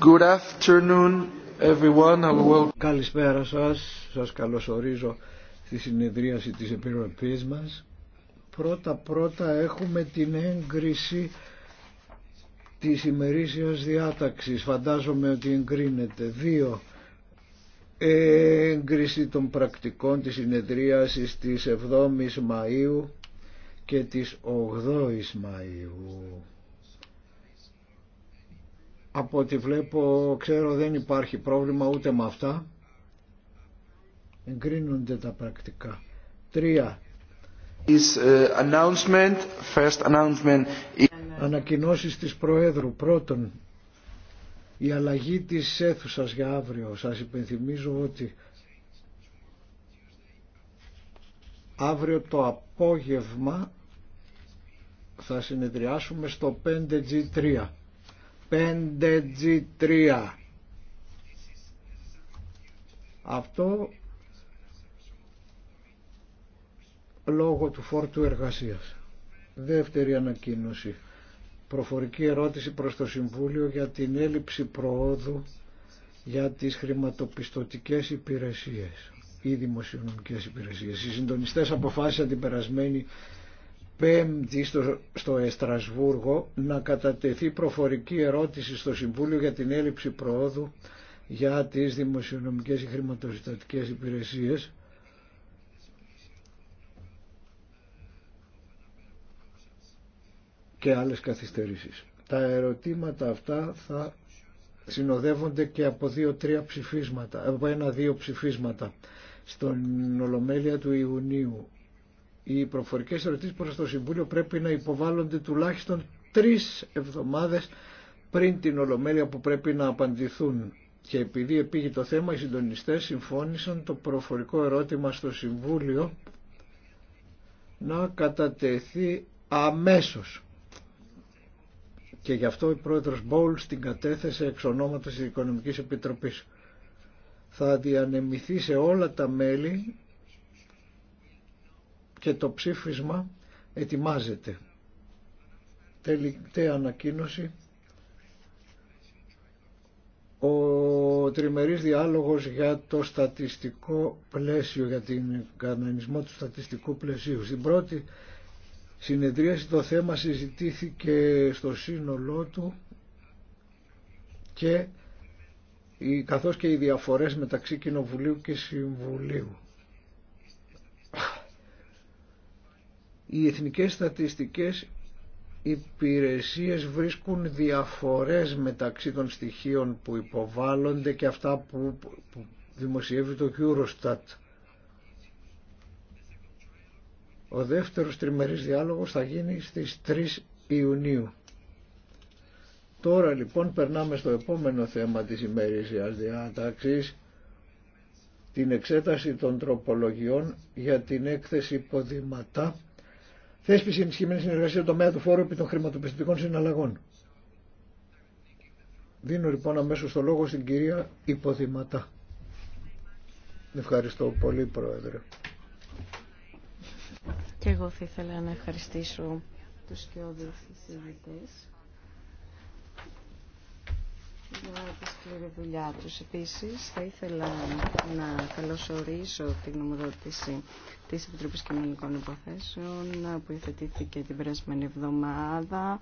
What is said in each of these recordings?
Good afternoon everyone. Καλησπέρα σας. Σας καλωσορίζω στη συνεδρίαση της Επιτροπής μας. Πρώτα πρώτα έχουμε την έγκριση της ημερήσιας διάταξης. Φαντάζομαι ότι εγκρίνεται. Δύο έγκριση των πρακτικών της συνεδρίασης της 7ης Μαΐου και της 8ης Μαΐου. Από ό,τι βλέπω, ξέρω δεν υπάρχει πρόβλημα ούτε με αυτά. Εγκρίνονται τα πρακτικά. Τρία. Is, ε, announcement, first announcement. Ανακοινώσεις της Προέδρου. Πρώτον, η αλλαγή της αίθουσας για αύριο. Σας υπενθυμίζω ότι αύριο το απόγευμα θα συνεδριάσουμε στο 5G3. 5G3. Αυτό λόγω του φόρτου εργασίας. Δεύτερη ανακοίνωση. Προφορική ερώτηση προς το Συμβούλιο για την έλλειψη προόδου για τις χρηματοπιστωτικές υπηρεσίες ή δημοσιονομικές υπηρεσίες. Οι συντονιστές αποφάσισαν την περασμένη Πέμπτη στο, στο Εστρασβούργο να κατατεθεί προφορική ερώτηση στο Συμβούλιο για την έλλειψη προόδου για τις δημοσιονομικές και χρηματοστατικές υπηρεσίες και άλλες καθυστερήσεις. Τα ερωτήματα αυτά θα συνοδεύονται και από δύο-τρία ψηφίσματα, από ένα-δύο ψηφίσματα στον Ολομέλεια του Ιουνίου οι προφορικές ερωτήσει προς το Συμβούλιο πρέπει να υποβάλλονται τουλάχιστον τρει εβδομάδες πριν την Ολομέλεια που πρέπει να απαντηθούν. Και επειδή επήγε το θέμα, οι συντονιστέ συμφώνησαν το προφορικό ερώτημα στο Συμβούλιο να κατατεθεί αμέσως. Και γι' αυτό ο πρόεδρος Μπόουλ την κατέθεσε εξ ονόματος της Οικονομικής Επιτροπής. Θα διανεμηθεί σε όλα τα μέλη και το ψήφισμα ετοιμάζεται. Τελευταία ανακοίνωση. Ο τριμερής διάλογος για το στατιστικό πλαίσιο, για την κανονισμό του στατιστικού πλαισίου. Στην πρώτη συνεδρίαση το θέμα συζητήθηκε στο σύνολό του και καθώς και οι διαφορές μεταξύ Κοινοβουλίου και Συμβουλίου. Οι εθνικές στατιστικές υπηρεσίες βρίσκουν διαφορές μεταξύ των στοιχείων που υποβάλλονται και αυτά που, δημοσιεύει το Eurostat. Ο δεύτερος τριμερής διάλογος θα γίνει στις 3 Ιουνίου. Τώρα λοιπόν περνάμε στο επόμενο θέμα της ημερήσιας διάταξης, την εξέταση των τροπολογιών για την έκθεση υποδηματά Θέσπιση ενισχυμένη συνεργασία στον τομέα του φόρου επί των χρηματοπιστωτικών συναλλαγών. Δίνω λοιπόν αμέσω το λόγο στην κυρία Υποδηματά. Ευχαριστώ πολύ, Πρόεδρε. Και εγώ θα ήθελα να ευχαριστήσω τους και για τη δουλειά τους. Επίσης, θα ήθελα να καλωσορίσω την νομοδότηση της Επιτροπής Κοινωνικών Υποθέσεων που υιοθετήθηκε την περασμένη εβδομάδα.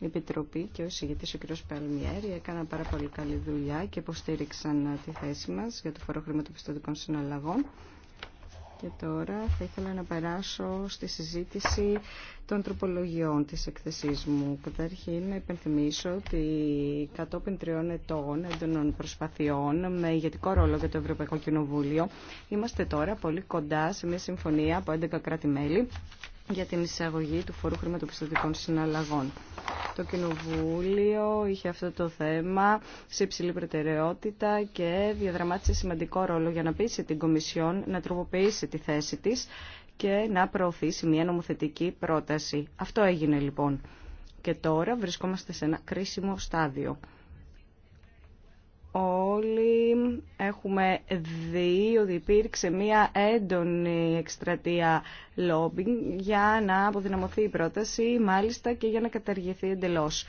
Η Επιτροπή και ο συγγετής ο κ. Παλμιέρη έκαναν πάρα πολύ καλή δουλειά και υποστήριξαν τη θέση μας για το φορό χρηματοπιστωτικών συναλλαγών. Και τώρα θα ήθελα να περάσω στη συζήτηση των τροπολογιών της εκθεσής μου. Καταρχήν να υπενθυμίσω ότι κατόπιν τριών ετών έντονων προσπαθειών με ηγετικό ρόλο για το Ευρωπαϊκό Κοινοβούλιο είμαστε τώρα πολύ κοντά σε μια συμφωνία από 11 κράτη-μέλη για την εισαγωγή του φορού χρηματοπιστωτικών συναλλαγών. Το Κοινοβούλιο είχε αυτό το θέμα σε υψηλή προτεραιότητα και διαδραμάτισε σημαντικό ρόλο για να πείσει την Κομισιόν να τροποποιήσει τη θέση της και να προωθήσει μια νομοθετική πρόταση. Αυτό έγινε λοιπόν. Και τώρα βρισκόμαστε σε ένα κρίσιμο στάδιο όλοι έχουμε δει ότι υπήρξε μία έντονη εκστρατεία λόμπινγκ για να αποδυναμωθεί η πρόταση, μάλιστα και για να καταργηθεί εντελώς.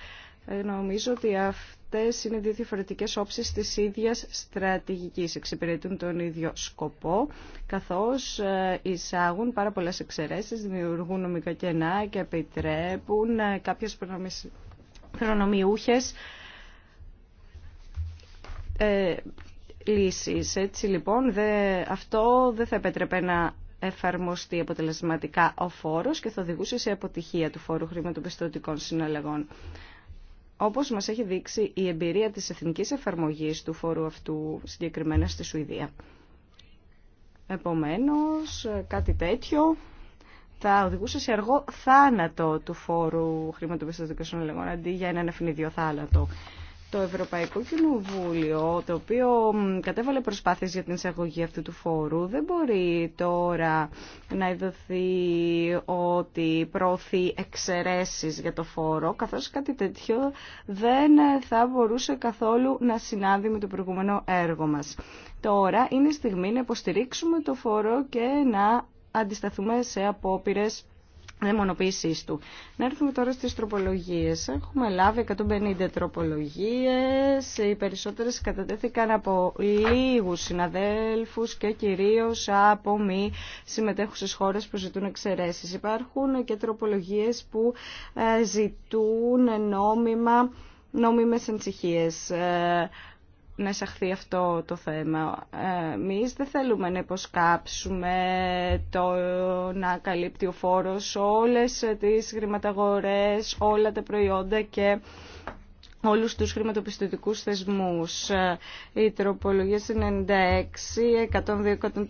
Ε, νομίζω ότι αυτές είναι δύο διαφορετικές όψεις της ίδιας στρατηγικής. Εξυπηρετούν τον ίδιο σκοπό, καθώς ε, εισάγουν πάρα πολλές εξαιρέσεις, δημιουργούν νομικά κενά και επιτρέπουν ε, κάποιες προνομιούχες ε, λύσεις. Έτσι λοιπόν δε, αυτό δεν θα επέτρεπε να εφαρμοστεί αποτελεσματικά ο φόρος και θα οδηγούσε σε αποτυχία του φόρου χρηματοπιστωτικών συναλλαγών. Όπως μας έχει δείξει η εμπειρία της εθνικής εφαρμογής του φόρου αυτού συγκεκριμένα στη Σουηδία. Επομένως, κάτι τέτοιο θα οδηγούσε σε αργό θάνατο του φόρου χρηματοπιστωτικών συναλλαγών αντί για έναν αφινιδιό θάνατο το Ευρωπαϊκό Κοινοβούλιο, το οποίο κατέβαλε προσπάθειες για την εισαγωγή αυτού του φόρου, δεν μπορεί τώρα να ειδωθεί ότι προωθεί εξαιρέσεις για το φόρο, καθώς κάτι τέτοιο δεν θα μπορούσε καθόλου να συνάδει με το προηγούμενο έργο μας. Τώρα είναι η στιγμή να υποστηρίξουμε το φόρο και να αντισταθούμε σε απόπειρες του. Να έρθουμε τώρα στις τροπολογίες. Έχουμε λάβει 150 τροπολογίες, οι περισσότερες κατατέθηκαν από λίγους συναδέλφους και κυρίως από μη συμμετέχουσες χώρες που ζητούν εξαιρέσεις. Υπάρχουν και τροπολογίες που ε, ζητούν νόμιμα, νόμιμες ενσυχίες. Ε, να εισαχθεί αυτό το θέμα. Εμεί δεν θέλουμε να υποσκάψουμε το να καλύπτει ο φόρος όλες τις χρηματαγορές, όλα τα προϊόντα και όλους τους χρηματοπιστωτικούς θεσμούς. Οι τροπολογίε 96, 102, 104,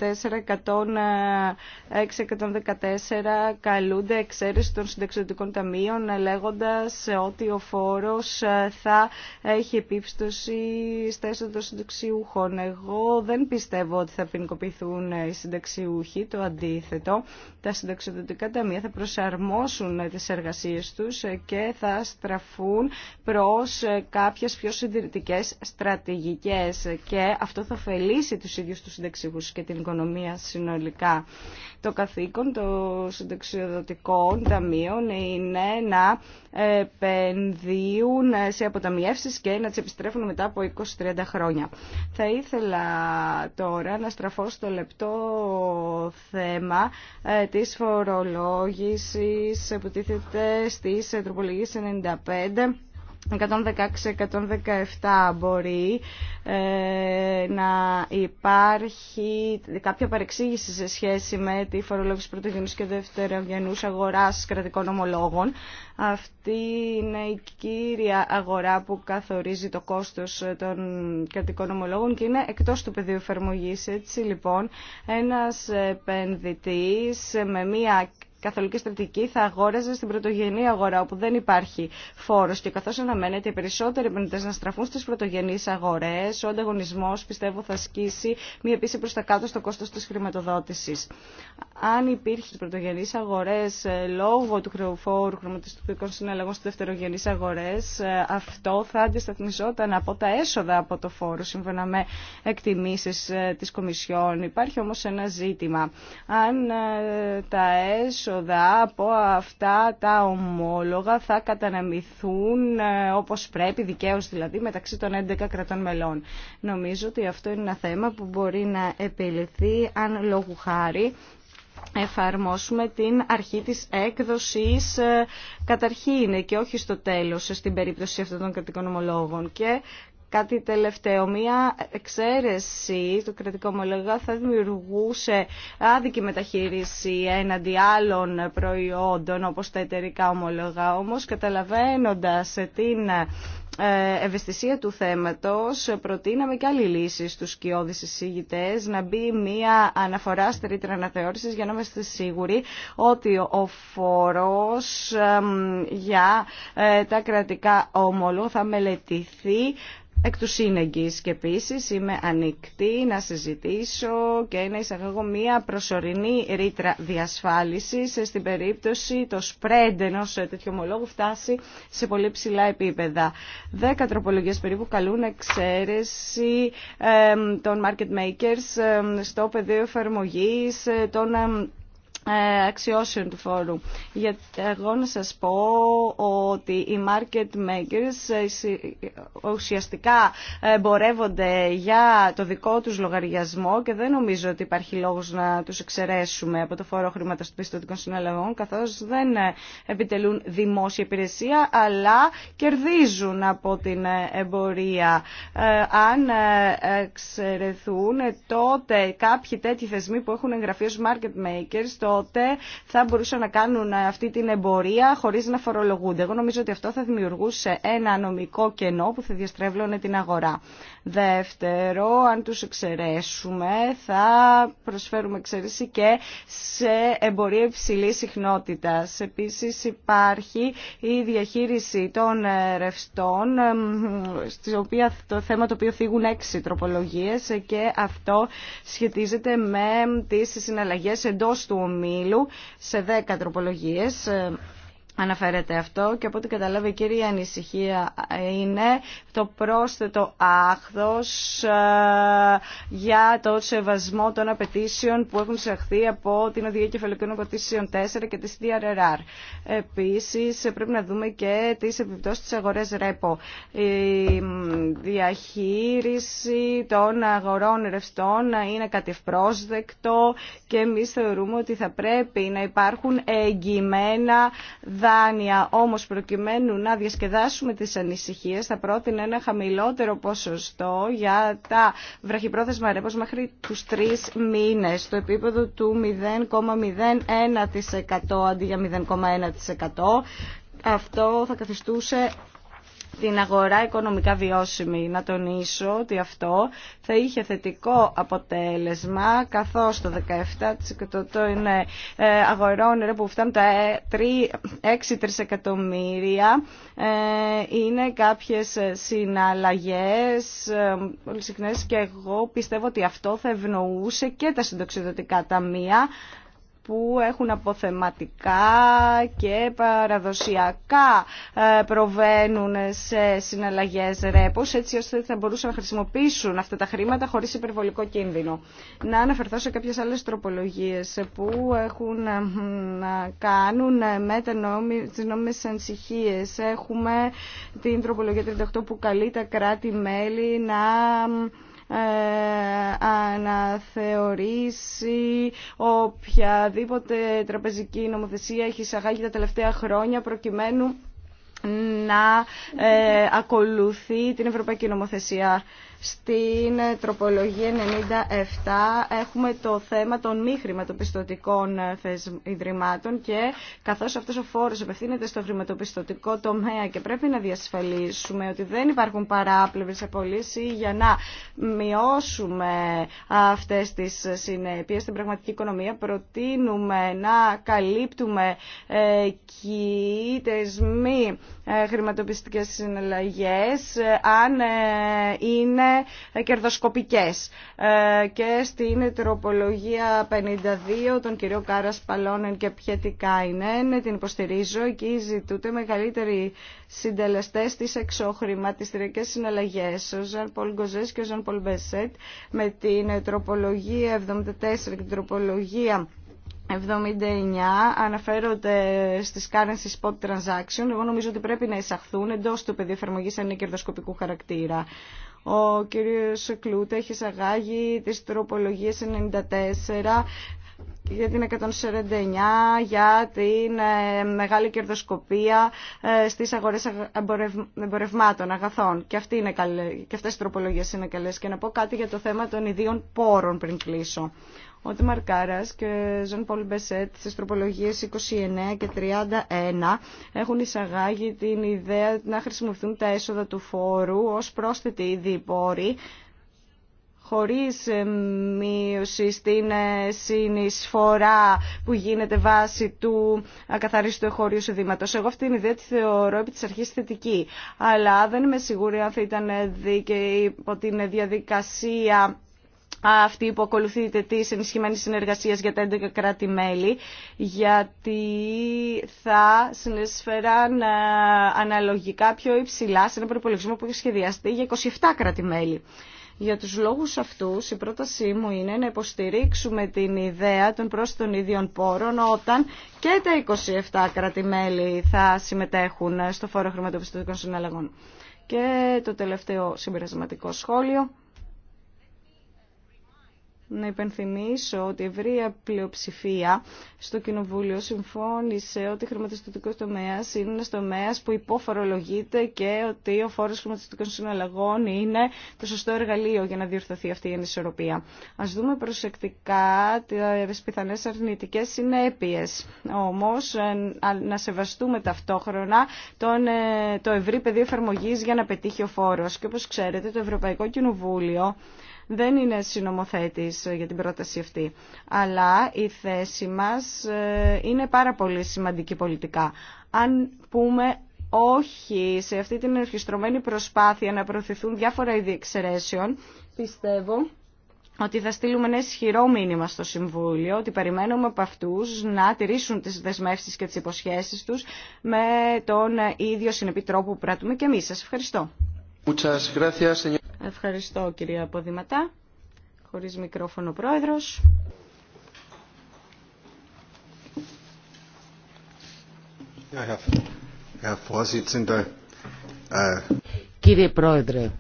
106, 114 καλούνται εξαίρεση των συνταξιδοτικών ταμείων λέγοντας ότι ο φόρος θα έχει επίπτωση στα έσοδα των συνταξιούχων. Εγώ δεν πιστεύω ότι θα ποινικοποιηθούν οι συνταξιούχοι, το αντίθετο. Τα συνταξιδοτικά ταμεία θα προσαρμόσουν τις εργασίες τους και θα στραφούν προς κάποιες πιο συντηρητικές στρατηγικές και αυτό θα ωφελήσει τους ίδιους τους συνταξιούχους και την οικονομία συνολικά. Το καθήκον των συνταξιοδοτικών ταμείων είναι να επενδύουν σε αποταμιεύσεις και να τις επιστρέφουν μετά από 20-30 χρόνια. Θα ήθελα τώρα να στραφώ στο λεπτό θέμα ε, της φορολόγησης που τίθεται στις τροπολογίες 95 116-117 μπορεί ε, να υπάρχει κάποια παρεξήγηση σε σχέση με τη φορολόγηση πρωτογενούς και δευτερογενούς αγοράς κρατικών ομολόγων. Αυτή είναι η κύρια αγορά που καθορίζει το κόστος ε, των κρατικών ομολόγων και είναι εκτός του πεδίου εφαρμογή. Έτσι λοιπόν ένας επενδυτής με μία καθολική στρατηγική θα αγόραζε στην πρωτογενή αγορά όπου δεν υπάρχει φόρο και καθώ αναμένεται οι περισσότεροι επενδυτέ να στραφούν στις πρωτογενείς αγορέ, ο ανταγωνισμό, πιστεύω θα σκίσει μία πίση προ τα κάτω στο κόστο τη χρηματοδότηση. Αν υπήρχε στι πρωτογενεί αγορές ε, λόγω του χρεοφόρου χρηματιστικών συναλλαγών στι δεύτερογενεί αγορέ, ε, αυτό θα αντισταθμιζόταν από τα έσοδα από το φόρο, σύμφωνα με εκτιμήσει ε, τη Κομισιόν. Υπάρχει όμω ένα ζήτημα. Αν τα έσοδα έξοδα από αυτά τα ομόλογα θα καταναμηθούν ε, όπως πρέπει, δικαίως δηλαδή, μεταξύ των 11 κρατών μελών. Νομίζω ότι αυτό είναι ένα θέμα που μπορεί να επιληθεί αν λόγου χάρη εφαρμόσουμε την αρχή της έκδοσης ε, καταρχήν και όχι στο τέλος ε, στην περίπτωση αυτών των κρατικών ομολόγων και Κάτι τελευταίο, μία εξαίρεση του κρατικό ομολογό θα δημιουργούσε άδικη μεταχείριση έναντι άλλων προϊόντων όπως τα εταιρικά ομολογά. Όμως καταλαβαίνοντας την ε, ευαισθησία του θέματος προτείναμε και άλλη λύση στους σκιώδεις εισηγητές να μπει μία αναφορά στη αναθεώρηση για να είμαστε σίγουροι ότι ο φόρος για ε, τα κρατικά ομολόγα θα μελετηθεί εκ του σύνεγγυς και επίση είμαι ανοιχτή να συζητήσω και να εισαγωγώ μία προσωρινή ρήτρα διασφάλισης στην περίπτωση το spread ενός τέτοιου ομολόγου φτάσει σε πολύ ψηλά επίπεδα. Δέκα τροπολογίες περίπου καλούν εξαίρεση των market makers στο πεδίο εφαρμογή των ε, αξιώσεων του φόρου. Γιατί εγώ να σας πω ότι οι market makers ε, ουσιαστικά εμπορεύονται για το δικό τους λογαριασμό και δεν νομίζω ότι υπάρχει λόγος να τους εξαιρέσουμε από το φόρο πιστοτικών συναλλαγών καθώς δεν ε, επιτελούν δημόσια υπηρεσία αλλά κερδίζουν από την εμπορία. Αν εξαιρεθούν τότε κάποιοι τέτοιοι θεσμοί που έχουν εγγραφεί ως market makers Οπότε θα μπορούσαν να κάνουν αυτή την εμπορία χωρίς να φορολογούνται. Εγώ νομίζω ότι αυτό θα δημιουργούσε ένα νομικό κενό που θα διαστρέβλωνε την αγορά. Δεύτερο, αν τους εξαιρέσουμε, θα προσφέρουμε εξαίρεση και σε εμπορία υψηλή συχνότητα. Επίσης υπάρχει η διαχείριση των ρευστών, στη οποία, το θέμα το οποίο θίγουν έξι τροπολογίες και αυτό σχετίζεται με τις συναλλαγές εντός του ομίλου σε δέκα τροπολογίες αναφέρεται αυτό και από ό,τι καταλάβει η κυρία ανησυχία είναι το πρόσθετο άχθος ε, για το σεβασμό των απαιτήσεων που έχουν σεχθεί από την Οδηγία Κεφαλικών Οικοτήσεων 4 και της DRR. Επίσης πρέπει να δούμε και τις επιπτώσεις της αγορές ρέπο. Η διαχείριση των αγορών ρευστών είναι κάτι ευπρόσδεκτο και εμεί θεωρούμε ότι θα πρέπει να υπάρχουν εγγυημένα δάνεια, όμως προκειμένου να διασκεδάσουμε τις ανησυχίες θα πρότεινα ένα χαμηλότερο ποσοστό για τα βραχυπρόθεσμα ρέπος μέχρι τους τρεις μήνες στο επίπεδο του 0,01% αντί για 0,1%. Αυτό θα καθιστούσε την αγορά οικονομικά βιώσιμη. Να τονίσω ότι αυτό θα είχε θετικό αποτέλεσμα, καθώς το 17% είναι ε, αγορών που φτάνουν τα 3, ε, 6 ε, Είναι κάποιες συναλλαγές πολύ συχνές και εγώ πιστεύω ότι αυτό θα ευνοούσε και τα συντοξιδοτικά ταμεία, που έχουν αποθεματικά και παραδοσιακά ε, προβαίνουν σε συναλλαγές ρέπο, έτσι ώστε θα μπορούσαν να χρησιμοποιήσουν αυτά τα χρήματα χωρίς υπερβολικό κίνδυνο. Να αναφερθώ σε κάποιες άλλες τροπολογίες που έχουν ε, να κάνουν με τις νόμιμες ανησυχίε. Έχουμε την τροπολογία 38 που καλεί τα κράτη-μέλη να ε, αναθεωρήσει οποιαδήποτε τραπεζική νομοθεσία έχει εισαγάγει τα τελευταία χρόνια προκειμένου να ε, ακολουθεί την Ευρωπαϊκή Νομοθεσία. Στην ε, τροπολογία 97 έχουμε το θέμα των μη χρηματοπιστωτικών ε, ιδρυμάτων και καθώς αυτός ο φόρος απευθύνεται στο χρηματοπιστωτικό τομέα και πρέπει να διασφαλίσουμε ότι δεν υπάρχουν παράπλευρες απολύσεις για να μειώσουμε αυτές τις συνέπειες στην πραγματική οικονομία προτείνουμε να καλύπτουμε ε, κοιήτες μη χρηματοπιστικές συναλλαγές αν είναι κερδοσκοπικές. Ε, και στην τροπολογία 52 των κυρίο Κάρας Παλώνεν και Πιετικά είναι, την υποστηρίζω, εκεί ζητούνται μεγαλύτεροι συντελεστές της εξωχρηματιστηριακές συναλλαγές. Ο Ζαν Πολ Γκοζές και ο Ζαν Πολ Μπεσέτ με την τροπολογία 74 και την τροπολογία 79 αναφέρονται στις currency spot transaction. Εγώ νομίζω ότι πρέπει να εισαχθούν εντό του πεδίου εφαρμογή κερδοσκοπικού χαρακτήρα. Ο κύριος Κλούτα έχει εισαγάγει τις τροπολογίες 94 για την 149, για την ε, μεγάλη κερδοσκοπία ε, στις αγορές εμπορευμάτων, αγαθών. Και, αυτή είναι καλή, και αυτές οι τροπολογίες είναι καλές. Και να πω κάτι για το θέμα των ιδίων πόρων πριν κλείσω ο Μαρκάρα και Ζων Μπεσέτ στις τροπολογίες 29 και 31 έχουν εισαγάγει την ιδέα να χρησιμοποιηθούν τα έσοδα του φόρου ως πρόσθετη είδη πόρη χωρίς ε, μείωση στην ε, συνεισφορά που γίνεται βάση του ακαθαρίστου εγχώριου εισοδήματος. Εγώ αυτή την ιδέα τη θεωρώ επί της αρχής θετική, αλλά δεν είμαι σίγουρη αν θα ήταν δίκαιη υπό την διαδικασία αυτή που ακολουθείτε τη ενισχυμένη συνεργασία για τα 11 κράτη-μέλη, γιατί θα συνεισφέραν ε, αναλογικά πιο υψηλά σε ένα προπολογισμό που έχει σχεδιαστεί για 27 κράτη-μέλη. Για τους λόγους αυτούς η πρότασή μου είναι να υποστηρίξουμε την ιδέα των πρόσθετων ίδιων πόρων όταν και τα 27 κρατημέλη θα συμμετέχουν στο φόρο χρηματοπιστωτικών συναλλαγών. Και το τελευταίο συμπερασματικό σχόλιο να υπενθυμίσω ότι η ευρεία πλειοψηφία στο Κοινοβούλιο συμφώνησε ότι ο χρηματιστοτικό τομέα είναι ένα τομέα που υποφορολογείται και ότι ο φόρο χρηματιστικών συναλλαγών είναι το σωστό εργαλείο για να διορθωθεί αυτή η ανισορροπία. Α δούμε προσεκτικά τι πιθανέ αρνητικέ συνέπειε. Όμω, να σεβαστούμε ταυτόχρονα τον, ε, το ευρύ πεδίο εφαρμογή για να πετύχει ο φόρο. Και όπω ξέρετε, το Ευρωπαϊκό Κοινοβούλιο δεν είναι συνομοθέτης ε, για την πρόταση αυτή. Αλλά η θέση μας ε, είναι πάρα πολύ σημαντική πολιτικά. Αν πούμε όχι σε αυτή την ερχιστρωμένη προσπάθεια να προωθηθούν διάφορα είδη εξαιρέσεων, πιστεύω ότι θα στείλουμε ένα ισχυρό μήνυμα στο Συμβούλιο, ότι περιμένουμε από αυτού να τηρήσουν τι δεσμεύσει και τι υποσχέσει του με τον ίδιο συνεπή τρόπο που πράττουμε και εμεί. Σα ευχαριστώ. Ευχαριστώ κυρία αποδηματά, Χωρίς μικρόφωνο πρόεδρος. Äh, Κύριε Πρόεδρε,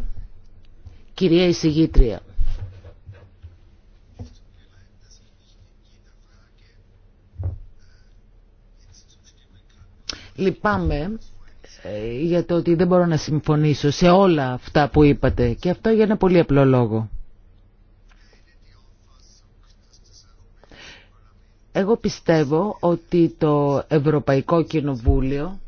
κυρία Εισηγήτρια, λυπάμαι ε, για το ότι δεν μπορώ να συμφωνήσω σε όλα αυτά που είπατε και αυτό για ένα πολύ απλό λόγο. Εγώ πιστεύω ότι το Ευρωπαϊκό Κοινοβούλιο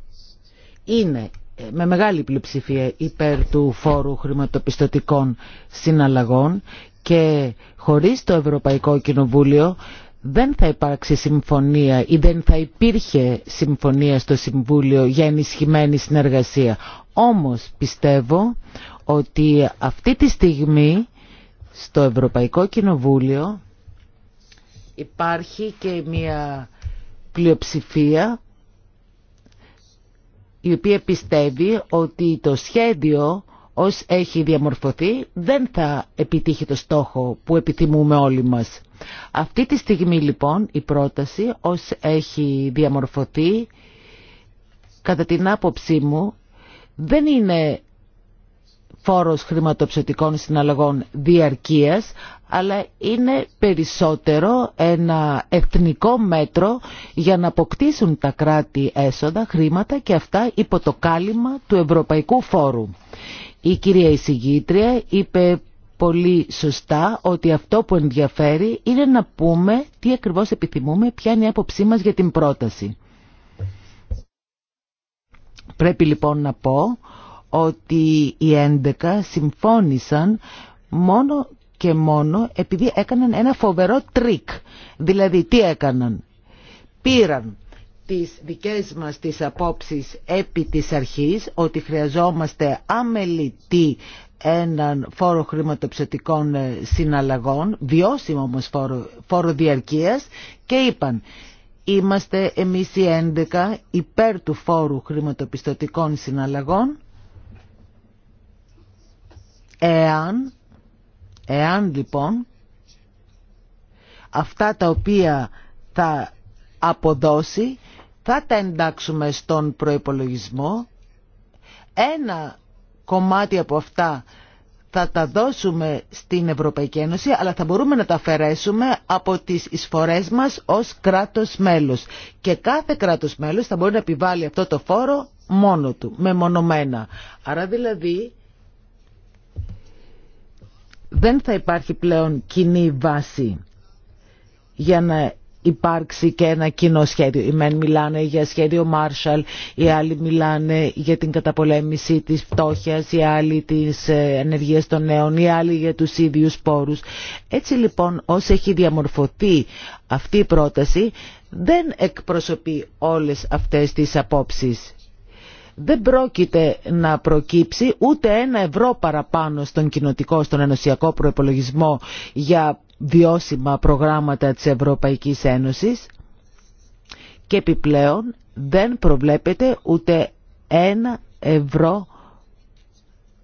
είναι ε, με μεγάλη πλειοψηφία υπέρ του φόρου χρηματοπιστωτικών συναλλαγών και χωρίς το Ευρωπαϊκό Κοινοβούλιο δεν θα υπάρξει συμφωνία ή δεν θα υπήρχε συμφωνία στο Συμβούλιο για ενισχυμένη συνεργασία. Όμως πιστεύω ότι αυτή τη στιγμή στο Ευρωπαϊκό Κοινοβούλιο υπάρχει και μια πλειοψηφία η οποία πιστεύει ότι το σχέδιο ως έχει διαμορφωθεί δεν θα επιτύχει το στόχο που επιθυμούμε όλοι μας. Αυτή τη στιγμή λοιπόν η πρόταση ως έχει διαμορφωθεί κατά την άποψή μου δεν είναι φόρος χρηματοψητικών συναλλαγών διαρκείας, αλλά είναι περισσότερο ένα εθνικό μέτρο για να αποκτήσουν τα κράτη έσοδα, χρήματα και αυτά υπό το κάλυμα του ευρωπαϊκού φόρου. Η κυρία εισηγήτρια είπε πολύ σωστά ότι αυτό που ενδιαφέρει είναι να πούμε τι ακριβώς επιθυμούμε, ποια είναι η άποψή μας για την πρόταση. Πρέπει λοιπόν να πω ότι οι 11 συμφώνησαν μόνο και μόνο επειδή έκαναν ένα φοβερό τρίκ. Δηλαδή τι έκαναν. Πήραν τις δικές μας τις απόψεις επί της αρχής ότι χρειαζόμαστε αμελητή έναν φόρο χρηματοπιστωτικών ε, συναλλαγών, βιώσιμο όμως φόρο, φόρο διαρκείας και είπαν είμαστε εμείς οι 11 υπέρ του φόρου χρηματοπιστωτικών συναλλαγών εάν, εάν λοιπόν αυτά τα οποία θα αποδώσει θα τα εντάξουμε στον προϋπολογισμό. Ένα κομμάτι από αυτά θα τα δώσουμε στην Ευρωπαϊκή Ένωση, αλλά θα μπορούμε να τα αφαιρέσουμε από τις εισφορές μας ως κράτος μέλος. Και κάθε κράτος μέλος θα μπορεί να επιβάλλει αυτό το φόρο μόνο του, μεμονωμένα. Άρα δηλαδή δεν θα υπάρχει πλέον κοινή βάση για να υπάρξει και ένα κοινό σχέδιο. Οι μεν μιλάνε για σχέδιο Μάρσαλ, οι άλλοι μιλάνε για την καταπολέμηση της φτώχειας, οι άλλοι τη ε, ενεργείας των νέων, οι άλλοι για τους ίδιους πόρους. Έτσι λοιπόν όσο έχει διαμορφωθεί αυτή η πρόταση δεν εκπροσωπεί όλες αυτές τις απόψεις. Δεν πρόκειται να προκύψει ούτε ένα ευρώ παραπάνω στον κοινοτικό, στον ενωσιακό προπολογισμό για βιώσιμα προγράμματα της Ευρωπαϊκής Ένωσης και επιπλέον δεν προβλέπεται ούτε ένα ευρώ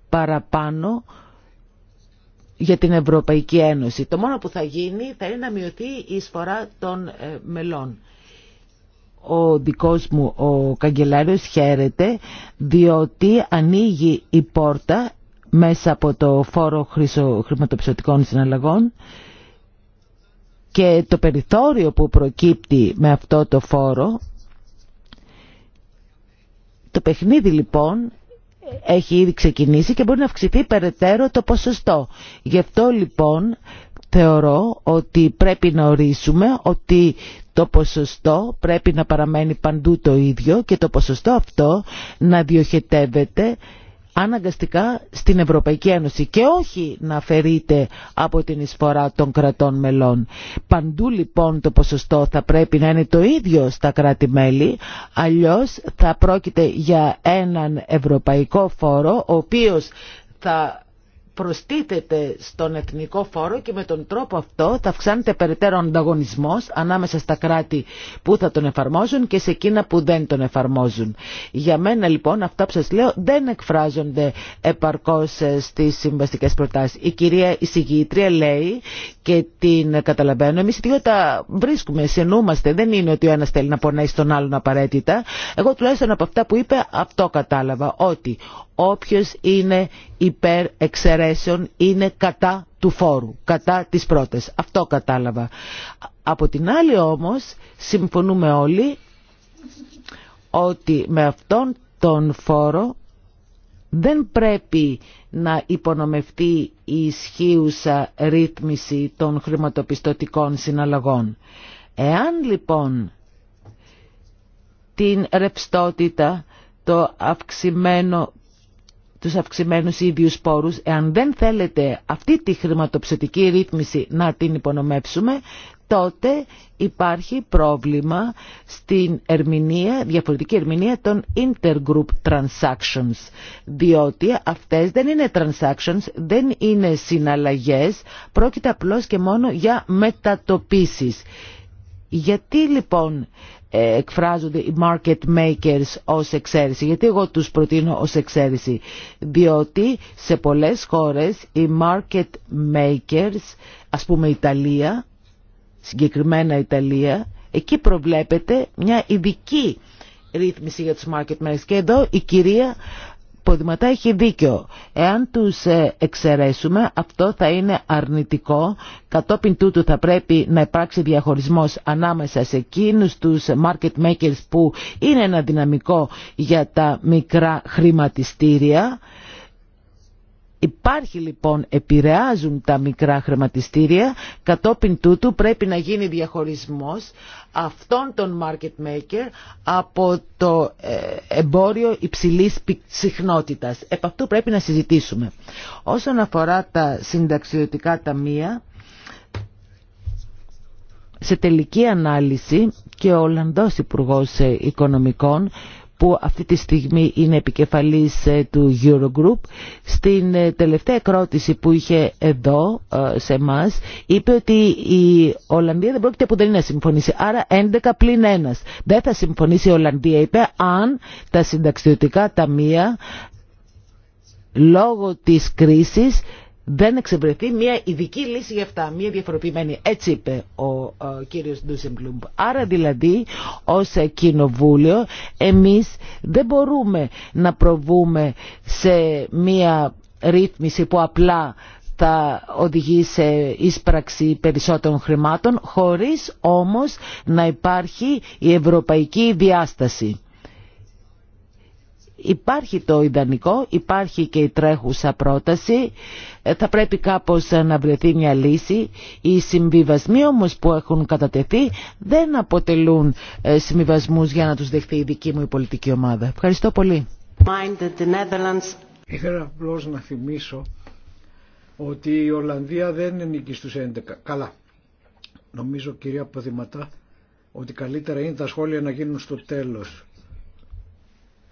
παραπάνω για την Ευρωπαϊκή Ένωση. Το μόνο που θα γίνει θα είναι να μειωθεί η εισφορά των ε, μελών. Ο δικός μου ο καγκελάριος χαίρεται διότι ανοίγει η πόρτα μέσα από το φόρο χρηματοπιστωτικών συναλλαγών και το περιθώριο που προκύπτει με αυτό το φόρο το παιχνίδι λοιπόν έχει ήδη ξεκινήσει και μπορεί να αυξηθεί περαιτέρω το ποσοστό. Γι' αυτό λοιπόν θεωρώ ότι πρέπει να ορίσουμε ότι το ποσοστό πρέπει να παραμένει παντού το ίδιο και το ποσοστό αυτό να διοχετεύεται αναγκαστικά στην Ευρωπαϊκή Ένωση και όχι να αφαιρείται από την εισφορά των κρατών μελών. Παντού λοιπόν το ποσοστό θα πρέπει να είναι το ίδιο στα κράτη-μέλη, αλλιώς θα πρόκειται για έναν ευρωπαϊκό φόρο ο οποίος θα προστίθεται στον εθνικό φόρο και με τον τρόπο αυτό θα αυξάνεται περαιτέρω ανταγωνισμός ανάμεσα στα κράτη που θα τον εφαρμόζουν και σε εκείνα που δεν τον εφαρμόζουν. Για μένα λοιπόν αυτά που σας λέω δεν εκφράζονται επαρκώς ε, στις συμβαστικές προτάσεις. Η κυρία εισηγήτρια λέει και την καταλαβαίνω. Εμείς οι δύο τα βρίσκουμε, συνούμαστε. Δεν είναι ότι ο ένας θέλει να πονέσει τον άλλον απαραίτητα. Εγώ τουλάχιστον από αυτά που είπε αυτό κατάλαβα ότι όποιος είναι υπέρ εξαιρέσεων είναι κατά του φόρου, κατά της πρώτες. Αυτό κατάλαβα. Από την άλλη όμως συμφωνούμε όλοι ότι με αυτόν τον φόρο δεν πρέπει να υπονομευτεί η ισχύουσα ρύθμιση των χρηματοπιστωτικών συναλλαγών. Εάν λοιπόν την ρευστότητα, το αυξημένο τους αυξημένους ίδιους πόρους. Εάν δεν θέλετε αυτή τη χρηματοψητική ρύθμιση να την υπονομεύσουμε, τότε υπάρχει πρόβλημα στην ερμηνεία, διαφορετική ερμηνεία των intergroup transactions, διότι αυτές δεν είναι transactions, δεν είναι συναλλαγές, πρόκειται απλώς και μόνο για μετατοπίσεις. Γιατί λοιπόν εκφράζονται οι market makers ως εξαίρεση. Γιατί εγώ τους προτείνω ως εξαίρεση. Διότι σε πολλές χώρες οι market makers, ας πούμε Ιταλία, συγκεκριμένα Ιταλία, εκεί προβλέπεται μια ειδική ρύθμιση για τους market makers. Και εδώ η κυρία Ποδηματά έχει δίκιο. Εάν τους ε, εξαιρέσουμε αυτό θα είναι αρνητικό. Κατόπιν τούτου θα πρέπει να υπάρξει διαχωρισμός ανάμεσα σε εκείνους τους market makers που είναι ένα δυναμικό για τα μικρά χρηματιστήρια Υπάρχει λοιπόν, επηρεάζουν τα μικρά χρηματιστήρια, κατόπιν τούτου πρέπει να γίνει διαχωρισμός αυτών των market maker από το ε, εμπόριο υψηλής συχνότητας. Επ' αυτού πρέπει να συζητήσουμε. Όσον αφορά τα συνταξιωτικά ταμεία, σε τελική ανάλυση και ο Ολλανδός Υπουργός ε, Οικονομικών που αυτή τη στιγμή είναι επικεφαλής ε, του Eurogroup, στην ε, τελευταία κρότηση που είχε εδώ ε, σε εμά, είπε ότι η Ολλανδία δεν πρόκειται που δεν είναι να συμφωνήσει. Άρα 11 πλην 1. Δεν θα συμφωνήσει η Ολλανδία, είπε, αν τα συνταξιωτικά ταμεία λόγω της κρίσης δεν εξευρεθεί μια ειδική λύση για αυτά, μια διαφοροποιημένη. Έτσι είπε ο, ο κύριος Ντούσεμπλουμ. Άρα δηλαδή ως κοινοβούλιο εμείς δεν μπορούμε να προβούμε σε μια ρύθμιση που απλά θα οδηγεί σε ίσπραξη περισσότερων χρημάτων, χωρίς όμως να υπάρχει η ευρωπαϊκή διάσταση. Υπάρχει το ιδανικό, υπάρχει και η τρέχουσα πρόταση, ε, θα πρέπει κάπως ε, να βρεθεί μια λύση. Οι συμβιβασμοί όμως που έχουν κατατεθεί δεν αποτελούν ε, συμβιβασμού για να τους δεχθεί η δική μου η πολιτική ομάδα. Ευχαριστώ πολύ. Ήθελα απλώ να θυμίσω ότι η Ολλανδία δεν νίκη στους 11. Καλά. Νομίζω κυρία Ποδηματά ότι καλύτερα είναι τα σχόλια να γίνουν στο τέλος.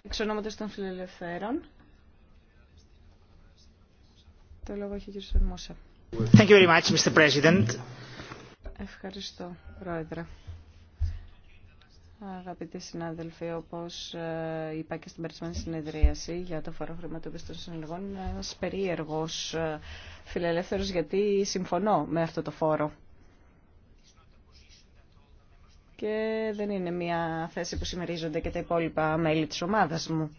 Εξ ονόματος των φιλελευθέρων. Το λόγο έχει ο Σερμόσα. Thank Ευχαριστώ, Πρόεδρε. Αγαπητοί συνάδελφοι, όπως ε, είπα και στην περσμένη συνεδρίαση για το φορό των συνεργών, είναι ένας περίεργος ε, φιλελεύθερος γιατί συμφωνώ με αυτό το φόρο και δεν είναι μια θέση που συμμερίζονται και τα υπόλοιπα μέλη της ομάδας μου.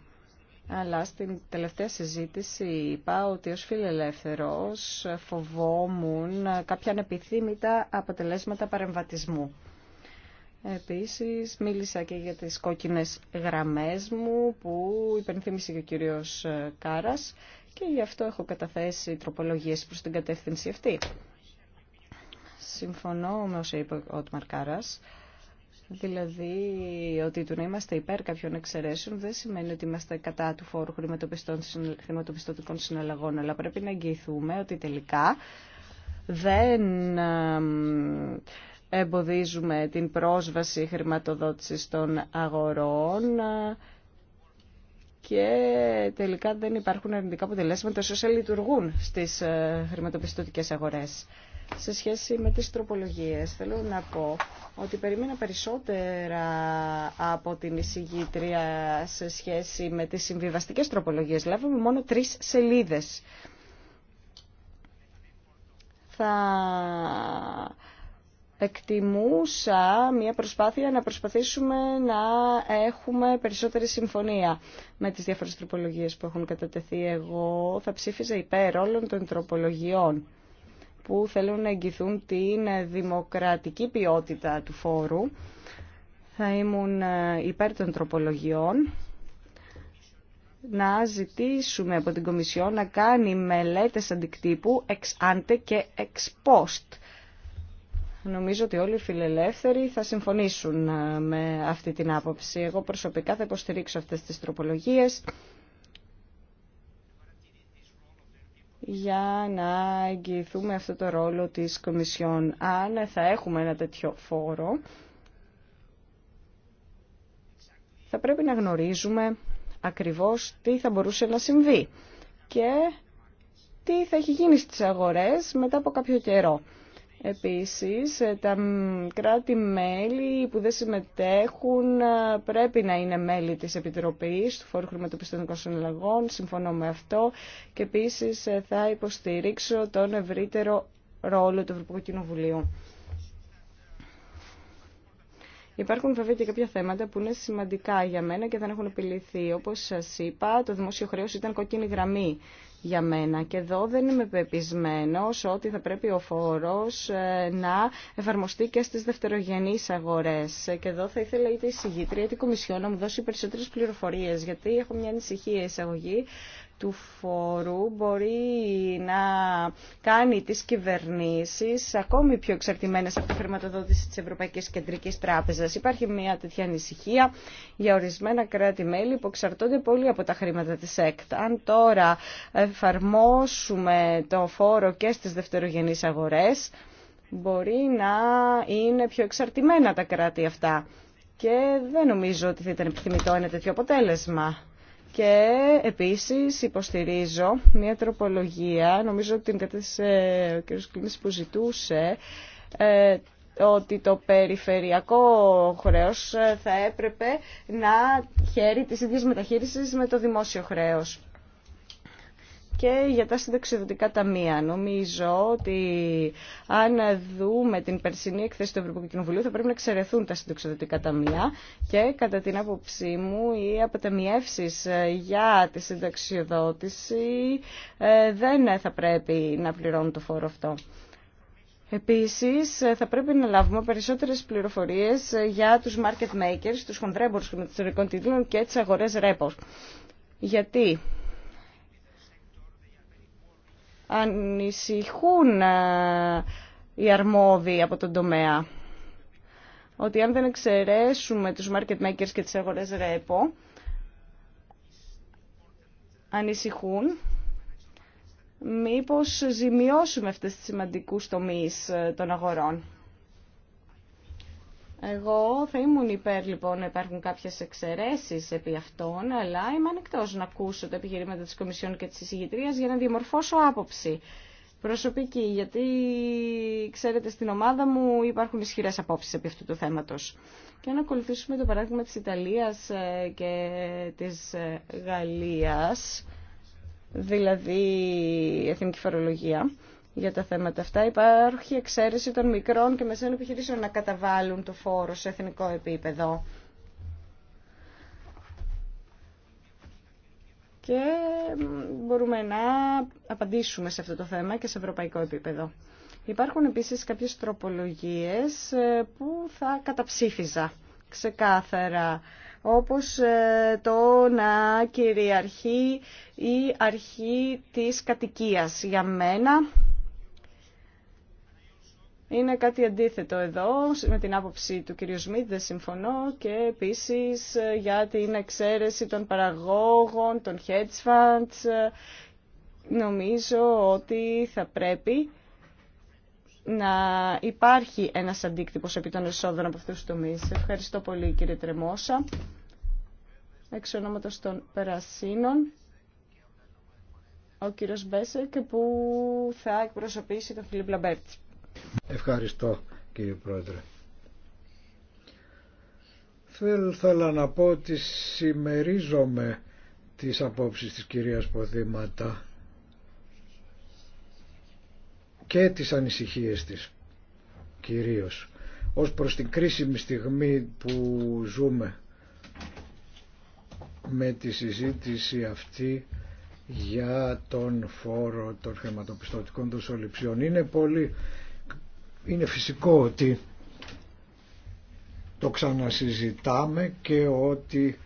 Αλλά στην τελευταία συζήτηση είπα ότι ως φιλελεύθερος φοβόμουν κάποια ανεπιθύμητα αποτελέσματα παρεμβατισμού. Επίσης μίλησα και για τις κόκκινες γραμμές μου που υπενθύμησε και ο κύριος Κάρας και γι' αυτό έχω καταθέσει τροπολογίες προς την κατεύθυνση αυτή. Συμφωνώ με όσα είπε ο Ότμαρ Κάρας Δηλαδή ότι του να είμαστε υπέρ κάποιων εξαιρέσεων δεν σημαίνει ότι είμαστε κατά του φόρου χρηματοπιστωτικών συναλλαγών, αλλά πρέπει να εγγυηθούμε ότι τελικά δεν εμποδίζουμε την πρόσβαση χρηματοδότησης των αγορών και τελικά δεν υπάρχουν αρνητικά αποτελέσματα όσο λειτουργούν στις ε, χρηματοπιστωτικές αγορές σε σχέση με τις τροπολογίες. Θέλω να πω ότι περίμενα περισσότερα από την εισηγήτρια σε σχέση με τις συμβιβαστικές τροπολογίες. Λάβουμε μόνο τρεις σελίδες. Θα εκτιμούσα μια προσπάθεια να προσπαθήσουμε να έχουμε περισσότερη συμφωνία με τις διάφορες τροπολογίες που έχουν κατατεθεί εγώ. Θα ψήφιζα υπέρ όλων των τροπολογιών που θέλουν να εγγυθούν την δημοκρατική ποιότητα του φόρου. Θα ήμουν ε, υπέρ των τροπολογιών να ζητήσουμε από την Κομισιό να κάνει μελέτες αντικτύπου ex ante και ex post. Νομίζω ότι όλοι οι φιλελεύθεροι θα συμφωνήσουν ε, με αυτή την άποψη. Εγώ προσωπικά θα υποστηρίξω αυτές τις τροπολογίες για να εγγυηθούμε αυτό το ρόλο της Κομισιόν. Αν θα έχουμε ένα τέτοιο φόρο, θα πρέπει να γνωρίζουμε ακριβώς τι θα μπορούσε να συμβεί και τι θα έχει γίνει στις αγορές μετά από κάποιο καιρό. Επίσης, τα κράτη-μέλη που δεν συμμετέχουν ε, πρέπει να είναι μέλη της Επιτροπής του Φόρου Χρηματοπιστωτικών Συναλλαγών, συμφωνώ με αυτό, και επίσης ε, θα υποστηρίξω τον ευρύτερο ρόλο του Ευρωπαϊκού Κοινοβουλίου. Υπάρχουν βέβαια και κάποια θέματα που είναι σημαντικά για μένα και δεν έχουν επιληθεί. Όπως σας είπα, το δημόσιο ήταν κόκκινη γραμμή για μένα. Και εδώ δεν είμαι πεπισμένο ότι θα πρέπει ο φόρος ε, να εφαρμοστεί και στις δευτερογενείς αγορές. Και εδώ θα ήθελα είτε η συγγήτρια είτε η να μου δώσει περισσότερες πληροφορίες, γιατί έχω μια ανησυχία εισαγωγή του φόρου μπορεί να κάνει τις κυβερνήσεις ακόμη πιο εξαρτημένες από τη χρηματοδότηση της Ευρωπαϊκής Κεντρικής Τράπεζας. Υπάρχει μια τέτοια ανησυχία για ορισμένα κράτη-μέλη που εξαρτώνται πολύ από τα χρήματα της ΕΚΤ. Αν τώρα εφαρμόσουμε το φόρο και στις δευτερογενείς αγορές, μπορεί να είναι πιο εξαρτημένα τα κράτη αυτά. Και δεν νομίζω ότι θα ήταν επιθυμητό ένα τέτοιο αποτέλεσμα. Και επίσης υποστηρίζω μια τροπολογία, νομίζω ότι την κατέθεσε ο κ. Κλίνης που ζητούσε, ε, ότι το περιφερειακό χρέος ε, θα έπρεπε να χαίρει τις ίδιες μεταχείρισεις με το δημόσιο χρέος και για τα συνταξιδοτικά ταμεία. Νομίζω ότι αν δούμε την περσινή εκθέση του Ευρωπαϊκού Κοινοβουλίου θα πρέπει να εξαιρεθούν τα συνταξιδοτικά ταμεία και κατά την άποψή μου οι αποταμιεύσεις ε, για τη συνταξιοδότηση ε, δεν θα πρέπει να πληρώνουν το φόρο αυτό. Επίσης, ε, θα πρέπει να λάβουμε περισσότερες πληροφορίες για τους market makers, τους χονδρέμπορους χρηματιστηρικών τίτλων και τις αγορές ρέπος. Γιατί ανησυχούν ε, οι αρμόδιοι από τον τομέα. Ότι αν δεν εξαιρέσουμε τους market makers και τις αγορές ρέπο, ανησυχούν μήπως ζημιώσουμε αυτές τις σημαντικούς τομείς ε, των αγορών. Εγώ θα ήμουν υπέρ λοιπόν να υπάρχουν κάποιες εξαιρεσει επί αυτών, αλλά είμαι ανοιχτό να ακούσω τα επιχειρήματα της Κομισιόν και της Ισηγητρία για να διαμορφώσω άποψη προσωπική, γιατί ξέρετε στην ομάδα μου υπάρχουν ισχυρέ απόψει επί αυτού του θέματος. Και να ακολουθήσουμε το παράδειγμα τη Ιταλία ε, και τη ε, Γαλλία, δηλαδή εθνική φορολογία για τα θέματα αυτά. Υπάρχει εξαίρεση των μικρών και μεσαίων επιχειρήσεων να καταβάλουν το φόρο σε εθνικό επίπεδο. Και μπορούμε να απαντήσουμε σε αυτό το θέμα και σε ευρωπαϊκό επίπεδο. Υπάρχουν επίσης κάποιες τροπολογίες ε, που θα καταψήφιζα ξεκάθαρα όπως ε, το να κυριαρχεί η αρχή της κατοικίας. Για μένα είναι κάτι αντίθετο εδώ με την άποψη του κ. Σμιτ, δεν συμφωνώ και επίσης ε, για την εξαίρεση των παραγόγων, των hedge funds. Ε, νομίζω ότι θα πρέπει να υπάρχει ένας αντίκτυπος επί των εσόδων από αυτούς τους τομείς. Ευχαριστώ πολύ κύριε Τρεμόσα. Εξ ονόματος των Περασίνων, ο κύριος Μπέσεκ που θα εκπροσωπήσει τον Φιλίπ Λαμπέρτ. Ευχαριστώ κύριε Πρόεδρε. Θέλω να πω ότι συμμερίζομαι τις απόψεις της κυρίας Ποδήματα και τις ανησυχίες της κυρίως ως προς την κρίσιμη στιγμή που ζούμε με τη συζήτηση αυτή για τον φόρο των χρηματοπιστωτικών δοσοληψιών. Είναι πολύ είναι φυσικό ότι το ξανασυζητάμε και ότι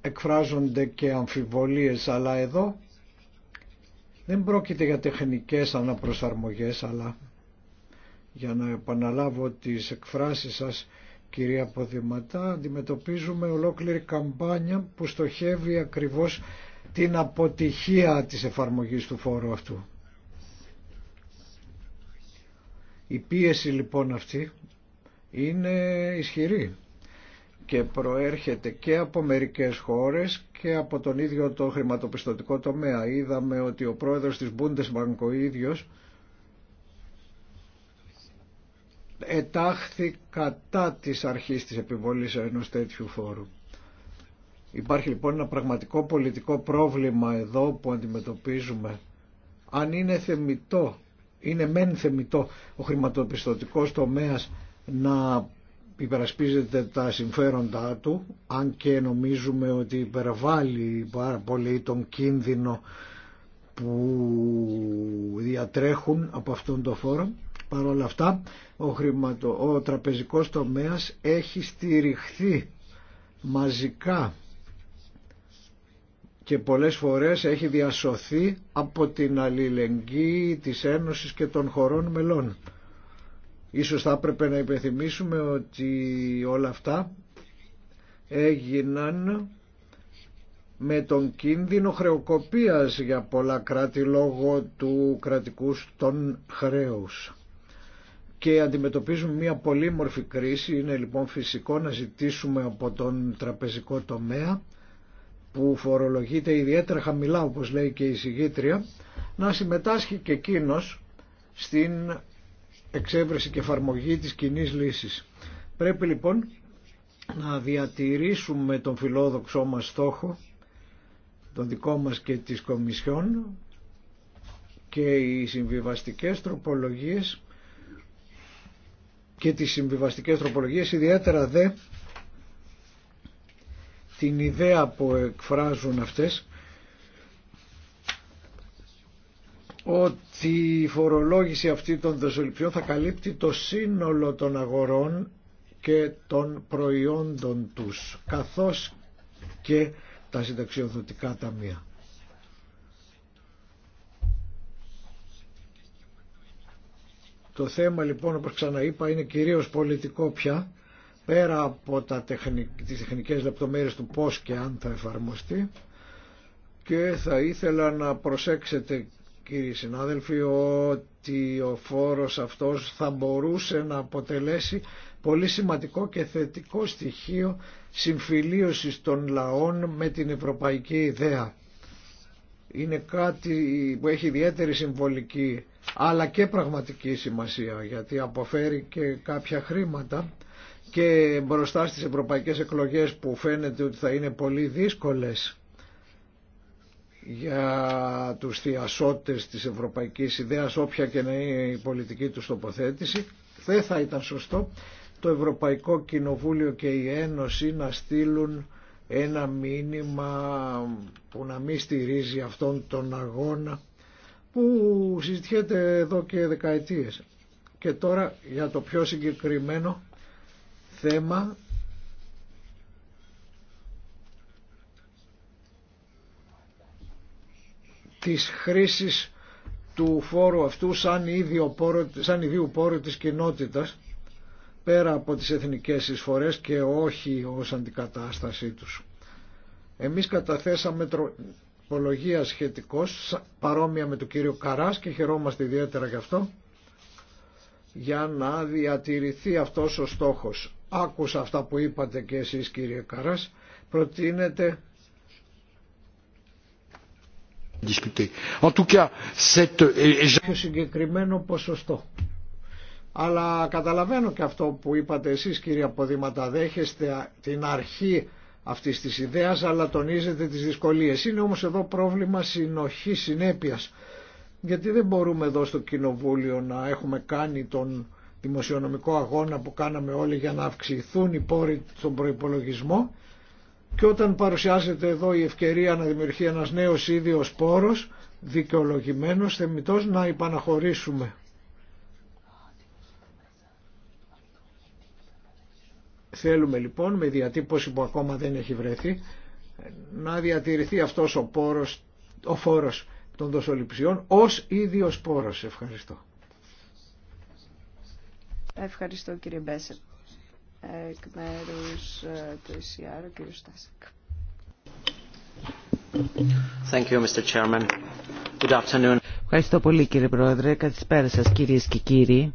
εκφράζονται και αμφιβολίες αλλά εδώ δεν πρόκειται για τεχνικές αναπροσαρμογές αλλά για να επαναλάβω τις εκφράσεις σας κυρία Ποδηματά αντιμετωπίζουμε ολόκληρη καμπάνια που στοχεύει ακριβώς την αποτυχία της εφαρμογής του φόρου αυτού. Η πίεση λοιπόν αυτή είναι ισχυρή και προέρχεται και από μερικές χώρες και από τον ίδιο το χρηματοπιστωτικό τομέα. Είδαμε ότι ο πρόεδρος της Bundesbank ο ίδιος ετάχθη κατά της αρχής της επιβολής ενός τέτοιου φόρου. Υπάρχει λοιπόν ένα πραγματικό πολιτικό πρόβλημα εδώ που αντιμετωπίζουμε. Αν είναι θεμητό είναι μεν θεμητό ο χρηματοπιστωτικός τομέας να υπερασπίζεται τα συμφέροντά του, αν και νομίζουμε ότι υπερβάλλει πάρα πολύ τον κίνδυνο που διατρέχουν από αυτόν τον φόρο. Παρ' όλα αυτά, ο, χρηματο, ο τραπεζικός τομέας έχει στηριχθεί μαζικά και πολλές φορές έχει διασωθεί από την αλληλεγγύη της Ένωσης και των χωρών μελών. Ίσως θα έπρεπε να υπενθυμίσουμε ότι όλα αυτά έγιναν με τον κίνδυνο χρεοκοπίας για πολλά κράτη λόγω του κρατικού των χρέους. Και αντιμετωπίζουμε μια πολύμορφη κρίση, είναι λοιπόν φυσικό να ζητήσουμε από τον τραπεζικό τομέα που φορολογείται ιδιαίτερα χαμηλά όπως λέει και η συγγήτρια να συμμετάσχει και εκείνο στην εξέβρεση και εφαρμογή της κοινή λύσης. Πρέπει λοιπόν να διατηρήσουμε τον φιλόδοξό μας στόχο, τον δικό μας και της Κομισιόν και οι συμβιβαστικές τροπολογίες και τις συμβιβαστικές τροπολογίες ιδιαίτερα δε την ιδέα που εκφράζουν αυτές ότι η φορολόγηση αυτή των δεσολυπιών θα καλύπτει το σύνολο των αγορών και των προϊόντων τους καθώς και τα συνταξιοδοτικά ταμεία. Το θέμα λοιπόν όπως ξαναείπα είναι κυρίως πολιτικό πια πέρα από τα τεχνικ, τις τεχνικές λεπτομέρειες του πώς και αν θα εφαρμοστεί και θα ήθελα να προσέξετε κύριοι συνάδελφοι ότι ο φόρος αυτός θα μπορούσε να αποτελέσει πολύ σημαντικό και θετικό στοιχείο συμφιλίωσης των λαών με την ευρωπαϊκή ιδέα. Είναι κάτι που έχει ιδιαίτερη συμβολική αλλά και πραγματική σημασία γιατί αποφέρει και κάποια χρήματα και μπροστά στις ευρωπαϊκές εκλογές που φαίνεται ότι θα είναι πολύ δύσκολες για τους θειασότες της ευρωπαϊκής ιδέας όποια και να είναι η πολιτική του τοποθέτηση δεν θα ήταν σωστό το Ευρωπαϊκό Κοινοβούλιο και η Ένωση να στείλουν ένα μήνυμα που να μην στηρίζει αυτόν τον αγώνα που συζητιέται εδώ και δεκαετίες. Και τώρα για το πιο συγκεκριμένο θέμα της χρήσης του φόρου αυτού σαν, ίδιο πόρο, σαν ιδίου πόρου της κοινότητας πέρα από τις εθνικές εισφορές και όχι ως αντικατάστασή τους. Εμείς καταθέσαμε τροπολογία σχετικός παρόμοια με τον κύριο Καράς και χαιρόμαστε ιδιαίτερα γι' αυτό για να διατηρηθεί αυτός ο στόχος άκουσα αυτά που είπατε και εσείς κύριε Καράς, προτείνετε το συγκεκριμένο ποσοστό. Αλλά καταλαβαίνω και αυτό που είπατε εσείς κύριε Αποδήματα, δέχεστε την αρχή αυτής της ιδέας αλλά τονίζετε τις δυσκολίες. Είναι όμως εδώ πρόβλημα συνοχής, συνέπειας. Γιατί δεν μπορούμε εδώ στο Κοινοβούλιο να έχουμε κάνει τον δημοσιονομικό αγώνα που κάναμε όλοι για να αυξηθούν οι πόροι στον προϋπολογισμό και όταν παρουσιάζεται εδώ η ευκαιρία να δημιουργεί ένας νέος ίδιος πόρος δικαιολογημένος θεμητό να υπαναχωρήσουμε. Θέλουμε λοιπόν με διατύπωση που ακόμα δεν έχει βρεθεί να διατηρηθεί αυτός ο, πόρος, ο φόρος των δοσοληψιών ως ίδιος πόρος. Ευχαριστώ. Ευχαριστώ κύριε Μπέσερ. Εκ μέρους ε, του ΕΣΥΑΡ, κύριο κύριος Στάσεκ. Thank Ευχαριστώ πολύ κύριε Πρόεδρε. Καλησπέρα σας κυρίες και κύριοι.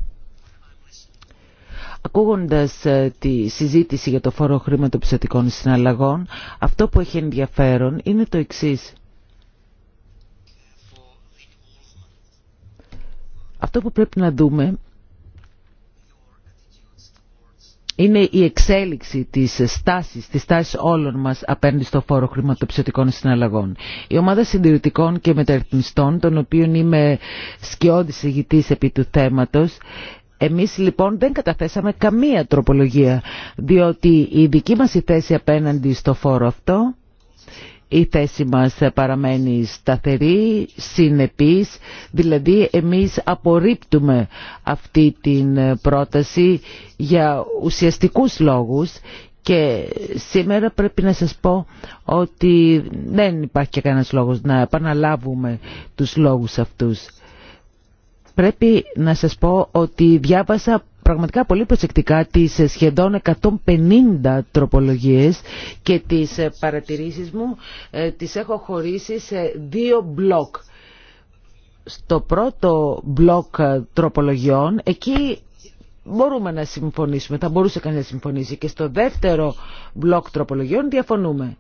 Ακούγοντας ε, τη συζήτηση για το φόρο χρηματοπιστωτικών συναλλαγών, αυτό που έχει ενδιαφέρον είναι το εξής. Αυτό που πρέπει να δούμε είναι η εξέλιξη της στάσης, της στάσης όλων μας απέναντι στο φόρο χρηματοπιστωτικών συναλλαγών. Η ομάδα συντηρητικών και μεταρρυθμιστών, των οποίων είμαι σκιώδης ηγητής επί του θέματος, εμείς λοιπόν δεν καταθέσαμε καμία τροπολογία, διότι η δική μας η θέση απέναντι στο φόρο αυτό η θέση μας παραμένει σταθερή, συνεπής, δηλαδή εμείς απορρίπτουμε αυτή την πρόταση για ουσιαστικούς λόγους και σήμερα πρέπει να σας πω ότι δεν υπάρχει και κανένας λόγος να επαναλάβουμε τους λόγους αυτούς. Πρέπει να σας πω ότι διάβασα πραγματικά πολύ προσεκτικά τις ε, σχεδόν 150 τροπολογίες και τις ε, παρατηρήσεις μου ε, τις έχω χωρίσει σε δύο μπλοκ. Στο πρώτο μπλοκ τροπολογιών, εκεί μπορούμε να συμφωνήσουμε, θα μπορούσε κανείς να συμφωνήσει. Και στο δεύτερο μπλοκ τροπολογιών διαφωνούμε.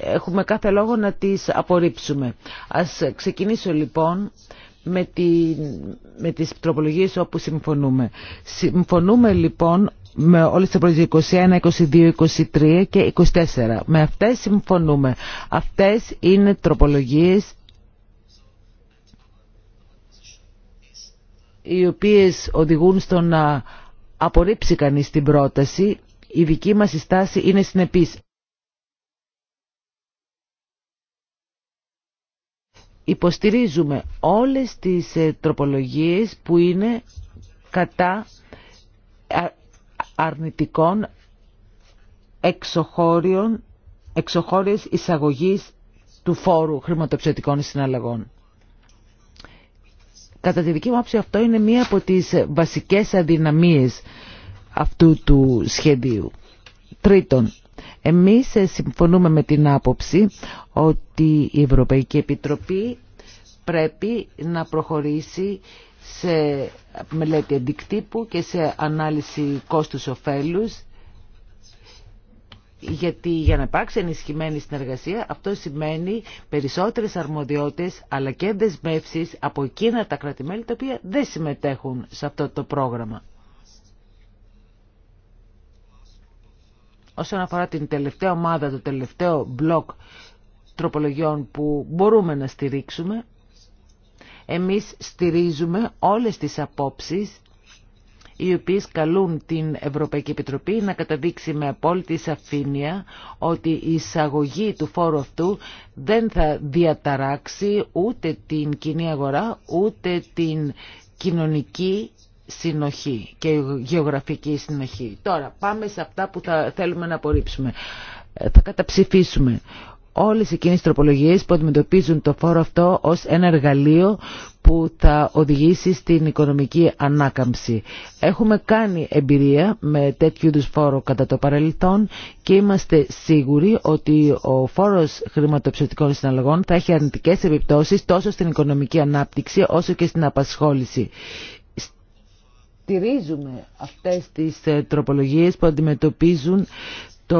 Έχουμε κάθε λόγο να τις απορρίψουμε. Ας ξεκινήσω λοιπόν με, τη, με τις τροπολογίες όπου συμφωνούμε. Συμφωνούμε λοιπόν με όλες τις τροπολογίες 21, 22, 23 και 24. Με αυτές συμφωνούμε. Αυτές είναι τροπολογίες οι οποίες οδηγούν στο να απορρίψει κανείς την πρόταση. Η δική μας στάση είναι συνεπής. υποστηρίζουμε όλες τις ε, τροπολογίες που είναι κατά αρνητικών εξωχώριων, εξωχώριες εισαγωγής του φόρου χρηματοψηφιακών συναλλαγών. Κατά τη δική μου άποψη αυτό είναι μία από τις βασικές αδυναμίες αυτού του σχεδίου. Τρίτον, εμείς ε, συμφωνούμε με την άποψη ότι η Ευρωπαϊκή Επιτροπή πρέπει να προχωρήσει σε μελέτη αντικτύπου και σε ανάλυση κόστους κόστους-οφέλους γιατί για να υπάρξει ενισχυμένη συνεργασία αυτό σημαίνει περισσότερες αρμοδιότητες αλλά και δεσμεύσει από εκείνα τα κρατημέλη τα οποία δεν συμμετέχουν σε αυτό το πρόγραμμα. Όσον αφορά την τελευταία ομάδα, το τελευταίο μπλοκ τροπολογιών που μπορούμε να στηρίξουμε, εμείς στηρίζουμε όλες τις απόψεις οι οποίες καλούν την Ευρωπαϊκή Επιτροπή να καταδείξει με απόλυτη σαφήνεια ότι η εισαγωγή του φόρου αυτού δεν θα διαταράξει ούτε την κοινή αγορά, ούτε την κοινωνική συνοχή και γεωγραφική συνοχή. Τώρα πάμε σε αυτά που θα θέλουμε να απορρίψουμε. Ε, θα καταψηφίσουμε όλες εκείνες τις τροπολογίες που αντιμετωπίζουν το φόρο αυτό ως ένα εργαλείο που θα οδηγήσει στην οικονομική ανάκαμψη. Έχουμε κάνει εμπειρία με τέτοιου είδους φόρο κατά το παρελθόν και είμαστε σίγουροι ότι ο φόρος χρηματοψηφιστικών συναλλαγών θα έχει αρνητικές επιπτώσεις τόσο στην οικονομική ανάπτυξη όσο και στην απασχόληση στηρίζουμε αυτές τις ε, τροπολογίες που αντιμετωπίζουν το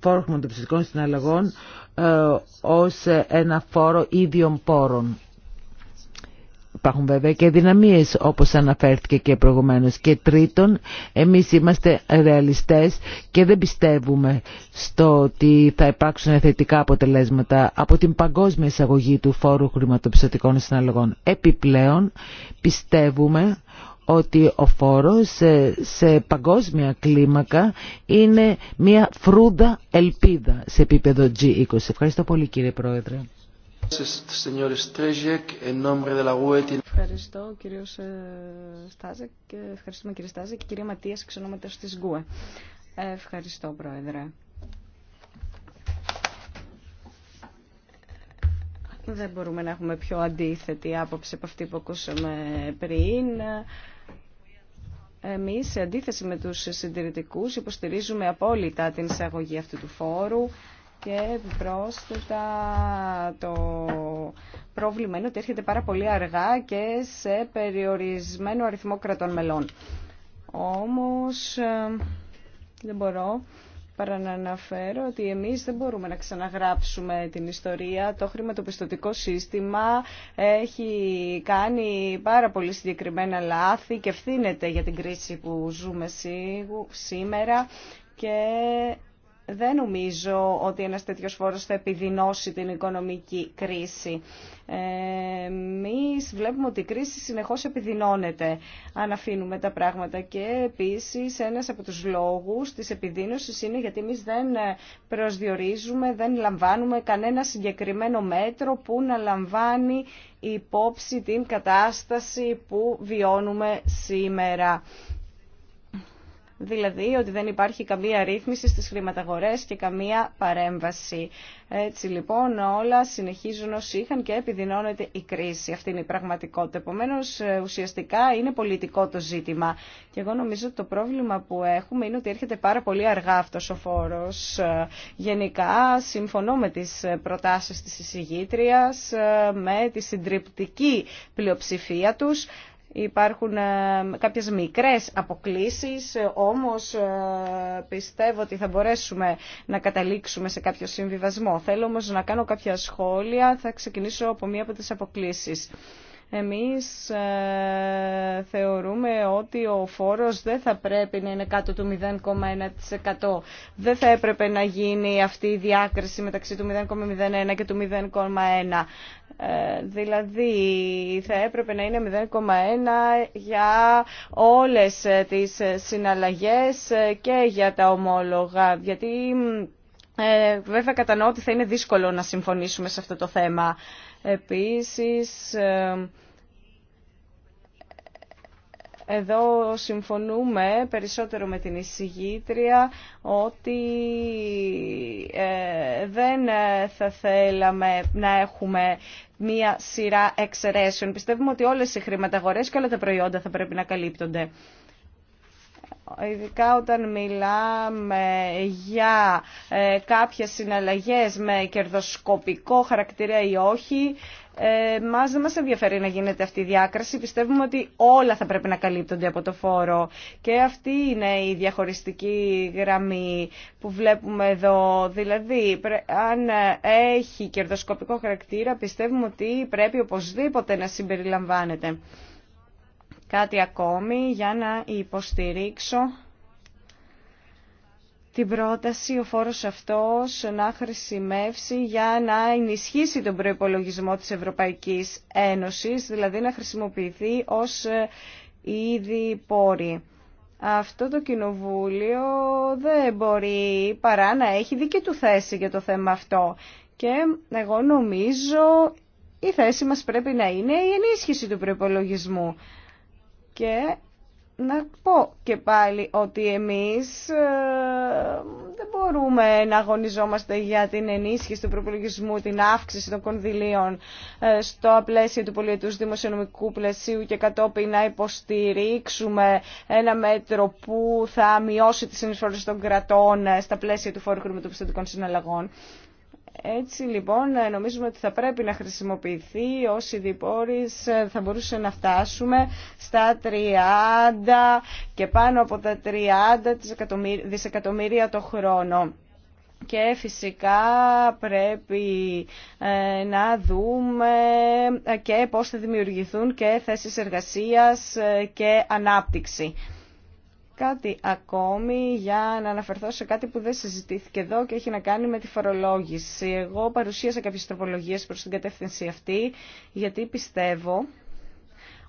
φόρο των συναλλαγών ε, ως ε, ένα φόρο ίδιων πόρων. Υπάρχουν βέβαια και δυναμίες όπως αναφέρθηκε και προηγουμένως. Και τρίτον, εμείς είμαστε ρεαλιστές και δεν πιστεύουμε στο ότι θα υπάρξουν θετικά αποτελέσματα από την παγκόσμια εισαγωγή του φόρου χρηματοπιστωτικών συναλλαγών. Επιπλέον, πιστεύουμε ότι ο φόρος σε, σε παγκόσμια κλίμακα είναι μια φρουδα ελπίδα σε επίπεδο G20. Ευχαριστώ πολύ κύριε Πρόεδρε. Ευχαριστώ κύριο ε, Στάζεκ και ευχαριστούμε κύριε Στάζεκ και κυρία Ματίας εξονόματος της ΓΚΟΕ. Ευχαριστώ Πρόεδρε. Δεν μπορούμε να έχουμε πιο αντίθετη άποψη από αυτή που ακούσαμε πριν. Εμείς, σε αντίθεση με τους συντηρητικούς, υποστηρίζουμε απόλυτα την εισαγωγή αυτού του φόρου και πρόσθετα το πρόβλημα είναι ότι έρχεται πάρα πολύ αργά και σε περιορισμένο αριθμό κρατών μελών. Όμως ε, δεν μπορώ παρά ότι εμείς δεν μπορούμε να ξαναγράψουμε την ιστορία. Το χρηματοπιστωτικό σύστημα έχει κάνει πάρα πολύ συγκεκριμένα λάθη και ευθύνεται για την κρίση που ζούμε σήμερα και δεν νομίζω ότι ένας τέτοιος φόρος θα επιδεινώσει την οικονομική κρίση. Εμεί βλέπουμε ότι η κρίση συνεχώς επιδεινώνεται αν αφήνουμε τα πράγματα και επίσης ένας από τους λόγους της επιδείνωσης είναι γιατί εμεί δεν προσδιορίζουμε, δεν λαμβάνουμε κανένα συγκεκριμένο μέτρο που να λαμβάνει υπόψη την κατάσταση που βιώνουμε σήμερα δηλαδή ότι δεν υπάρχει καμία ρύθμιση στις χρηματαγορές και καμία παρέμβαση. Έτσι λοιπόν όλα συνεχίζουν όσοι είχαν και επιδεινώνεται η κρίση. Αυτή είναι η πραγματικότητα. Επομένω, ε, ουσιαστικά είναι πολιτικό το ζήτημα. Και εγώ νομίζω ότι το πρόβλημα που έχουμε είναι ότι έρχεται πάρα πολύ αργά αυτός ο φόρος. Ε, γενικά συμφωνώ με τις προτάσεις της εισηγήτριας, ε, με τη συντριπτική πλειοψηφία τους. Υπάρχουν ε, κάποιες μικρές αποκλήσεις, όμως ε, πιστεύω ότι θα μπορέσουμε να καταλήξουμε σε κάποιο συμβιβασμό. Θέλω όμως να κάνω κάποια σχόλια, θα ξεκινήσω από μία από τις αποκλήσεις. Εμείς ε, θεωρούμε ότι ο φόρος δεν θα πρέπει να είναι κάτω του 0,1%. Δεν θα έπρεπε να γίνει αυτή η διάκριση μεταξύ του 0,01 και του 0,1. Ε, δηλαδή θα έπρεπε να είναι 0,1 για όλες ε, τις συναλλαγές και για τα ομόλογα. Γιατί βέβαια κατανοώ ότι θα είναι δύσκολο να συμφωνήσουμε σε αυτό το θέμα. Επίσης, ε, εδώ συμφωνούμε περισσότερο με την εισηγήτρια ότι ε, δεν θα θέλαμε να έχουμε μία σειρά εξαιρέσεων. Πιστεύουμε ότι όλες οι χρηματαγορές και όλα τα προϊόντα θα πρέπει να καλύπτονται ειδικά όταν μιλάμε για ε, κάποιες συναλλαγές με κερδοσκοπικό χαρακτήρα ή όχι, ε, μας δεν μας ενδιαφέρει να γίνεται αυτή η διάκριση. Πιστεύουμε ότι όλα θα πρέπει να καλύπτονται από το φόρο. Και αυτή είναι η διαχωριστική γραμμή που βλέπουμε εδώ. Δηλαδή, αν ε, έχει κερδοσκοπικό χαρακτήρα, πιστεύουμε ότι πρέπει οπωσδήποτε να συμπεριλαμβάνεται κάτι ακόμη για να υποστηρίξω την πρόταση ο φόρος αυτός να χρησιμεύσει για να ενισχύσει τον προϋπολογισμό της Ευρωπαϊκής Ένωσης, δηλαδή να χρησιμοποιηθεί ως ήδη ε, πόρη. Αυτό το κοινοβούλιο δεν μπορεί παρά να έχει δική του θέση για το θέμα αυτό. Και εγώ νομίζω η θέση μας πρέπει να είναι η ενίσχυση του προϋπολογισμού. Και να πω και πάλι ότι εμείς ε, δεν μπορούμε να αγωνιζόμαστε για την ενίσχυση του προπολογισμού, την αύξηση των κονδυλίων ε, στο πλαίσιο του πολιετούς δημοσιονομικού πλαισίου και κατόπιν να υποστηρίξουμε ένα μέτρο που θα μειώσει τις συνεισφορές των κρατών ε, στα πλαίσια του φόρου χρηματοπιστωτικών συναλλαγών. Έτσι λοιπόν νομίζουμε ότι θα πρέπει να χρησιμοποιηθεί όσοι διπόρεις θα μπορούσε να φτάσουμε στα 30 και πάνω από τα 30 δισεκατομμύρια το χρόνο. Και φυσικά πρέπει ε, να δούμε ε, και πώς θα δημιουργηθούν και θέσεις εργασίας ε, και ανάπτυξη κάτι ακόμη για να αναφερθώ σε κάτι που δεν συζητήθηκε εδώ και έχει να κάνει με τη φορολόγηση. Εγώ παρουσίασα κάποιες τροπολογίες προς την κατεύθυνση αυτή γιατί πιστεύω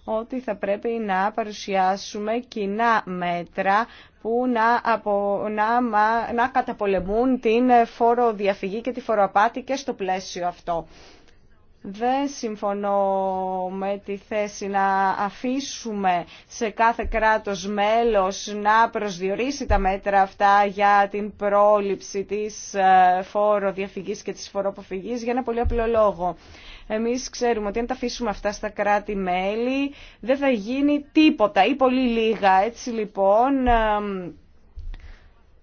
ότι θα πρέπει να παρουσιάσουμε κοινά μέτρα που να, απο, να, να καταπολεμούν την φοροδιαφυγή και τη φοροαπάτη και στο πλαίσιο αυτό. Δεν συμφωνώ με τη θέση να αφήσουμε σε κάθε κράτος μέλος να προσδιορίσει τα μέτρα αυτά για την πρόληψη της ε, φοροδιαφυγής και της φοροποφυγής για ένα πολύ απλό λόγο. Εμείς ξέρουμε ότι αν τα αφήσουμε αυτά στα κράτη-μέλη δεν θα γίνει τίποτα ή πολύ λίγα. Έτσι λοιπόν ε,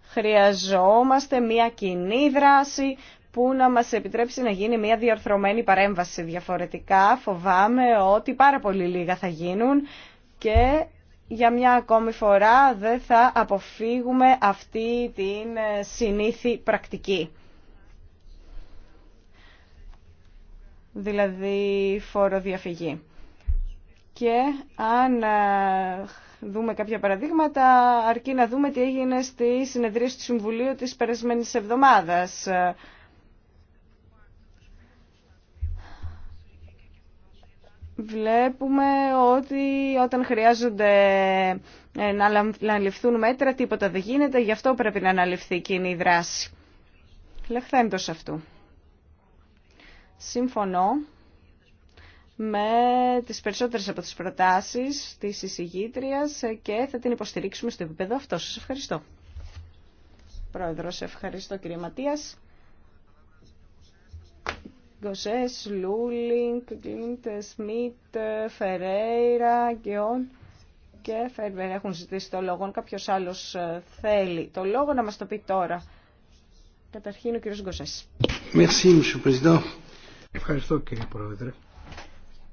χρειαζόμαστε μια κοινή δράση που να μας επιτρέψει να γίνει μια διαρθρωμένη παρέμβαση. Διαφορετικά φοβάμαι ότι πάρα πολύ λίγα θα γίνουν και για μια ακόμη φορά δεν θα αποφύγουμε αυτή την ε, συνήθη πρακτική. Δηλαδή φοροδιαφυγή. Και αν ε, δούμε κάποια παραδείγματα, αρκεί να δούμε τι έγινε στη συνεδρίαση του Συμβουλίου της περασμένης εβδομάδας. βλέπουμε ότι όταν χρειάζονται ε, να αναλυφθούν μέτρα, τίποτα δεν γίνεται, γι' αυτό πρέπει να αναλυφθεί κοινή δράση. Λεχθέντος αυτού. Συμφωνώ με τις περισσότερες από τις προτάσεις της εισηγήτριας και θα την υποστηρίξουμε στο επίπεδο αυτό. Σας ευχαριστώ. Πρόεδρος, ευχαριστώ κύριε Ματίας. Γκοσές, Λούλινγκ, Κλίντ, Σμιτ, Φερέιρα, Γκαιόν και Φέρμπερ έχουν ζητήσει το λόγο. Αν κάποιος άλλος ε, θέλει το λόγο να μα το πει τώρα. Καταρχήν ο κύριος Γκοσές. Ευχαριστώ κύριε Πρόεδρε.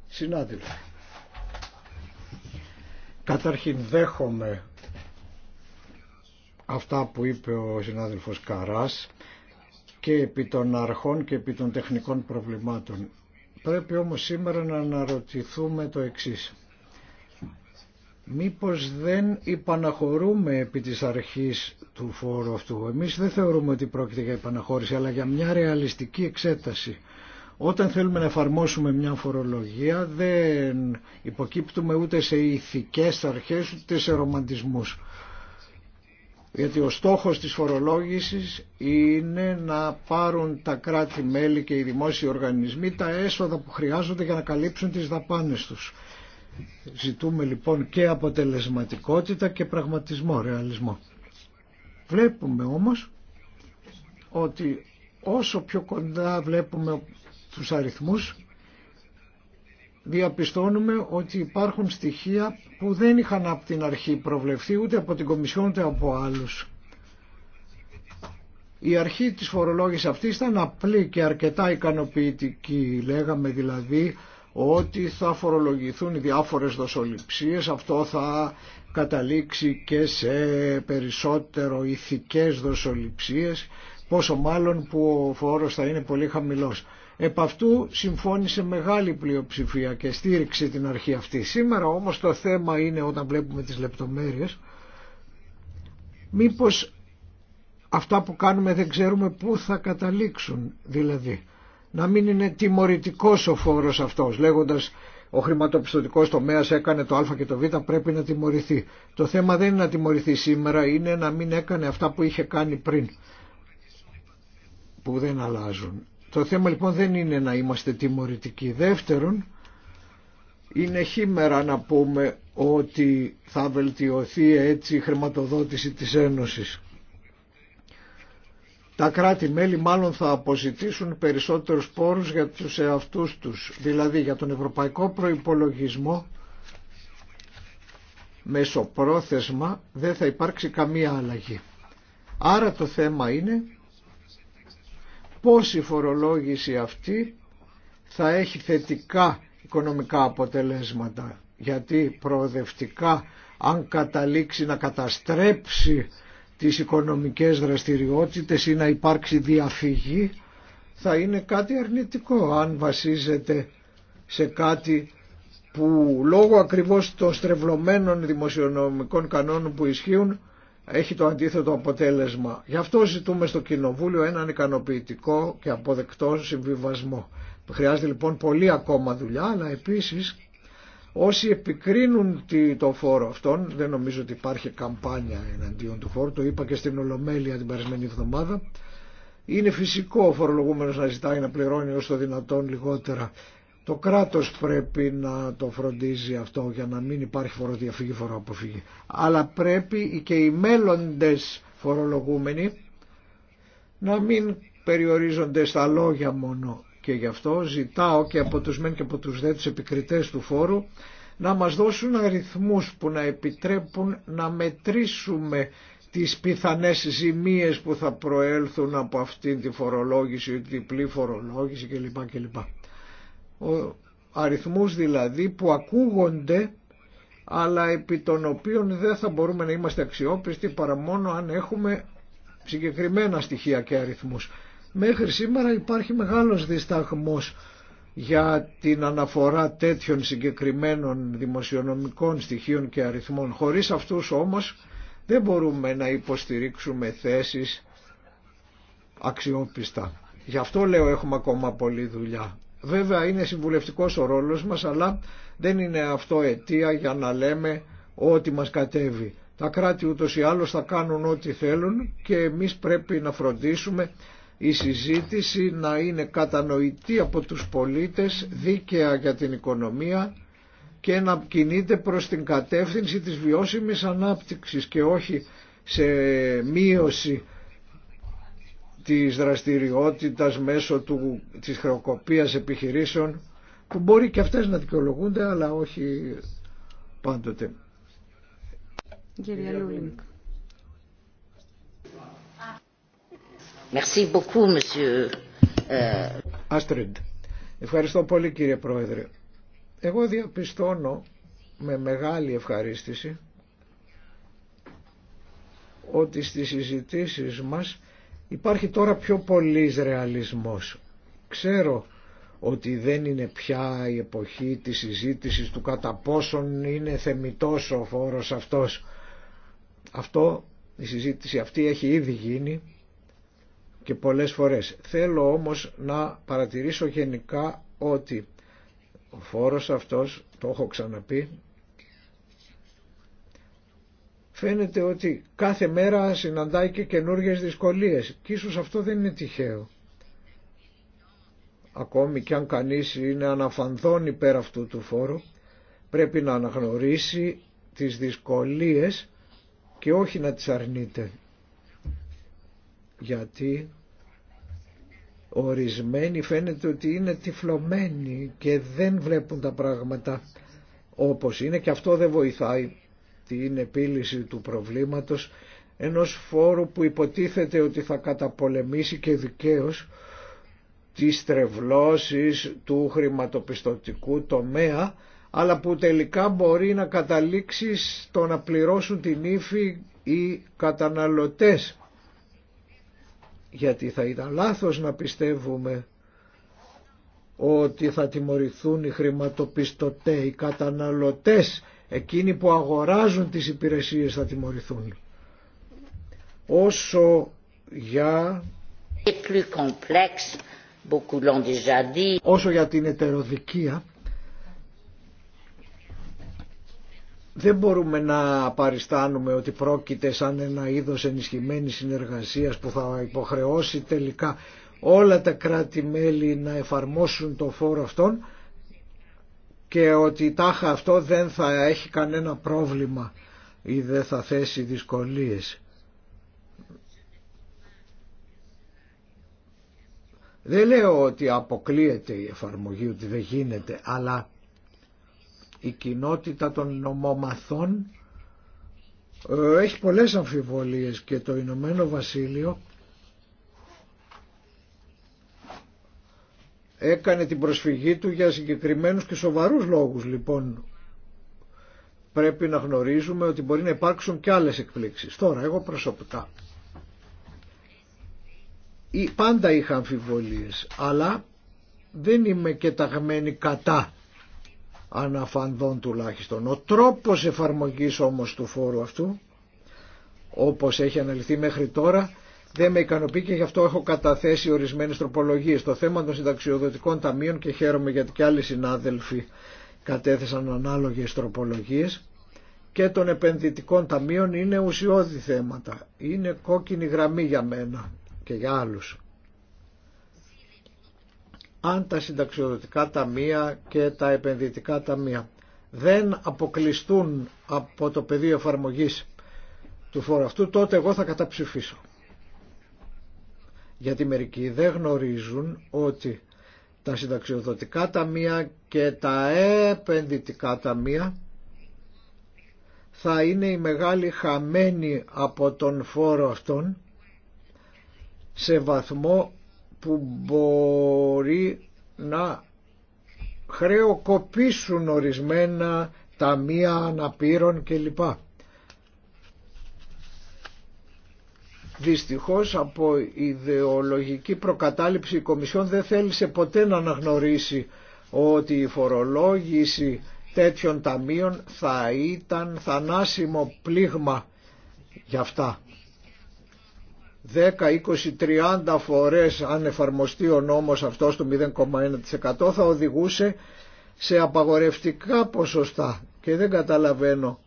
Συνάδελφοι. Καταρχήν δέχομαι αυτά που είπε ο συνάδελφος Καράς και επί των αρχών και επί των τεχνικών προβλημάτων. Πρέπει όμως σήμερα να αναρωτηθούμε το εξής. Μήπως δεν υπαναχωρούμε επί της αρχής του φόρου αυτού. Εμείς δεν θεωρούμε ότι πρόκειται για υπαναχώρηση, αλλά για μια ρεαλιστική εξέταση. Όταν θέλουμε να εφαρμόσουμε μια φορολογία δεν υποκύπτουμε ούτε σε ηθικές αρχές ούτε σε ρομαντισμούς γιατί ο στόχος της φορολόγησης είναι να πάρουν τα κράτη-μέλη και οι δημόσιοι οργανισμοί τα έσοδα που χρειάζονται για να καλύψουν τις δαπάνες τους. Ζητούμε λοιπόν και αποτελεσματικότητα και πραγματισμό, ρεαλισμό. Βλέπουμε όμως ότι όσο πιο κοντά βλέπουμε τους αριθμούς διαπιστώνουμε ότι υπάρχουν στοιχεία που δεν είχαν από την αρχή προβλεφθεί ούτε από την Κομισιόν ούτε από άλλους. Η αρχή της φορολόγησης αυτή ήταν απλή και αρκετά ικανοποιητική. Λέγαμε δηλαδή ότι θα φορολογηθούν οι διάφορες δοσοληψίες, αυτό θα καταλήξει και σε περισσότερο ηθικές δοσοληψίες, πόσο μάλλον που ο φόρος θα είναι πολύ χαμηλός. Επ' αυτού συμφώνησε μεγάλη πλειοψηφία και στήριξε την αρχή αυτή. Σήμερα όμως το θέμα είναι όταν βλέπουμε τις λεπτομέρειες μήπως αυτά που κάνουμε δεν ξέρουμε πού θα καταλήξουν δηλαδή. Να μην είναι τιμωρητικός ο φόρος αυτός λέγοντας ο χρηματοπιστωτικός τομέας έκανε το α και το β πρέπει να τιμωρηθεί. Το θέμα δεν είναι να τιμωρηθεί σήμερα είναι να μην έκανε αυτά που είχε κάνει πριν που δεν αλλάζουν. Το θέμα λοιπόν δεν είναι να είμαστε τιμωρητικοί. Δεύτερον, είναι χήμερα να πούμε ότι θα βελτιωθεί έτσι η χρηματοδότηση της Ένωσης. Τα κράτη-μέλη μάλλον θα αποζητήσουν περισσότερους πόρους για τους εαυτούς τους, δηλαδή για τον ευρωπαϊκό προϋπολογισμό μεσοπρόθεσμα δεν θα υπάρξει καμία αλλαγή. Άρα το θέμα είναι πώς η φορολόγηση αυτή θα έχει θετικά οικονομικά αποτελέσματα. Γιατί προοδευτικά αν καταλήξει να καταστρέψει τις οικονομικές δραστηριότητες ή να υπάρξει διαφυγή θα είναι κάτι αρνητικό αν βασίζεται σε κάτι που λόγω ακριβώς των στρεβλωμένων δημοσιονομικών κανόνων που ισχύουν έχει το αντίθετο αποτέλεσμα. Γι' αυτό ζητούμε στο Κοινοβούλιο έναν ικανοποιητικό και αποδεκτό συμβιβασμό. Χρειάζεται λοιπόν πολύ ακόμα δουλειά, αλλά επίσης όσοι επικρίνουν το φόρο αυτόν, δεν νομίζω ότι υπάρχει καμπάνια εναντίον του φόρου, το είπα και στην Ολομέλεια την περασμένη εβδομάδα, είναι φυσικό ο φορολογούμενος να ζητάει να πληρώνει όσο το δυνατόν λιγότερα το κράτος πρέπει να το φροντίζει αυτό για να μην υπάρχει φοροδιαφυγή, φοροαποφυγή. Αλλά πρέπει και οι μέλλοντες φορολογούμενοι να μην περιορίζονται στα λόγια μόνο. Και γι' αυτό ζητάω και από τους μεν και από τους δε τους επικριτές του φόρου να μας δώσουν αριθμούς που να επιτρέπουν να μετρήσουμε τις πιθανές ζημίες που θα προέλθουν από αυτήν τη φορολόγηση, τη διπλή φορολόγηση κλπ αριθμούς δηλαδή που ακούγονται αλλά επί των οποίων δεν θα μπορούμε να είμαστε αξιόπιστοι παρά μόνο αν έχουμε συγκεκριμένα στοιχεία και αριθμούς. Μέχρι σήμερα υπάρχει μεγάλος δισταγμός για την αναφορά τέτοιων συγκεκριμένων δημοσιονομικών στοιχείων και αριθμών. Χωρίς αυτούς όμως δεν μπορούμε να υποστηρίξουμε θέσεις αξιόπιστα. Γι' αυτό λέω έχουμε ακόμα πολλή δουλειά. Βέβαια είναι συμβουλευτικός ο ρόλος μας αλλά δεν είναι αυτό αιτία για να λέμε ότι μας κατέβει. Τα κράτη ούτως ή άλλως θα κάνουν ό,τι θέλουν και εμείς πρέπει να φροντίσουμε η συζήτηση να είναι κατανοητή από τους πολίτες, δίκαια για την οικονομία και να κινείται προς την κατεύθυνση της βιώσιμης ανάπτυξης και όχι σε μείωση της δραστηριότητας μέσω του, της χρεοκοπίας επιχειρήσεων που μπορεί και αυτές να δικαιολογούνται αλλά όχι πάντοτε. Ε, Ευχαριστώ πολύ κύριε Πρόεδρε. Εγώ διαπιστώνω με μεγάλη ευχαρίστηση ότι στις συζητήσεις μας Υπάρχει τώρα πιο πολύς ρεαλισμός. Ξέρω ότι δεν είναι πια η εποχή της συζήτησης του κατά πόσον είναι θεμητός ο φόρος αυτός. Αυτό, η συζήτηση αυτή έχει ήδη γίνει και πολλές φορές. Θέλω όμως να παρατηρήσω γενικά ότι ο φόρος αυτός, το έχω ξαναπεί, φαίνεται ότι κάθε μέρα συναντάει και καινούργιες δυσκολίες και ίσως αυτό δεν είναι τυχαίο. Ακόμη κι αν κανείς είναι αναφανθόν υπέρ αυτού του φόρου, πρέπει να αναγνωρίσει τις δυσκολίες και όχι να τις αρνείται. Γιατί ορισμένοι φαίνεται ότι είναι τυφλωμένοι και δεν βλέπουν τα πράγματα όπως είναι και αυτό δεν βοηθάει την επίλυση του προβλήματος ενός φόρου που υποτίθεται ότι θα καταπολεμήσει και δικαίως τις τρευλώσεις του χρηματοπιστωτικού τομέα αλλά που τελικά μπορεί να καταλήξει στο να πληρώσουν την ύφη οι καταναλωτές. Γιατί θα ήταν λάθος να πιστεύουμε ότι θα τιμωρηθούν οι χρηματοπιστωτές, οι καταναλωτές εκείνοι που αγοράζουν τις υπηρεσίες θα τιμωρηθούν. Όσο για... Όσο για την ετεροδικία, δεν μπορούμε να παριστάνουμε ότι πρόκειται σαν ένα είδος ενισχυμένης συνεργασίας που θα υποχρεώσει τελικά όλα τα κράτη-μέλη να εφαρμόσουν το φόρο αυτόν και ότι τάχα αυτό δεν θα έχει κανένα πρόβλημα ή δεν θα θέσει δυσκολίες. Δεν λέω ότι αποκλείεται η εφαρμογή, ότι δεν γίνεται, αλλά η κοινότητα των νομομαθών ε, έχει πολλές αμφιβολίες και το Ηνωμένο Βασίλειο έκανε την προσφυγή του για συγκεκριμένους και σοβαρούς λόγους λοιπόν πρέπει να γνωρίζουμε ότι μπορεί να υπάρξουν και άλλες εκπλήξεις τώρα εγώ προσωπικά πάντα είχα αμφιβολίες αλλά δεν είμαι και ταγμένη κατά αναφανδών τουλάχιστον ο τρόπος εφαρμογής όμως του φόρου αυτού όπως έχει αναλυθεί μέχρι τώρα δεν με ικανοποιεί και γι' αυτό έχω καταθέσει ορισμένες τροπολογίες. Το θέμα των συνταξιοδοτικών ταμείων και χαίρομαι γιατί και άλλοι συνάδελφοι κατέθεσαν ανάλογες τροπολογίες και των επενδυτικών ταμείων είναι ουσιώδη θέματα. Είναι κόκκινη γραμμή για μένα και για άλλους. Αν τα συνταξιοδοτικά ταμεία και τα επενδυτικά ταμεία δεν αποκλειστούν από το πεδίο εφαρμογής του φόρου αυτού, τότε εγώ θα καταψηφίσω. Γιατί μερικοί δεν γνωρίζουν ότι τα συνταξιοδοτικά ταμεία και τα επενδυτικά ταμεία θα είναι οι μεγάλοι χαμένοι από τον φόρο αυτόν σε βαθμό που μπορεί να χρεοκοπήσουν ορισμένα ταμεία αναπήρων κλπ. Δυστυχώς από ιδεολογική προκατάληψη η Κομισιόν δεν θέλησε ποτέ να αναγνωρίσει ότι η φορολόγηση τέτοιων ταμείων θα ήταν θανάσιμο πλήγμα για αυτά. 10, 20, 30 φορές αν εφαρμοστεί ο νόμος αυτός του 0,1% θα οδηγούσε σε απαγορευτικά ποσοστά και δεν καταλαβαίνω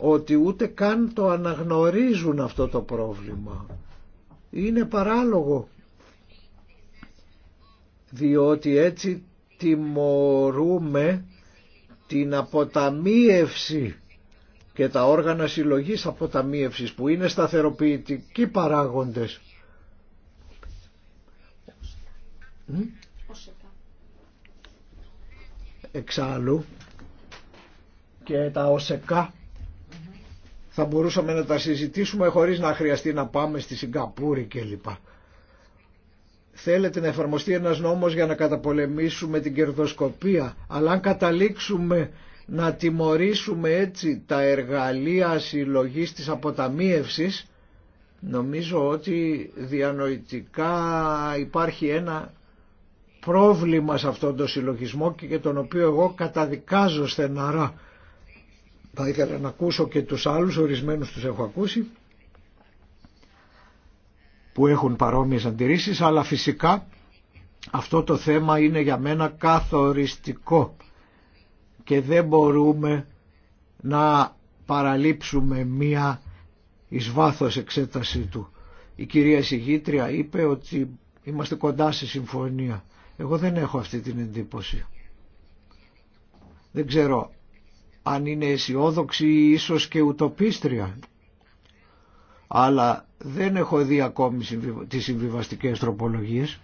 ότι ούτε καν το αναγνωρίζουν αυτό το πρόβλημα. Είναι παράλογο διότι έτσι τιμωρούμε την αποταμίευση και τα όργανα συλλογής αποταμίευσης που είναι σταθεροποιητικοί παράγοντες. Εξάλλου και τα οσεκά θα μπορούσαμε να τα συζητήσουμε χωρίς να χρειαστεί να πάμε στη Σιγκαπούρη κλπ. Θέλετε να εφαρμοστεί ένας νόμος για να καταπολεμήσουμε την κερδοσκοπία, αλλά αν καταλήξουμε να τιμωρήσουμε έτσι τα εργαλεία συλλογή της αποταμίευσης, νομίζω ότι διανοητικά υπάρχει ένα πρόβλημα σε αυτόν τον συλλογισμό και τον οποίο εγώ καταδικάζω στεναρά θα ήθελα να ακούσω και τους άλλους, ορισμένους τους έχω ακούσει, που έχουν παρόμοιες αντιρρήσεις, αλλά φυσικά αυτό το θέμα είναι για μένα καθοριστικό και δεν μπορούμε να παραλείψουμε μία εις βάθος εξέταση του. Η κυρία Σιγήτρια είπε ότι είμαστε κοντά σε συμφωνία. Εγώ δεν έχω αυτή την εντύπωση. Δεν ξέρω αν είναι αισιόδοξη ίσως και ουτοπίστρια. Αλλά δεν έχω δει ακόμη τις συμβιβαστικές τροπολογίες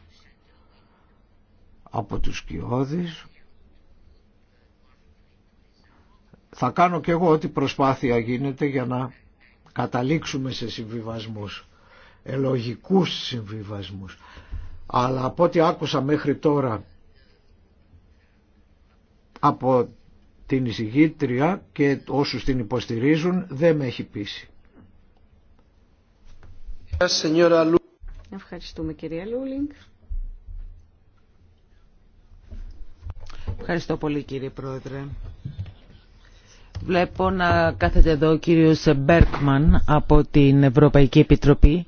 από τους κοιόδης. Θα κάνω και εγώ ό,τι προσπάθεια γίνεται για να καταλήξουμε σε συμβιβασμούς, ελογικούς συμβιβασμούς. Αλλά από ό,τι άκουσα μέχρι τώρα από την εισηγήτρια και όσους την υποστηρίζουν δεν με έχει πείσει. Ευχαριστούμε κυρία Λούλινγκ. Ευχαριστώ πολύ κύριε Πρόεδρε. Βλέπω να κάθεται εδώ ο κύριος Μπέρκμαν από την Ευρωπαϊκή Επιτροπή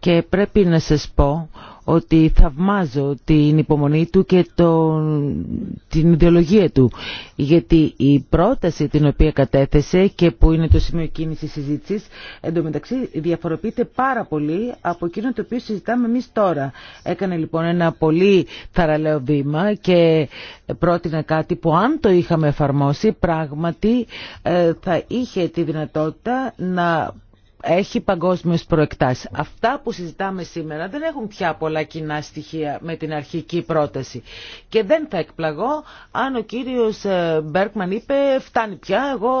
και πρέπει να σας πω ότι θαυμάζω την υπομονή του και τον, την ιδεολογία του. Γιατί η πρόταση την οποία κατέθεσε και που είναι το σημείο κίνησης συζήτησης, εντωμεταξύ διαφοροποιείται πάρα πολύ από εκείνο το οποίο συζητάμε εμείς τώρα. Έκανε λοιπόν ένα πολύ θαραλέο βήμα και πρότεινε κάτι που αν το είχαμε εφαρμόσει πράγματι ε, θα είχε τη δυνατότητα να έχει παγκόσμιε προεκτάσει. Αυτά που συζητάμε σήμερα δεν έχουν πια πολλά κοινά στοιχεία με την αρχική πρόταση. Και δεν θα εκπλαγώ αν ο κύριος ε, Μπέρκμαν είπε φτάνει πια, εγώ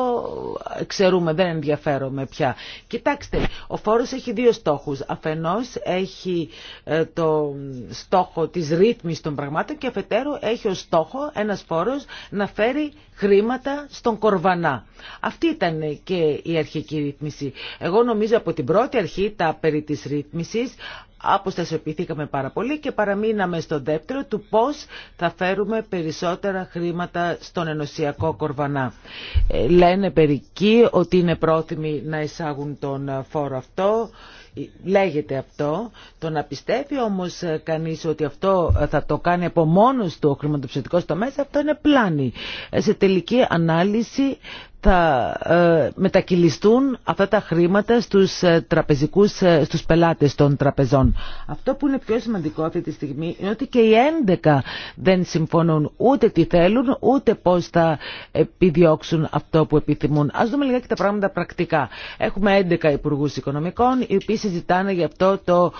ε, ξέρουμε δεν ενδιαφέρομαι πια. Κοιτάξτε, ο φόρος έχει δύο στόχους. Αφενός έχει ε, το στόχο τη ρύθμιση των πραγμάτων και αφετέρου έχει ω στόχο ένα φόρο να φέρει χρήματα στον κορβανά. Αυτή ήταν και η αρχική ρύθμιση. Εγώ νομίζω από την πρώτη αρχή τα περί της ρύθμισης αποστασιοποιηθήκαμε πάρα πολύ και παραμείναμε στο δεύτερο του πώς θα φέρουμε περισσότερα χρήματα στον ενωσιακό κορβανά. Ε, λένε περικοί ότι είναι πρόθυμοι να εισάγουν τον φόρο αυτό ε, λέγεται αυτό. Το να πιστεύει όμως κανείς ότι αυτό θα το κάνει από μόνος του ο χρηματοψηφιστικός τομέας, αυτό είναι πλάνη. Ε, σε τελική ανάλυση θα ε, μετακυλιστούν αυτά τα χρήματα στους, ε, τραπεζικούς, ε, στους πελάτες των τραπεζών. Αυτό που είναι πιο σημαντικό αυτή τη στιγμή είναι ότι και οι 11 δεν συμφωνούν ούτε τι θέλουν ούτε πώς θα επιδιώξουν αυτό που επιθυμούν. Ας δούμε λιγάκι τα πράγματα πρακτικά. Έχουμε 11 υπουργού οικονομικών οι οποίοι συζητάνε γι' αυτό το,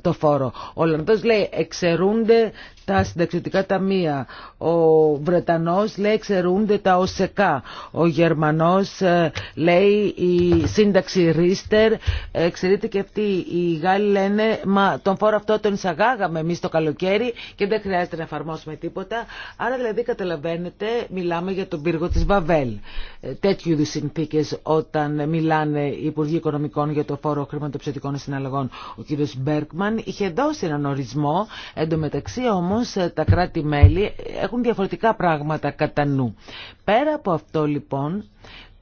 το φόρο. Ο Λανδός λέει εξαιρούνται τα συνταξιωτικά ταμεία. Ο Βρετανός λέει εξαιρούνται τα ΟΣΕΚΑ. Ο Γερμανός ε, λέει η σύνταξη Ρίστερ ε, Ξέρετε και αυτή. Οι Γάλλοι λένε μα τον φόρο αυτό τον εισαγάγαμε εμείς το καλοκαίρι και δεν χρειάζεται να εφαρμόσουμε τίποτα. Άρα δηλαδή καταλαβαίνετε μιλάμε για τον πύργο της Βαβέλ. Ε, τέτοιου είδου συνθήκες όταν μιλάνε οι Υπουργοί Οικονομικών για το φόρο χρηματοψηφιακών συναλλαγών. Ο κ. Μπέρκμαν είχε δώσει έναν ορισμό, εντωμεταξύ όμως ε, τα κράτη-μέλη έχουν διαφορετικά πράγματα κατά νου. Πέρα από αυτό λοιπόν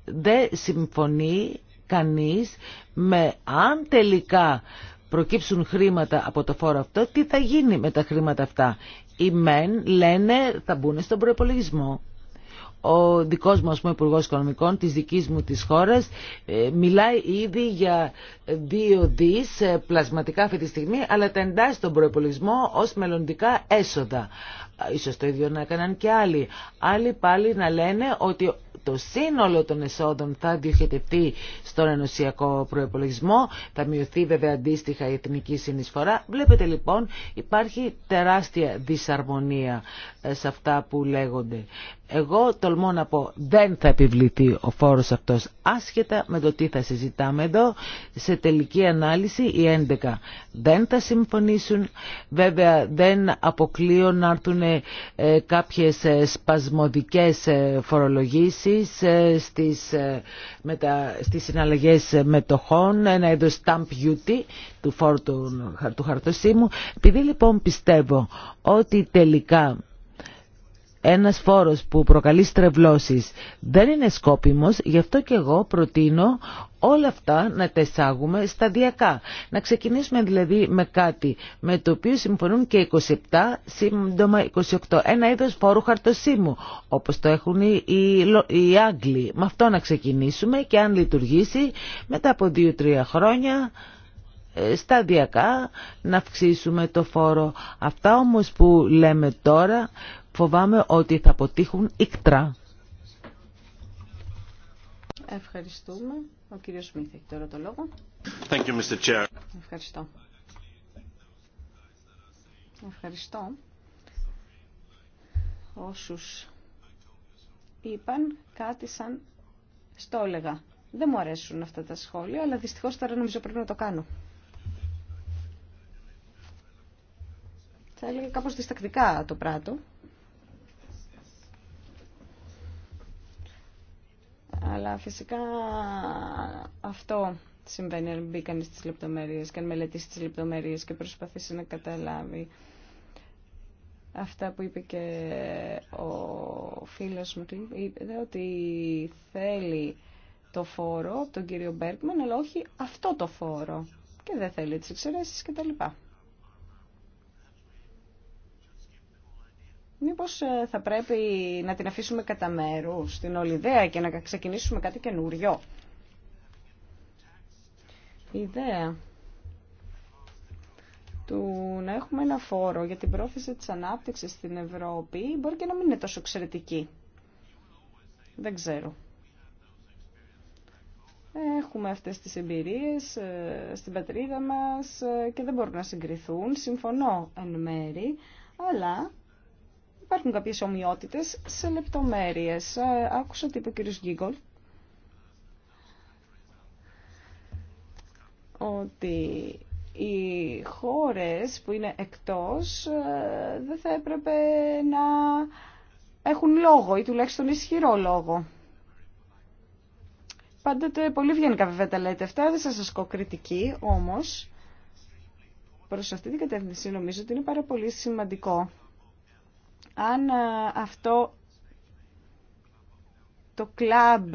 δεν συμφωνεί κανείς με αν τελικά προκύψουν χρήματα από το φόρο αυτό, τι θα γίνει με τα χρήματα αυτά. Οι μεν λένε θα μπουν στον προπολογισμό ο δικός μου ας πούμε Υπουργός Οικονομικών της δικής μου της χώρας ε, μιλάει ήδη για δύο δις ε, πλασματικά αυτή τη στιγμή αλλά τα εντάσσει τον προπολογισμό ως μελλοντικά έσοδα. Ίσως το ίδιο να έκαναν και άλλοι. Άλλοι πάλι να λένε ότι το σύνολο των εσόδων θα διοχετευτεί στον ενωσιακό προεπολισμό θα μειωθεί βέβαια αντίστοιχα η εθνική συνεισφορά. Βλέπετε λοιπόν υπάρχει τεράστια δυσαρμονία ε, σε αυτά που λέγονται. Εγώ τολμώ να πω δεν θα επιβληθεί ο φόρος αυτός άσχετα με το τι θα συζητάμε εδώ. Σε τελική ανάλυση οι 11 δεν θα συμφωνήσουν. Βέβαια δεν αποκλείω να έρθουν ε, κάποιες ε, σπασμωδικές ε, φορολογήσεις στις, με τα, στις συναλλαγές μετοχών, ένα είδος stamp duty του φόρου του χαρτοσύμου. Επειδή λοιπόν πιστεύω ότι τελικά ένας φόρος που προκαλεί στρεβλώσεις δεν είναι σκόπιμος, γι' αυτό και εγώ προτείνω όλα αυτά να τα εισάγουμε σταδιακά. Να ξεκινήσουμε δηλαδή με κάτι με το οποίο συμφωνούν και 27, σύντομα 28. Ένα είδος φόρου χαρτοσύμου, όπως το έχουν οι, οι Άγγλοι. Με αυτό να ξεκινήσουμε και αν λειτουργήσει μετά από 2-3 χρόνια ε, σταδιακά να αυξήσουμε το φόρο. Αυτά όμως που λέμε τώρα φοβάμαι ότι θα αποτύχουν ικτρά. Ευχαριστούμε. Ο κύριος Σμίθ έχει τώρα το λόγο. Thank you, Mr. Chair. Ευχαριστώ. Ευχαριστώ όσους είπαν κάτι σαν στο έλεγα. Δεν μου αρέσουν αυτά τα σχόλια, αλλά δυστυχώς τώρα νομίζω πρέπει να το κάνω. Θα έλεγα κάπως διστακτικά το πράτο. Αλλά φυσικά αυτό συμβαίνει αν μπει στις λεπτομέρειες και αν μελετήσει τις λεπτομέρειες και προσπαθήσει να καταλάβει αυτά που είπε και ο φίλος μου είπε ότι θέλει το φόρο από τον κύριο Μπέρκμαν αλλά όχι αυτό το φόρο και δεν θέλει τις εξαιρέσεις λοιπά. Μήπως ε, θα πρέπει να την αφήσουμε κατά μέρου στην όλη και να ξεκινήσουμε κάτι καινούριο. Η ιδέα του να έχουμε ένα φόρο για την πρόθεση της ανάπτυξης στην Ευρώπη μπορεί και να μην είναι τόσο εξαιρετική. Δεν ξέρω. Έχουμε αυτές τις εμπειρίες ε, στην πατρίδα μας ε, και δεν μπορούν να συγκριθούν. Συμφωνώ εν μέρη, αλλά Υπάρχουν κάποιες ομοιότητες σε λεπτομέρειες. Ε, άκουσα τι είπε ο κύριος Γκίγκολ ότι οι χώρες που είναι εκτός ε, δεν θα έπρεπε να έχουν λόγο ή τουλάχιστον ισχυρό λόγο. Πάντοτε πολύ βγαίνει βέβαια τα λέτε αυτά, δεν σας ασκώ κριτική, όμως προς αυτή την κατεύθυνση νομίζω ότι είναι πάρα πολύ σημαντικό αν ε, αυτό το κλαμπ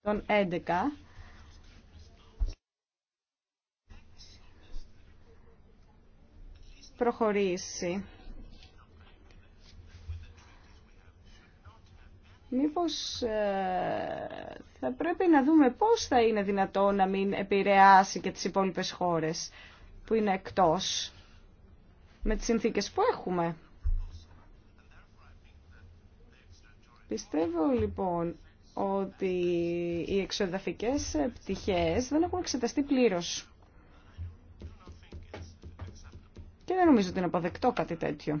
των 11 προχωρήσει. Μήπως ε, θα πρέπει να δούμε πώς θα είναι δυνατό να μην επηρεάσει και τις υπόλοιπες χώρες που είναι εκτός με τις συνθήκες που έχουμε. Πιστεύω λοιπόν ότι οι εξοδαφικές πτυχές δεν έχουν εξεταστεί πλήρως. Και δεν νομίζω ότι είναι αποδεκτό κάτι τέτοιο.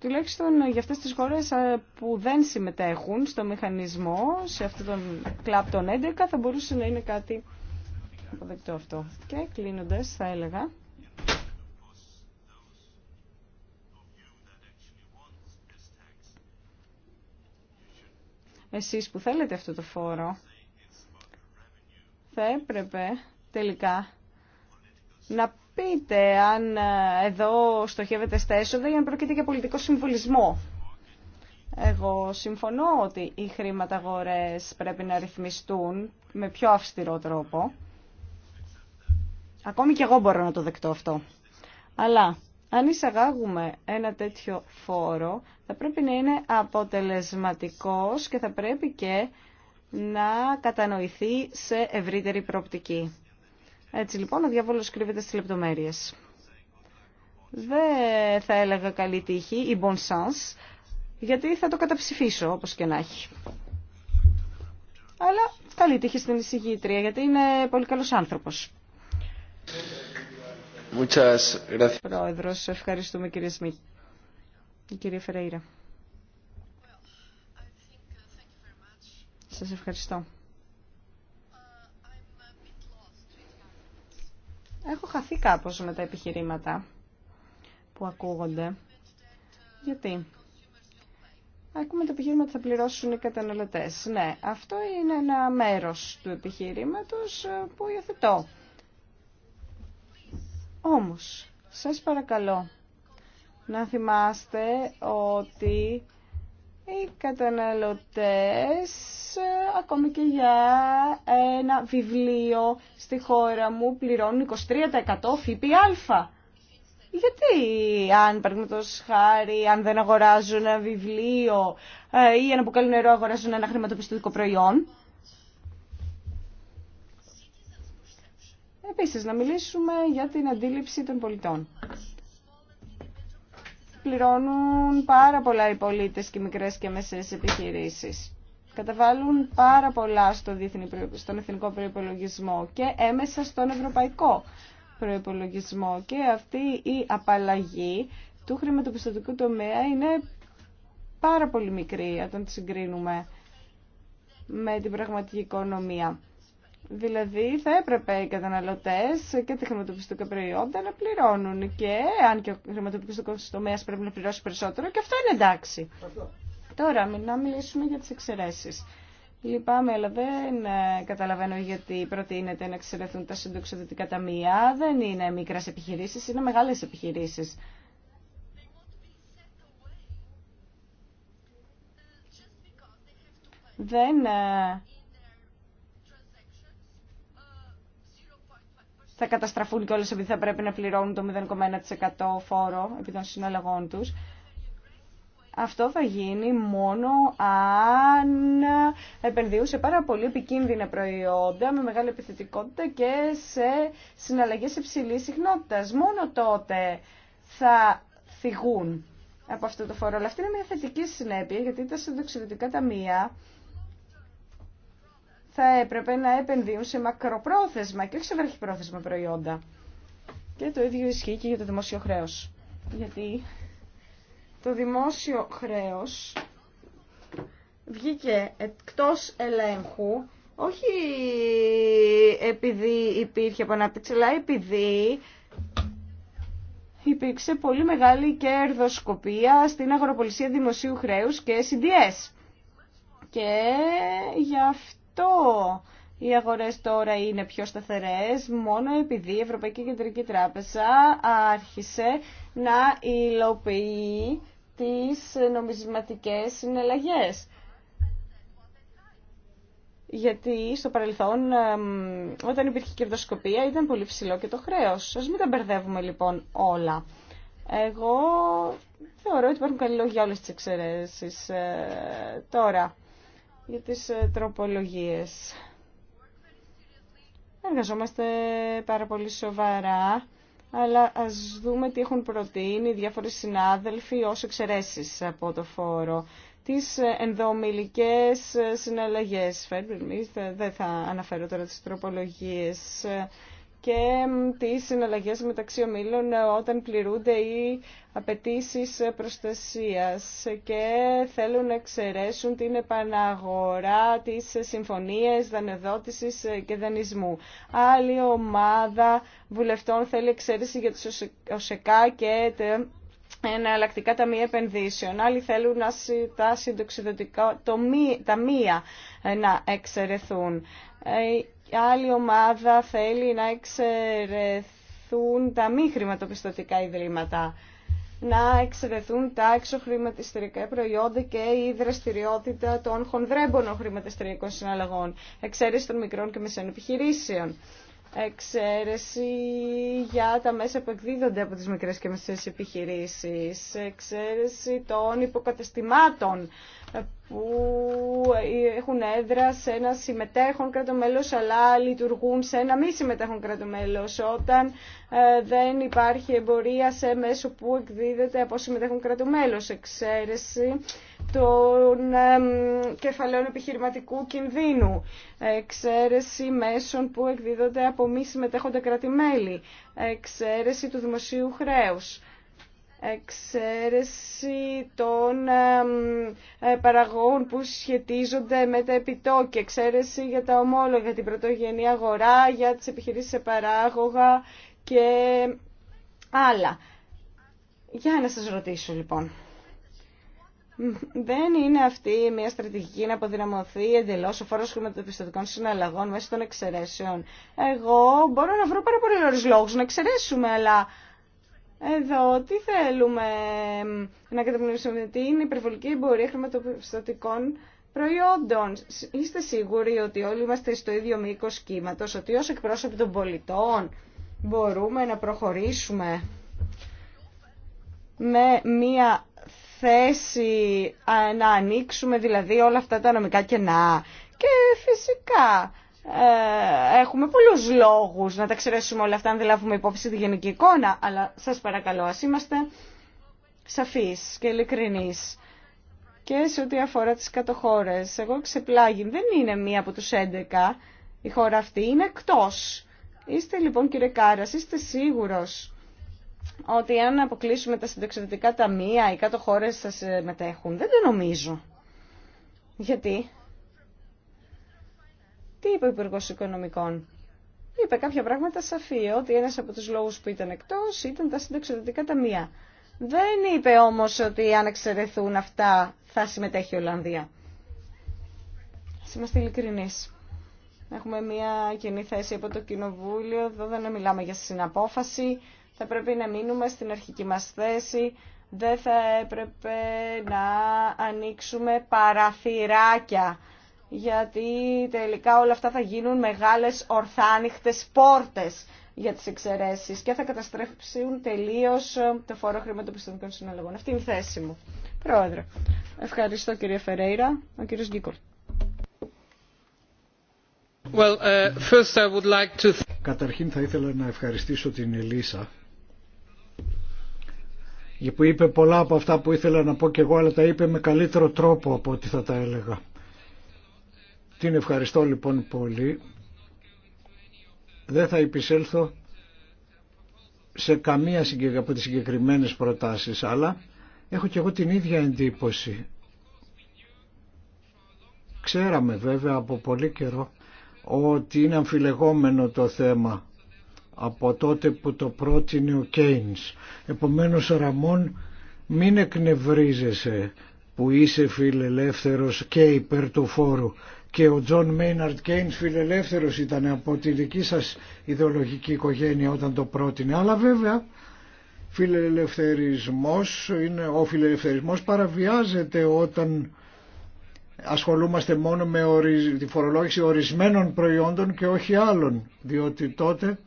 τουλάχιστον για αυτές τις χώρες ε, που δεν συμμετέχουν στο μηχανισμό, σε αυτόν τον κλαπ των 11, θα μπορούσε να είναι κάτι αποδεκτό αυτό. Και κλείνοντας θα έλεγα... Εσείς που θέλετε αυτό το φόρο, θα έπρεπε τελικά να πείτε αν ε, εδώ στοχεύεται στα έσοδα για να προκείται για πολιτικό συμβολισμό. Εγώ συμφωνώ ότι οι χρηματαγορές πρέπει να ρυθμιστούν με πιο αυστηρό τρόπο. Ακόμη και εγώ μπορώ να το δεκτώ αυτό. Αλλά αν εισαγάγουμε ένα τέτοιο φόρο, θα πρέπει να είναι αποτελεσματικός και θα πρέπει και να κατανοηθεί σε ευρύτερη προοπτική. Έτσι λοιπόν ο διάβολος κρύβεται στις λεπτομέρειες. Δεν θα έλεγα καλή τύχη ή bon sens, γιατί θα το καταψηφίσω όπως και να έχει. Αλλά καλή τύχη στην εισηγήτρια, γιατί είναι πολύ καλός άνθρωπος. Muchas gracias. Πρόεδρος, ευχαριστούμε κύριε Σμιτ. Η κυρία Σας ευχαριστώ. Έχω χαθεί κάπως με τα επιχειρήματα που ακούγονται. Γιατί Ακούμε το επιχείρημα ότι θα πληρώσουν οι καταναλωτέ. Ναι, αυτό είναι ένα μέρος του επιχειρήματος ε, που υιοθετώ. Όμως, σας παρακαλώ να θυμάστε ότι οι καταναλωτές ακόμη και για ένα βιβλίο στη χώρα μου πληρώνουν 23% ΦΠΑ. Γιατί αν παραδείγματο χάρη, αν δεν αγοράζουν ένα βιβλίο ε, ή ένα μπουκάλι νερό αγοράζουν ένα χρηματοπιστωτικό προϊόν. Επίσης, να μιλήσουμε για την αντίληψη των πολιτών πληρώνουν πάρα πολλά οι πολίτες και οι μικρές και μεσαίες επιχειρήσεις. Καταβάλουν πάρα πολλά στο διεθνή, στον εθνικό προϋπολογισμό και έμεσα στον ευρωπαϊκό προϋπολογισμό. Και αυτή η απαλλαγή του χρηματοπιστωτικού τομέα είναι πάρα πολύ μικρή όταν τη συγκρίνουμε με την πραγματική οικονομία. Δηλαδή θα έπρεπε οι καταναλωτέ και τα χρηματοπιστωτικά προϊόντα να πληρώνουν και αν και ο χρηματοπιστωτικό τομέα πρέπει να πληρώσει περισσότερο και αυτό είναι εντάξει. Αυτό. Τώρα να μιλήσουμε για τι εξαιρεσει. Λυπάμαι, αλλά δεν ε, καταλαβαίνω γιατί προτείνεται να εξαιρεθούν τα συντοξιδωτικά ταμεία. Δεν είναι μικρές επιχειρήσει, είναι μεγάλε επιχειρήσει. Δεν ε, θα καταστραφούν και επειδή θα πρέπει να πληρώνουν το 0,1% φόρο επί των συναλλαγών του. Αυτό θα γίνει μόνο αν επενδύουν σε πάρα πολύ επικίνδυνα προϊόντα με μεγάλη επιθετικότητα και σε συναλλαγές υψηλή συχνότητας. Μόνο τότε θα θυγούν από αυτό το φόρο. Αλλά αυτή είναι μια θετική συνέπεια γιατί τα συνδοξιδωτικά ταμεία θα έπρεπε να επενδύουν σε μακροπρόθεσμα και όχι σε βραχυπρόθεσμα προϊόντα. Και το ίδιο ισχύει και για το δημόσιο χρέος. Γιατί το δημόσιο χρέος βγήκε εκτός ελέγχου όχι επειδή υπήρχε επανάπτυξη, αλλά επειδή υπήρξε πολύ μεγάλη κερδοσκοπία στην αγροπολισία δημοσίου χρέους και CDS. Και γι' αυτό αυτό οι αγορές τώρα είναι πιο σταθερές μόνο επειδή η Ευρωπαϊκή Κεντρική Τράπεζα άρχισε να υλοποιεί τις νομισματικές συνελλαγές. Γιατί στο παρελθόν, όταν υπήρχε κερδοσκοπία, ήταν πολύ ψηλό και το χρέος. Ας μην τα μπερδεύουμε λοιπόν όλα. Εγώ θεωρώ ότι υπάρχουν καλή λόγια για όλες τις εξαιρέσεις. Ε, τώρα, για τις ε, τροπολογίες. Εργαζόμαστε πάρα πολύ σοβαρά, αλλά ας δούμε τι έχουν προτείνει οι διάφοροι συνάδελφοι ως εξαιρέσεις από το φόρο. Τις ε, ενδομιλικές ε, συναλλαγές, δεν θα αναφέρω τώρα τις τροπολογίες, και τις συναλλαγές μεταξύ ομίλων ε, όταν πληρούνται οι απαιτήσει προστασίας και θέλουν να εξαιρέσουν την επαναγορά της συμφωνίες δανεδότησης και δανεισμού. Άλλη ομάδα βουλευτών θέλει εξαίρεση για τους ΟΣΕΚΑ και εναλλακτικά ταμεία επενδύσεων. Άλλοι θέλουν να τα συντοξιδοτικά ταμεία ε, να εξαιρεθούν. Ε, άλλη ομάδα θέλει να εξαιρεθούν τα μη χρηματοπιστωτικά ιδρύματα, να εξαιρεθούν τα εξωχρηματιστηρικά προϊόντα και η δραστηριότητα των χονδρέμπονων χρηματιστηρικών συναλλαγών, εξαίρεση των μικρών και μεσαίων επιχειρήσεων εξαίρεση για τα μέσα που εκδίδονται από τις μικρές και μεσαίες επιχειρήσεις, εξαίρεση των υποκατεστημάτων που έχουν έδρα σε ένα συμμετέχον κρατομέλος αλλά λειτουργούν σε ένα μη συμμετέχον κρατομέλος όταν ε, δεν υπάρχει εμπορία σε μέσο που εκδίδεται από συμμετέχον κρατομέλος. Εξαίρεση των κεφαλαίων επιχειρηματικού κινδύνου, εξαίρεση μέσων που εκδίδονται από μη συμμετέχοντα κράτη-μέλη, εξαίρεση του δημοσίου χρέους, εξαίρεση των ε, παραγών που σχετίζονται με τα επιτόκια, εξαίρεση για τα ομόλογα, την πρωτογενή αγορά, για τις επιχειρήσεις σε παράγωγα και άλλα. Για να σας ρωτήσω λοιπόν δεν είναι αυτή μια στρατηγική να αποδυναμωθεί εντελώ ο φόρο χρηματοπιστωτικών συναλλαγών μέσω των εξαιρέσεων. Εγώ μπορώ να βρω πάρα πολλού λόγου να εξαιρέσουμε, αλλά εδώ τι θέλουμε να καταπληκτήσουμε, τι είναι υπερβολική εμπορία χρηματοπιστωτικών προϊόντων. Είστε σίγουροι ότι όλοι είμαστε στο ίδιο μήκο κύματο, ότι ω εκπρόσωποι των πολιτών μπορούμε να προχωρήσουμε με μία θέση να ανοίξουμε δηλαδή όλα αυτά τα νομικά κενά. Και φυσικά ε, έχουμε πολλούς λόγους να τα ξερέσουμε όλα αυτά αν δεν λάβουμε υπόψη τη γενική εικόνα, αλλά σας παρακαλώ ας είμαστε σαφείς και ειλικρινείς. Και σε ό,τι αφορά τις κατοχώρες, εγώ ξεπλάγει, δεν είναι μία από τους 11 η χώρα αυτή, είναι εκτός. Είστε λοιπόν κύριε Κάρας, είστε σίγουρος ότι αν αποκλείσουμε τα τα ταμεία, οι κάτω χώρες σας συμμετέχουν. Ε, δεν το νομίζω. Γιατί. Τι είπε ο Υπουργός Οικονομικών. Είπε κάποια πράγματα σαφή, ότι ένας από τους λόγους που ήταν εκτός ήταν τα τα ταμεία. Δεν είπε όμως ότι αν εξαιρεθούν αυτά θα συμμετέχει η Ολλανδία. Ας είμαστε ειλικρινείς. Έχουμε μια κοινή θέση από το Κοινοβούλιο, εδώ δεν μιλάμε για συναπόφαση θα πρέπει να μείνουμε στην αρχική μας θέση, δεν θα έπρεπε να ανοίξουμε παραθυράκια, γιατί τελικά όλα αυτά θα γίνουν μεγάλες ορθάνυχτες πόρτες για τις εξαιρέσεις και θα καταστρέψουν τελείως το φόρο χρηματοπιστωτικών συναλλαγών. Αυτή είναι η θέση μου. Πρόεδρε. Ευχαριστώ κύριε Φερέιρα. Ο κύριος Γκίκολ. Well, uh, like to... Καταρχήν θα ήθελα να ευχαριστήσω την Ελίσα που είπε πολλά από αυτά που ήθελα να πω και εγώ αλλά τα είπε με καλύτερο τρόπο από ό,τι θα τα έλεγα. Την ευχαριστώ λοιπόν πολύ. Δεν θα επισέλθω σε καμία από τις συγκεκριμένες προτάσεις αλλά έχω και εγώ την ίδια εντύπωση. Ξέραμε βέβαια από πολύ καιρό ότι είναι αμφιλεγόμενο το θέμα από τότε που το πρότεινε ο Κέινς. Επομένως, Ραμόν, μην εκνευρίζεσαι που είσαι φιλελεύθερος και υπέρ του φόρου. Και ο Τζον Μέιναρτ Κέινς φιλελεύθερος ήταν από τη δική σας ιδεολογική οικογένεια όταν το πρότεινε. Αλλά βέβαια φιλελευθερισμός είναι, ο φιλελευθερισμός παραβιάζεται όταν ασχολούμαστε μόνο με τη φορολόγηση ορισμένων προϊόντων και όχι άλλων. Διότι τότε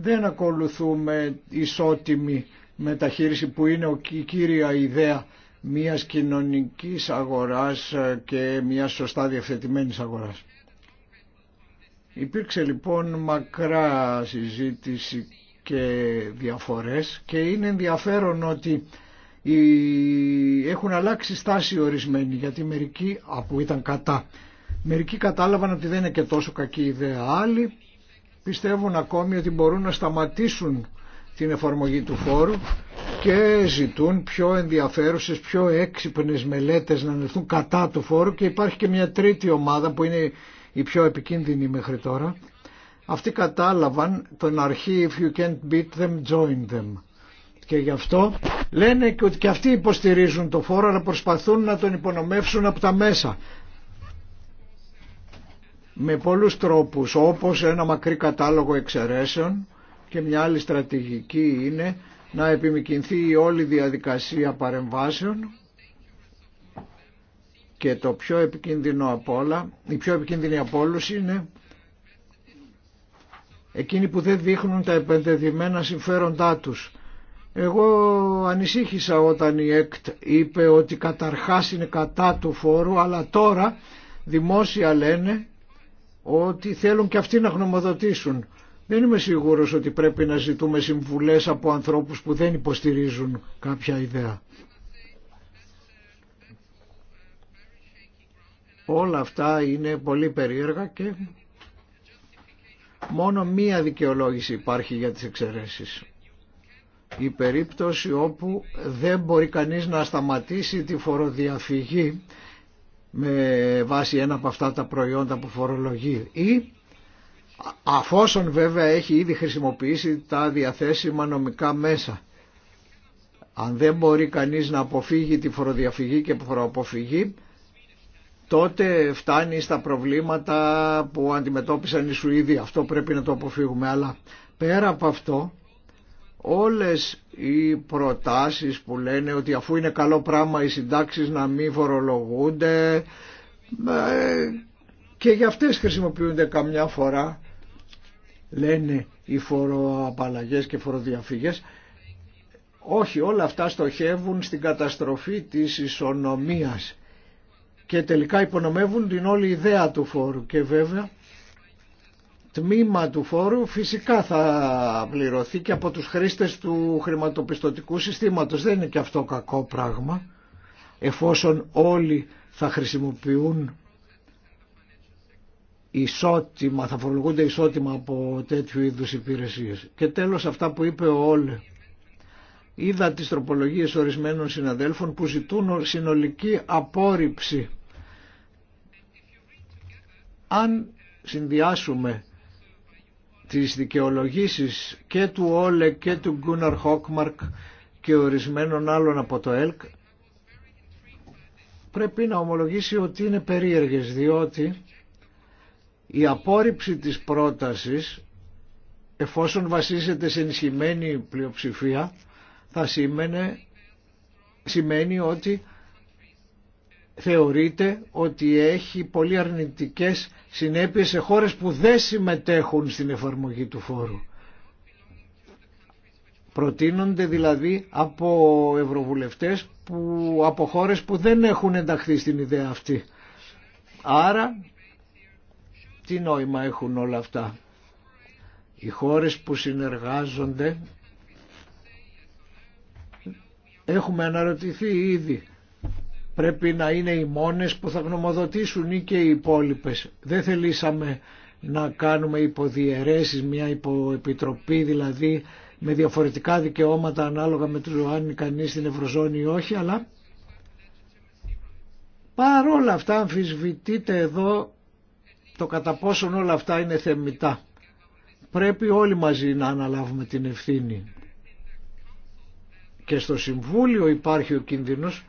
δεν ακολουθούμε ισότιμη μεταχείριση που είναι η κύρια ιδέα μιας κοινωνικής αγοράς ε, και μιας σωστά διευθετημένης αγοράς. Υπήρξε λοιπόν μακρά συζήτηση και διαφορές και είναι ενδιαφέρον ότι έχουν αλλάξει στάση ορισμένοι γιατί μερικοί, από ήταν κατά, μερικοί κατάλαβαν ότι δεν είναι και τόσο κακή ιδέα άλλοι πιστεύουν ακόμη ότι μπορούν να σταματήσουν την εφαρμογή του φόρου και ζητούν πιο ενδιαφέρουσες, πιο έξυπνες μελέτες να ανοιχθούν κατά του φόρου και υπάρχει και μια τρίτη ομάδα που είναι η πιο επικίνδυνη μέχρι τώρα. Αυτοί κατάλαβαν τον αρχή «If you can't beat them, join them». Και γι' αυτό λένε ότι και αυτοί υποστηρίζουν το φόρο αλλά προσπαθούν να τον υπονομεύσουν από τα μέσα με πολλούς τρόπους όπως ένα μακρύ κατάλογο εξαιρέσεων και μια άλλη στρατηγική είναι να επιμηκυνθεί η όλη διαδικασία παρεμβάσεων και το πιο επικίνδυνο από όλα, η πιο επικίνδυνη από όλους είναι εκείνοι που δεν δείχνουν τα επενδεδημένα συμφέροντά τους. Εγώ ανησύχησα όταν η ΕΚΤ είπε ότι καταρχάς είναι κατά του φόρου αλλά τώρα δημόσια λένε ότι θέλουν και αυτοί να γνωμοδοτήσουν. Δεν είμαι σίγουρος ότι πρέπει να ζητούμε συμβουλές από ανθρώπους που δεν υποστηρίζουν κάποια ιδέα. Όλα αυτά είναι πολύ περίεργα και μόνο μία δικαιολόγηση υπάρχει για τις εξαιρέσεις. Η περίπτωση όπου δεν μπορεί κανείς να σταματήσει τη φοροδιαφυγή με βάση ένα από αυτά τα προϊόντα που φορολογεί ή αφόσον βέβαια έχει ήδη χρησιμοποιήσει τα διαθέσιμα νομικά μέσα. Αν δεν μπορεί κανείς να αποφύγει τη φοροδιαφυγή και φοροαποφυγή τότε φτάνει στα προβλήματα που αντιμετώπισαν οι Σουήδοι. Αυτό πρέπει να το αποφύγουμε. Αλλά πέρα από αυτό όλες οι προτάσεις που λένε ότι αφού είναι καλό πράγμα οι συντάξεις να μην φορολογούνται ε, και για αυτές χρησιμοποιούνται καμιά φορά λένε οι φοροαπαλλαγές και φοροδιαφύγες όχι όλα αυτά στοχεύουν στην καταστροφή της ισονομίας και τελικά υπονομεύουν την όλη ιδέα του φόρου και βέβαια τμήμα του φόρου φυσικά θα πληρωθεί και από τους χρήστες του χρηματοπιστωτικού συστήματος. Δεν είναι και αυτό κακό πράγμα εφόσον όλοι θα χρησιμοποιούν ισότιμα, θα φορολογούνται ισότιμα από τέτοιου είδους υπηρεσίες. Και τέλος αυτά που είπε ο Όλε. Είδα τις τροπολογίες ορισμένων συναδέλφων που ζητούν συνολική απόρριψη. Αν συνδυάσουμε τις δικαιολογήσεις και του Όλε και του Γκούναρ Χόκμαρκ και ορισμένων άλλων από το ΕΛΚ πρέπει να ομολογήσει ότι είναι περίεργες διότι η απόρριψη της πρότασης εφόσον βασίζεται σε ενισχυμένη πλειοψηφία θα σημαίνει ότι θεωρείται ότι έχει πολύ αρνητικές συνέπειες σε χώρες που δεν συμμετέχουν στην εφαρμογή του φόρου. Προτείνονται δηλαδή από ευρωβουλευτές που, από χώρες που δεν έχουν ενταχθεί στην ιδέα αυτή. Άρα τι νόημα έχουν όλα αυτά. Οι χώρες που συνεργάζονται έχουμε αναρωτηθεί ήδη πρέπει να είναι οι μόνες που θα γνωμοδοτήσουν ή και οι υπόλοιπε. Δεν θελήσαμε να κάνουμε υποδιαιρέσεις, μια υποεπιτροπή δηλαδή με διαφορετικά δικαιώματα ανάλογα με το αν κανεί στην Ευρωζώνη ή όχι, αλλά παρόλα αυτά αμφισβητείτε εδώ το κατά πόσον όλα αυτά είναι θεμητά. Πρέπει όλοι μαζί να αναλάβουμε την ευθύνη. Και στο Συμβούλιο υπάρχει ο κίνδυνος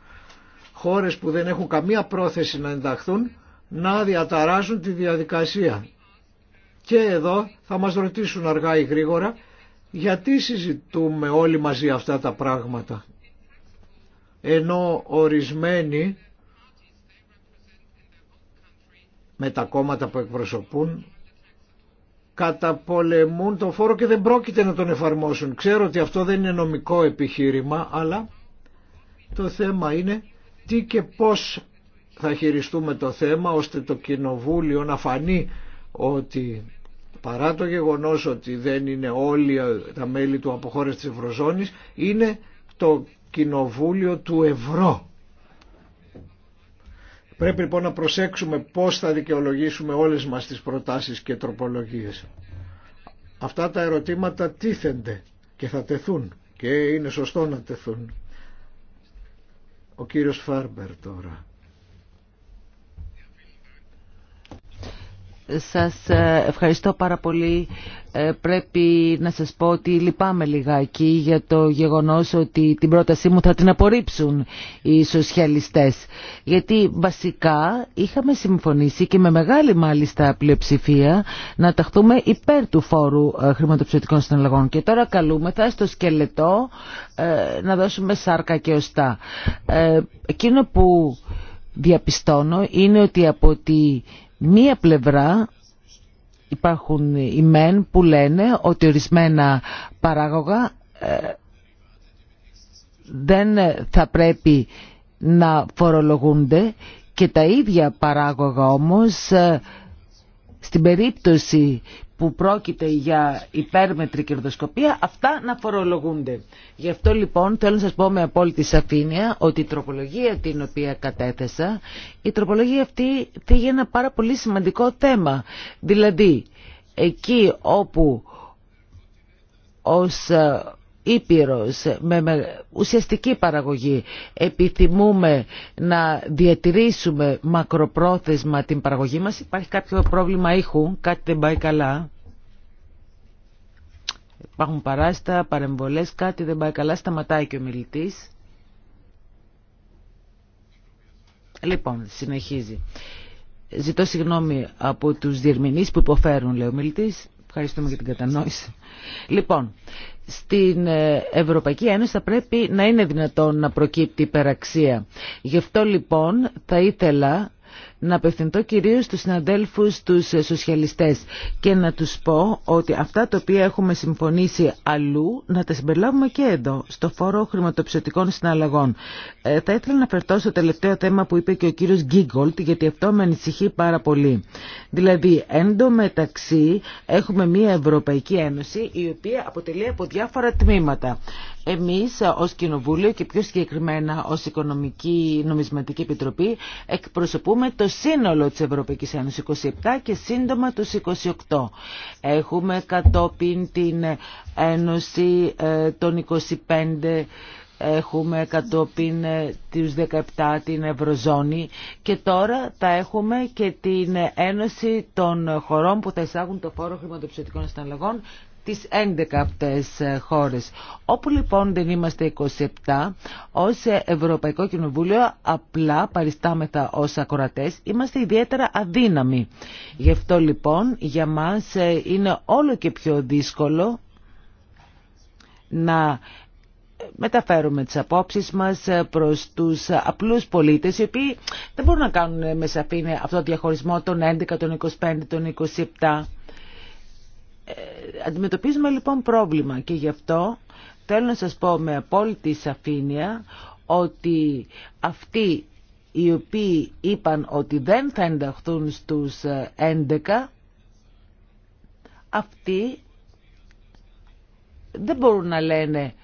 χώρες που δεν έχουν καμία πρόθεση να ενταχθούν να διαταράζουν τη διαδικασία. Και εδώ θα μας ρωτήσουν αργά ή γρήγορα γιατί συζητούμε όλοι μαζί αυτά τα πράγματα. Ενώ ορισμένοι με τα κόμματα που εκπροσωπούν καταπολεμούν τον φόρο και δεν πρόκειται να τον εφαρμόσουν. Ξέρω ότι αυτό δεν είναι νομικό επιχείρημα, αλλά το θέμα είναι τι και πώς θα χειριστούμε το θέμα ώστε το Κοινοβούλιο να φανεί ότι παρά το γεγονός ότι δεν είναι όλοι τα μέλη του από χώρες της Ευρωζώνης είναι το Κοινοβούλιο του Ευρώ. Πρέπει λοιπόν να προσέξουμε πώς θα δικαιολογήσουμε όλες μας τις προτάσεις και τροπολογίες. Αυτά τα ερωτήματα τίθενται και θα τεθούν και είναι σωστό να τεθούν. Ο κύριος Φάρμπερ τώρα. Σας ε, ευχαριστώ πάρα πολύ. Ε, πρέπει να σας πω ότι λυπάμαι λιγάκι για το γεγονός ότι την πρότασή μου θα την απορρίψουν οι σοσιαλιστές. Γιατί βασικά είχαμε συμφωνήσει και με μεγάλη μάλιστα πλειοψηφία να ταχθούμε υπέρ του φόρου ε, χρηματοψηφιτικών συναλλαγών. Και τώρα καλούμεθα στο σκελετό να δώσουμε σάρκα και οστά. Εκείνο που διαπιστώνω είναι ότι από τη Μία πλευρά υπάρχουν οι μεν που λένε ότι ορισμένα παράγωγα ε, δεν θα πρέπει να φορολογούνται και τα ίδια παράγωγα όμως ε, στην περίπτωση που πρόκειται για υπέρμετρη κερδοσκοπία, αυτά να φορολογούνται. Γι' αυτό λοιπόν θέλω να σας πω με απόλυτη σαφήνεια ότι η τροπολογία την οποία κατέθεσα, η τροπολογία αυτή φύγει ένα πάρα πολύ σημαντικό θέμα. Δηλαδή, εκεί όπου ως ε, Ήπειρος, με ουσιαστική παραγωγή. Επιθυμούμε να διατηρήσουμε μακροπρόθεσμα την παραγωγή μας. Υπάρχει κάποιο πρόβλημα ήχου, κάτι δεν πάει καλά. Υπάρχουν παράστα, παρεμβολές, κάτι δεν πάει καλά. Σταματάει και ο μιλητής. Λοιπόν, συνεχίζει. Ζητώ συγγνώμη από τους διερμηνείς που υποφέρουν, λέει ο μιλητής. Ευχαριστούμε για την κατανόηση. Λοιπόν, στην ε, Ευρωπαϊκή Ένωση θα πρέπει να είναι δυνατόν να προκύπτει υπεραξία. Γι' αυτό λοιπόν θα ήθελα να απευθυνθώ κυρίως στους συναδέλφους τους σοσιαλιστές και να τους πω ότι αυτά τα οποία έχουμε συμφωνήσει αλλού να τα συμπεριλάβουμε και εδώ, στο φόρο χρηματοψηφιωτικών συναλλαγών. Ε, θα ήθελα να φερθώ στο τελευταίο θέμα που είπε και ο κύριος Γκίγκολτ, γιατί αυτό με ανησυχεί πάρα πολύ. Δηλαδή, εντωμεταξύ έχουμε μια Ευρωπαϊκή Ένωση η οποία αποτελεί από διάφορα τμήματα. Εμείς ως Κοινοβούλιο και πιο συγκεκριμένα ως Οικονομική Νομισματική Επιτροπή εκπροσωπούμε το σύνολο της Ευρωπαϊκής Ένωσης 27 και σύντομα τους 28. Έχουμε κατόπιν την Ένωση ε, των 25 έχουμε κατόπιν ε, τους 17 την Ευρωζώνη και τώρα θα έχουμε και την Ένωση των χωρών που θα εισάγουν το φόρο χρηματοπιστωτικών συναλλαγών τις 11 αυτές ε, χώρες. Όπου λοιπόν δεν είμαστε 27, ως Ευρωπαϊκό Κοινοβούλιο απλά παριστάμεθα ως ακροατές, είμαστε ιδιαίτερα αδύναμοι. Γι' αυτό λοιπόν για μας ε, είναι όλο και πιο δύσκολο να ε, μεταφέρουμε τις απόψεις μας προς τους απλούς πολίτες οι οποίοι δεν μπορούν να κάνουν με σαφήνεια αυτό το διαχωρισμό των 11, των 25, των 27 ε, αντιμετωπίζουμε λοιπόν πρόβλημα και γι' αυτό θέλω να σας πω με απόλυτη σαφήνεια ότι αυτοί οι οποίοι είπαν ότι δεν θα ενταχθούν στους 11 αυτοί δεν μπορούν να λένε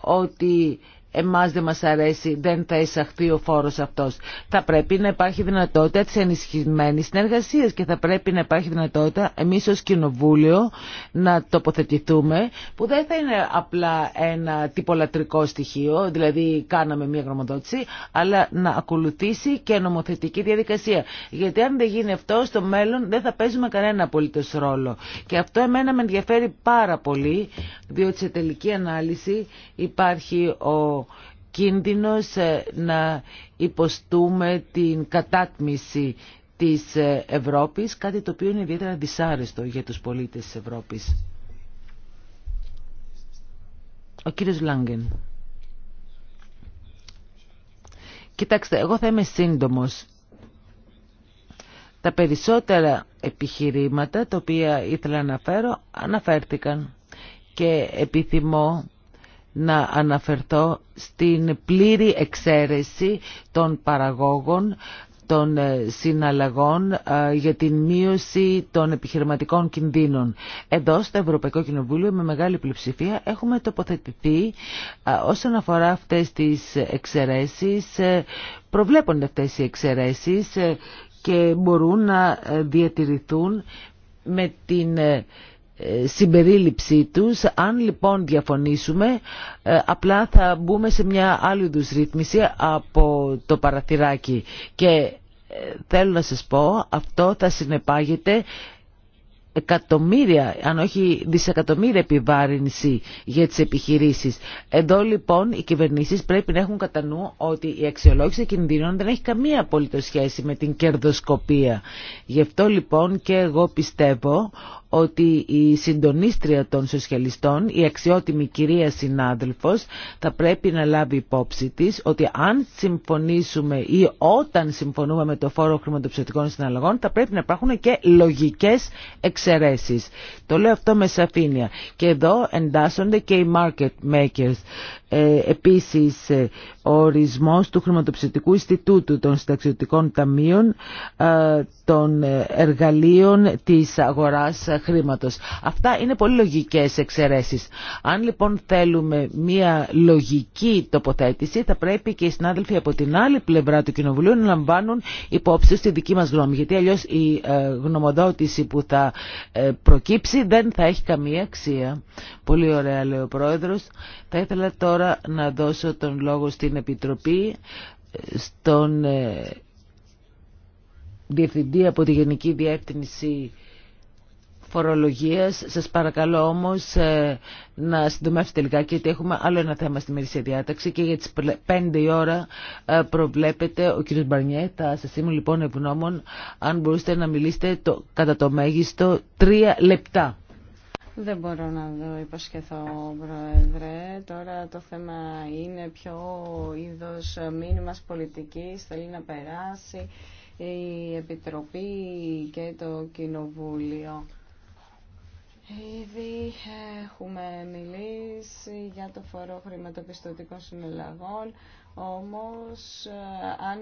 ότι εμάς δεν μας αρέσει, δεν θα εισαχθεί ο φόρος αυτός. Θα πρέπει να υπάρχει δυνατότητα της ενισχυμένης συνεργασίας και θα πρέπει να υπάρχει δυνατότητα εμείς ως Κοινοβούλιο να τοποθετηθούμε που δεν θα είναι απλά ένα τυπολατρικό στοιχείο, δηλαδή κάναμε μια γνωμοδότηση, αλλά να ακολουθήσει και νομοθετική διαδικασία. Γιατί αν δεν γίνει αυτό, στο μέλλον δεν θα παίζουμε κανένα απολύτως ρόλο. Και αυτό εμένα με ενδιαφέρει πάρα πολύ, διότι σε τελική ανάλυση υπάρχει ο κίνδυνος ε, να υποστούμε την κατάτμιση της ε, Ευρώπης, κάτι το οποίο είναι ιδιαίτερα δυσάρεστο για τους πολίτες της Ευρώπης. Ο κύριος Λάγκεν. Κοιτάξτε, εγώ θα είμαι σύντομος. Τα περισσότερα επιχειρήματα τα οποία ήθελα να φέρω αναφέρθηκαν και επιθυμώ να αναφερθώ στην πλήρη εξαίρεση των παραγόγων των ε, συναλλαγών ε, για την μείωση των επιχειρηματικών κινδύνων. Εδώ στο Ευρωπαϊκό Κοινοβούλιο με μεγάλη πλειοψηφία έχουμε τοποθετηθεί ε, όσον αφορά αυτές τις εξαιρέσεις, προβλέπονται αυτές οι εξαιρέσεις και μπορούν να διατηρηθούν με την ε, συμπερίληψή τους. Αν λοιπόν διαφωνήσουμε, ε, απλά θα μπούμε σε μια άλλη είδους ρύθμιση από το παραθυράκι. Και ε, θέλω να σας πω, αυτό θα συνεπάγεται εκατομμύρια, αν όχι δισεκατομμύρια επιβάρυνση για τις επιχειρήσεις. Εδώ λοιπόν οι κυβερνήσεις πρέπει να έχουν κατά νου ότι η αξιολόγηση κινδύνων δεν έχει καμία απολύτως σχέση με την κερδοσκοπία. Γι' αυτό λοιπόν και εγώ πιστεύω ότι η συντονίστρια των σοσιαλιστών, η αξιότιμη κυρία συνάδελφος, θα πρέπει να λάβει υπόψη της ότι αν συμφωνήσουμε ή όταν συμφωνούμε με το φόρο χρηματοψηφιστικών συναλλαγών, θα πρέπει να υπάρχουν και λογικές εξαιρέσεις. Το λέω αυτό με σαφήνεια. Και εδώ εντάσσονται και οι market makers. Ε, επίσης, ε, ορισμός του χρηματοψητικού Ινστιτούτου των συνταξιωτικών ταμείων ε, των εργαλείων της αγοράς χρήματος. Αυτά είναι πολύ λογικές εξαιρέσεις. Αν λοιπόν θέλουμε μια λογική τοποθέτηση θα πρέπει και οι συνάδελφοι από την άλλη πλευρά του Κοινοβουλίου να λαμβάνουν υπόψη στη δική μας γνώμη γιατί αλλιώς η ε, γνωμοδότηση που θα ε, προκύψει δεν θα έχει καμία αξία. Πολύ ωραία λέει ο Πρόεδρος. Θα ήθελα τώρα να δώσω τον λόγο στην Επιτροπή, στον ε, Διευθυντή από τη Γενική Διεύθυνση Φορολογίας. Σας παρακαλώ όμως ε, να συντομεύσετε λιγάκι γιατί έχουμε άλλο ένα θέμα στη μερίσια διάταξη και για τις 5 η ώρα ε, προβλέπεται ο κ. Μπαρνιέ. Θα σας ήμουν λοιπόν ευγνώμων αν μπορούσατε να μιλήσετε κατά το μέγιστο 3 λεπτά. Δεν μπορώ να το υποσχεθώ, Πρόεδρε. Τώρα το θέμα είναι ποιο είδος μήνυμας πολιτικής θέλει να περάσει η Επιτροπή και το Κοινοβούλιο. Ήδη έχουμε μιλήσει για το φορό χρηματοπιστωτικών συναλλαγών, όμως αν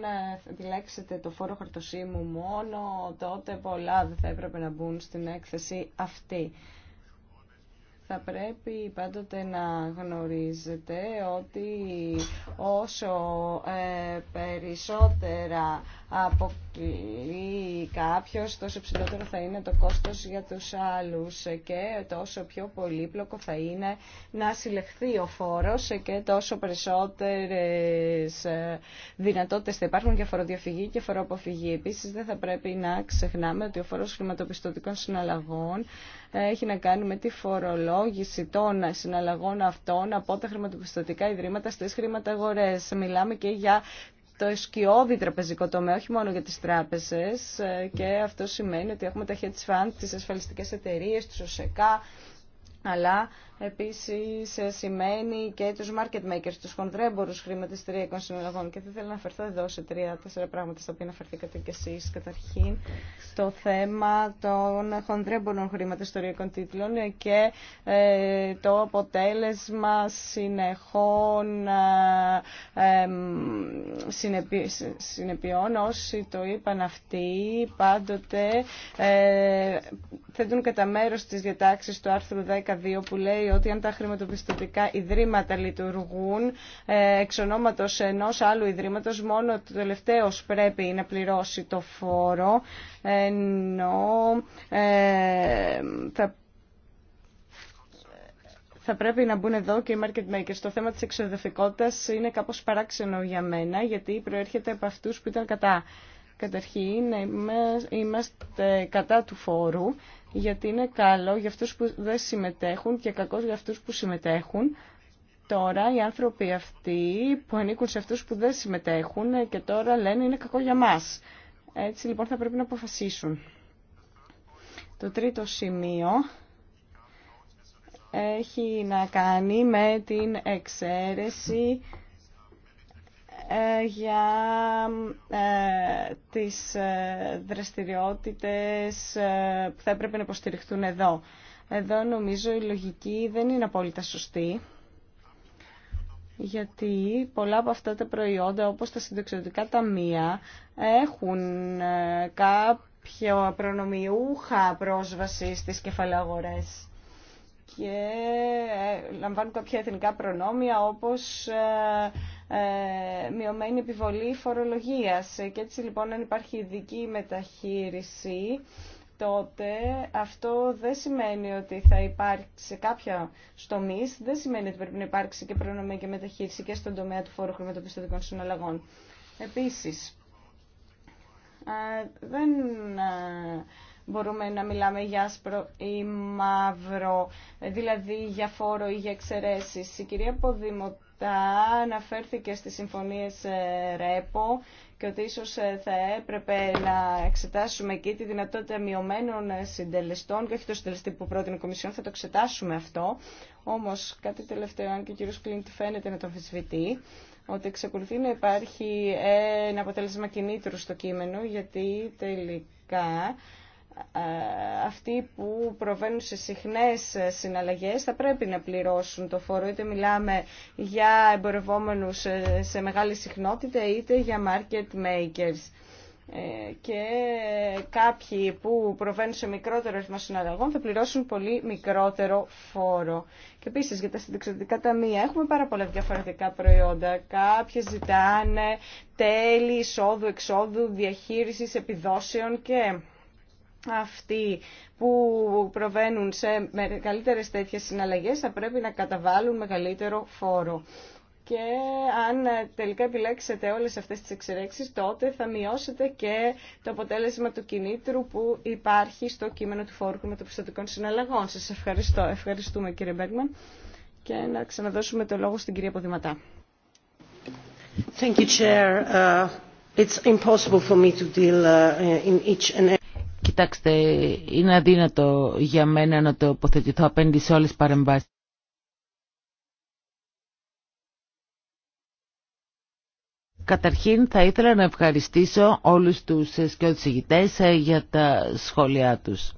επιλέξετε το φόρο χαρτοσύμου μόνο, τότε πολλά δεν θα έπρεπε να μπουν στην έκθεση αυτή θα πρέπει πάντοτε να γνωρίζετε ότι όσο ε, περισσότερα από ή κάποιος, τόσο ψηλότερο θα είναι το κόστος για τους άλλους και τόσο πιο πολύπλοκο θα είναι να συλλεχθεί ο φόρος και τόσο περισσότερες ε, δυνατότητες θα υπάρχουν για φοροδιαφυγή και φοροαποφυγή. Επίσης δεν θα πρέπει να ξεχνάμε ότι ο φόρος χρηματοπιστωτικών συναλλαγών έχει να κάνει με τη φορολόγηση των συναλλαγών αυτών από τα χρηματοπιστωτικά ιδρύματα στις χρηματαγορές. Μιλάμε και για το σκιώδη τραπεζικό τομέα, όχι μόνο για τις τράπεζες ε, και αυτό σημαίνει ότι έχουμε τα hedge fund, τις ασφαλιστικές εταιρείες, τους ΟΣΕΚΑ, αλλά Επίσης ε, σημαίνει και τους market makers, τους χονδρέμπορους χρηματιστηριακών συναλλαγών. Και θα ήθελα να αφαιρθώ εδώ σε τρία-τέσσερα πράγματα στα οποία αναφερθήκατε και εσείς. Καταρχήν το θέμα των χονδρέμπορων χρηματιστηριακών τίτλων και ε, το αποτέλεσμα συνεχών ε, συνεπειών. Όσοι το είπαν αυτοί πάντοτε θέτουν κατά μέρος τις διατάξεις του άρθρου 12, που λέει ότι αν τα χρηματοπιστωτικά ιδρύματα λειτουργούν ε, εξ ονόματο ενός άλλου ιδρύματος, μόνο το τελευταίος πρέπει να πληρώσει το φόρο, ενώ ε, θα πρέπει να μπουν εδώ και οι market makers. Το θέμα της εξοδευτικότητας είναι κάπως παράξενο για μένα, γιατί προέρχεται από αυτούς που ήταν κατά. Καταρχήν, ε, είμαστε κατά του φόρου γιατί είναι καλό για αυτούς που δεν συμμετέχουν και κακό για αυτούς που συμμετέχουν. Τώρα οι άνθρωποι αυτοί που ανήκουν σε αυτούς που δεν συμμετέχουν και τώρα λένε είναι κακό για μας. Έτσι λοιπόν θα πρέπει να αποφασίσουν. Το τρίτο σημείο έχει να κάνει με την εξαίρεση ε, για ε, τις ε, δραστηριότητες που θα έπρεπε να υποστηριχθούν εδώ. Εδώ νομίζω η λογική δεν είναι απόλυτα σωστή γιατί πολλά από αυτά τα προϊόντα όπως τα τα ταμεία έχουν κάποιο προνομιούχα πρόσβαση στις κεφαλαγορές και λαμβάνουν κάποια εθνικά προνόμια όπως ε, μειωμένη επιβολή φορολογίας. Και έτσι λοιπόν αν υπάρχει ειδική μεταχείριση, τότε αυτό δεν σημαίνει ότι θα υπάρξει κάποια στομής, δεν σημαίνει ότι πρέπει να υπάρξει και προνομία και μεταχείριση και στον τομέα του φόρου χρηματοπιστωτικών συναλλαγών. Επίσης, ε, δεν ε, μπορούμε να μιλάμε για άσπρο ή μαύρο, δηλαδή για φόρο ή για εξαιρέσεις. Η κυρία για εξαιρεσεις η κυρια μετά αναφέρθηκε στις συμφωνίες ε, ΡΕΠΟ και ότι ίσως ε, θα έπρεπε να εξετάσουμε εκεί τη δυνατότητα μειωμένων ε, συντελεστών και όχι το συντελεστή που πρότεινε η Κομισιόν, θα το εξετάσουμε αυτό. Όμως κάτι τελευταίο, αν και ο κύριος Κλίντ φαίνεται να το αμφισβητεί, ότι εξακολουθεί να υπάρχει ένα αποτέλεσμα κινήτρου στο κείμενο, γιατί τελικά ε, αυτοί που προβαίνουν σε συχνές συναλλαγές θα πρέπει να πληρώσουν το φόρο. Είτε μιλάμε για εμπορευόμενους σε μεγάλη συχνότητα είτε για market makers. Ε, και κάποιοι που προβαίνουν σε μικρότερο αριθμό συναλλαγών θα πληρώσουν πολύ μικρότερο φόρο. Και επίση για τα συνδεξιωτικά ταμεία έχουμε πάρα πολλά διαφορετικά προϊόντα. Κάποιοι ζητάνε τέλη εισόδου, εξόδου, διαχείριση επιδόσεων και αυτοί που προβαίνουν σε μεγαλύτερες τέτοιες συναλλαγές θα πρέπει να καταβάλουν μεγαλύτερο φόρο. Και αν τελικά επιλέξετε όλες αυτές τις εξερέξεις, τότε θα μειώσετε και το αποτέλεσμα του κινήτρου που υπάρχει στο κείμενο του φόρου με το πιστοτικών συναλλαγών. Σας ευχαριστώ. Ευχαριστούμε κύριε Μπέγκμαν. Και να ξαναδώσουμε το λόγο στην κυρία Ποδηματά. Thank you, Chair. Uh, it's impossible for me to deal uh, in each and Κοιτάξτε, είναι αδύνατο για μένα να τοποθετηθώ απέναντι σε όλες τις παρεμβάσεις. Καταρχήν θα ήθελα να ευχαριστήσω όλους τους σκιώδους ε, για τα σχόλιά τους.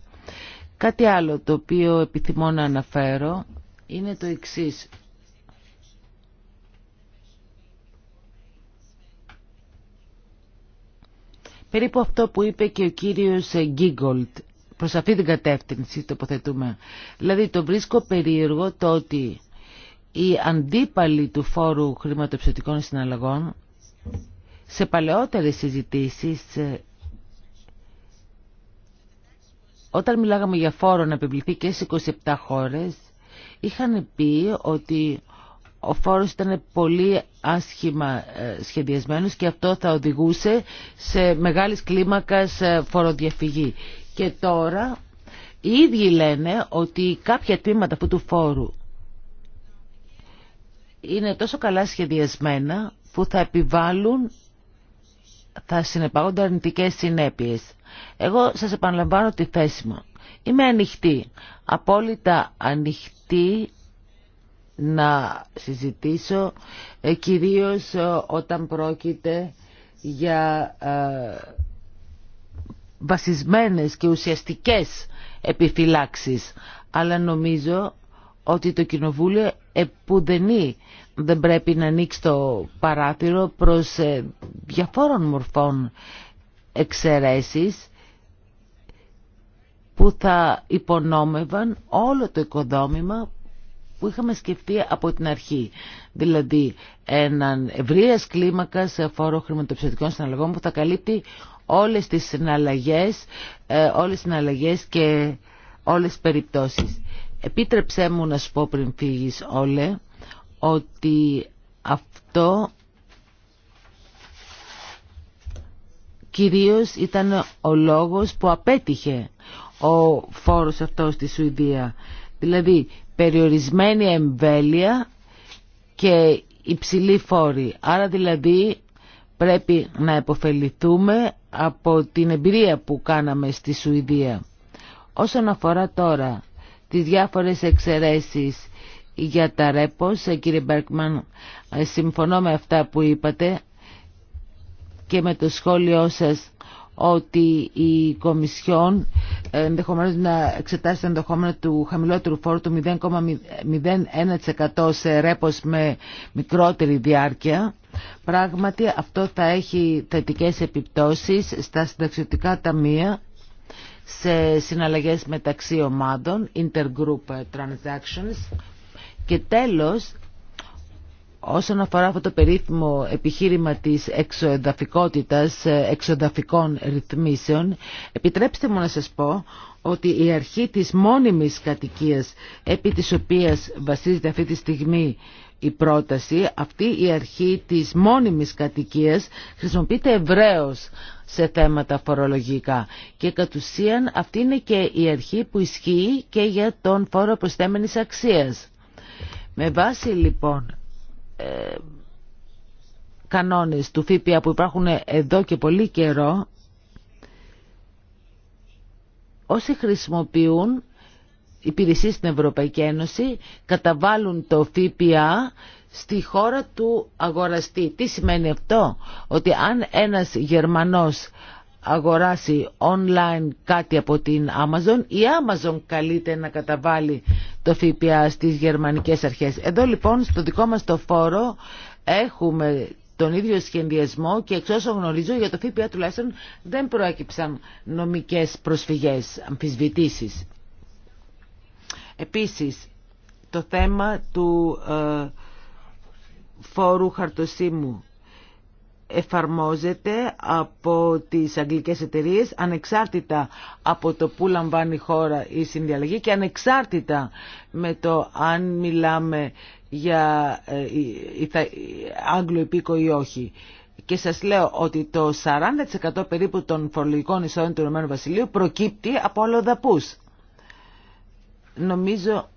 Κάτι άλλο το οποίο επιθυμώ να αναφέρω είναι το εξής. Περίπου αυτό που είπε και ο κύριος ε, Γκίγκολτ. Προς αυτή την κατεύθυνση τοποθετούμε. Δηλαδή το βρίσκω περίεργο το ότι οι αντίπαλοι του φόρου χρηματοψηφιστικών συναλλαγών σε παλαιότερες συζητήσεις ε, όταν μιλάγαμε για φόρο να επιβληθεί και σε 27 χώρες είχαν πει ότι ο φόρος ήταν πολύ άσχημα ε, σχεδιασμένος και αυτό θα οδηγούσε σε μεγάλης κλίμακας ε, φοροδιαφυγή. Και τώρα οι ίδιοι λένε ότι κάποια τμήματα αυτού του φόρου είναι τόσο καλά σχεδιασμένα που θα επιβάλλουν, θα συνεπάγονται αρνητικέ συνέπειες. Εγώ σας επαναλαμβάνω τη θέση μου. Είμαι ανοιχτή, απόλυτα ανοιχτή να συζητήσω ε, κυρίως ε, όταν πρόκειται για ε, βασισμένες και ουσιαστικές επιφυλάξεις. Αλλά νομίζω ότι το Κοινοβούλιο επουδενή δεν πρέπει να ανοίξει το παράθυρο προς διαφόρων μορφών εξαιρέσεις που θα υπονόμευαν όλο το οικοδόμημα που είχαμε σκεφτεί από την αρχή. Δηλαδή έναν ευρεία κλίμακα σε φόρο χρηματοψηφιακών συναλλαγών που θα καλύπτει όλες τις συναλλαγές, ε, όλες τις και όλες τι περιπτώσεις. Επίτρεψέ μου να σου πω πριν φύγεις όλε ότι αυτό κυρίως ήταν ο λόγος που απέτυχε ο φόρος αυτός στη Σουηδία. Δηλαδή περιορισμένη εμβέλεια και υψηλή φόρη. Άρα δηλαδή πρέπει να επωφεληθούμε από την εμπειρία που κάναμε στη Σουηδία. Όσον αφορά τώρα τις διάφορες εξαιρέσεις για τα ρέπος, ε, κύριε Μπέρκμαν, ε, συμφωνώ με αυτά που είπατε και με το σχόλιο σας ότι η Κομισιόν ενδεχομένως να εξετάσει το ενδεχόμενο του χαμηλότερου φόρου του 0,01% σε ρέπος με μικρότερη διάρκεια. Πράγματι αυτό θα έχει θετικές επιπτώσεις στα συνταξιωτικά ταμεία σε συναλλαγές μεταξύ ομάδων, intergroup ε, transactions και τέλος Όσον αφορά αυτό το περίφημο επιχείρημα της εξοδαφικότητας, εξοδαφικών ρυθμίσεων, επιτρέψτε μου να σας πω ότι η αρχή της μόνιμης κατοικίας επί της οποίας βασίζεται αυτή τη στιγμή η πρόταση, αυτή η αρχή της μόνιμης κατοικίας χρησιμοποιείται ευρέως σε θέματα φορολογικά και κατ' ουσίαν αυτή είναι και η αρχή που ισχύει και για τον φόρο προστέμενης αξίας. Με βάση λοιπόν ε, κανόνες του ΦΠΑ που υπάρχουν εδώ και πολύ καιρό, όσοι χρησιμοποιούν υπηρεσίες στην Ευρωπαϊκή Ένωση καταβάλουν το ΦΠΑ στη χώρα του αγοραστή. Τι σημαίνει αυτό? Ότι αν ένας Γερμανός αγοράσει online κάτι από την Amazon, η Amazon καλείται να καταβάλει το ΦΠΑ στις γερμανικές αρχές. Εδώ λοιπόν στο δικό μας το φόρο έχουμε τον ίδιο σχεδιασμό και εξ όσων γνωρίζω για το ΦΠΑ τουλάχιστον δεν προέκυψαν νομικές προσφυγές, αμφισβητήσεις. Επίσης, το θέμα του ε, φόρου χαρτοσύμου εφαρμόζεται από τις αγγλικές εταιρείες ανεξάρτητα από το που λαμβάνει η χώρα η συνδιαλλαγή και ανεξάρτητα με το αν μιλάμε για ε, Άγγλο υπήκο ή όχι. Και σας λέω ότι το 40% περίπου των φορολογικών εισόδων του Ηνωμένου Βασιλείου προκύπτει από αλλοδαπούς. Νομίζω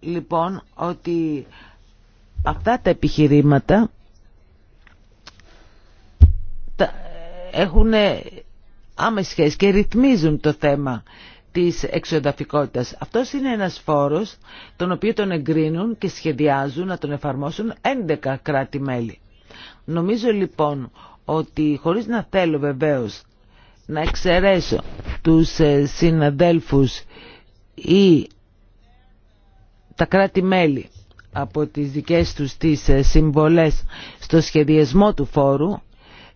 λοιπόν ότι αυτά τα επιχειρήματα έχουν άμεση σχέση και ρυθμίζουν το θέμα της εξοδαφικότητας. Αυτός είναι ένας φόρος τον οποίο τον εγκρίνουν και σχεδιάζουν να τον εφαρμόσουν 11 κράτη-μέλη. Νομίζω λοιπόν ότι χωρίς να θέλω βεβαίως να εξαιρέσω τους ε, συναδέλφους ή τα κράτη-μέλη από τις δικές τους τις ε, συμβολές στο σχεδιασμό του φόρου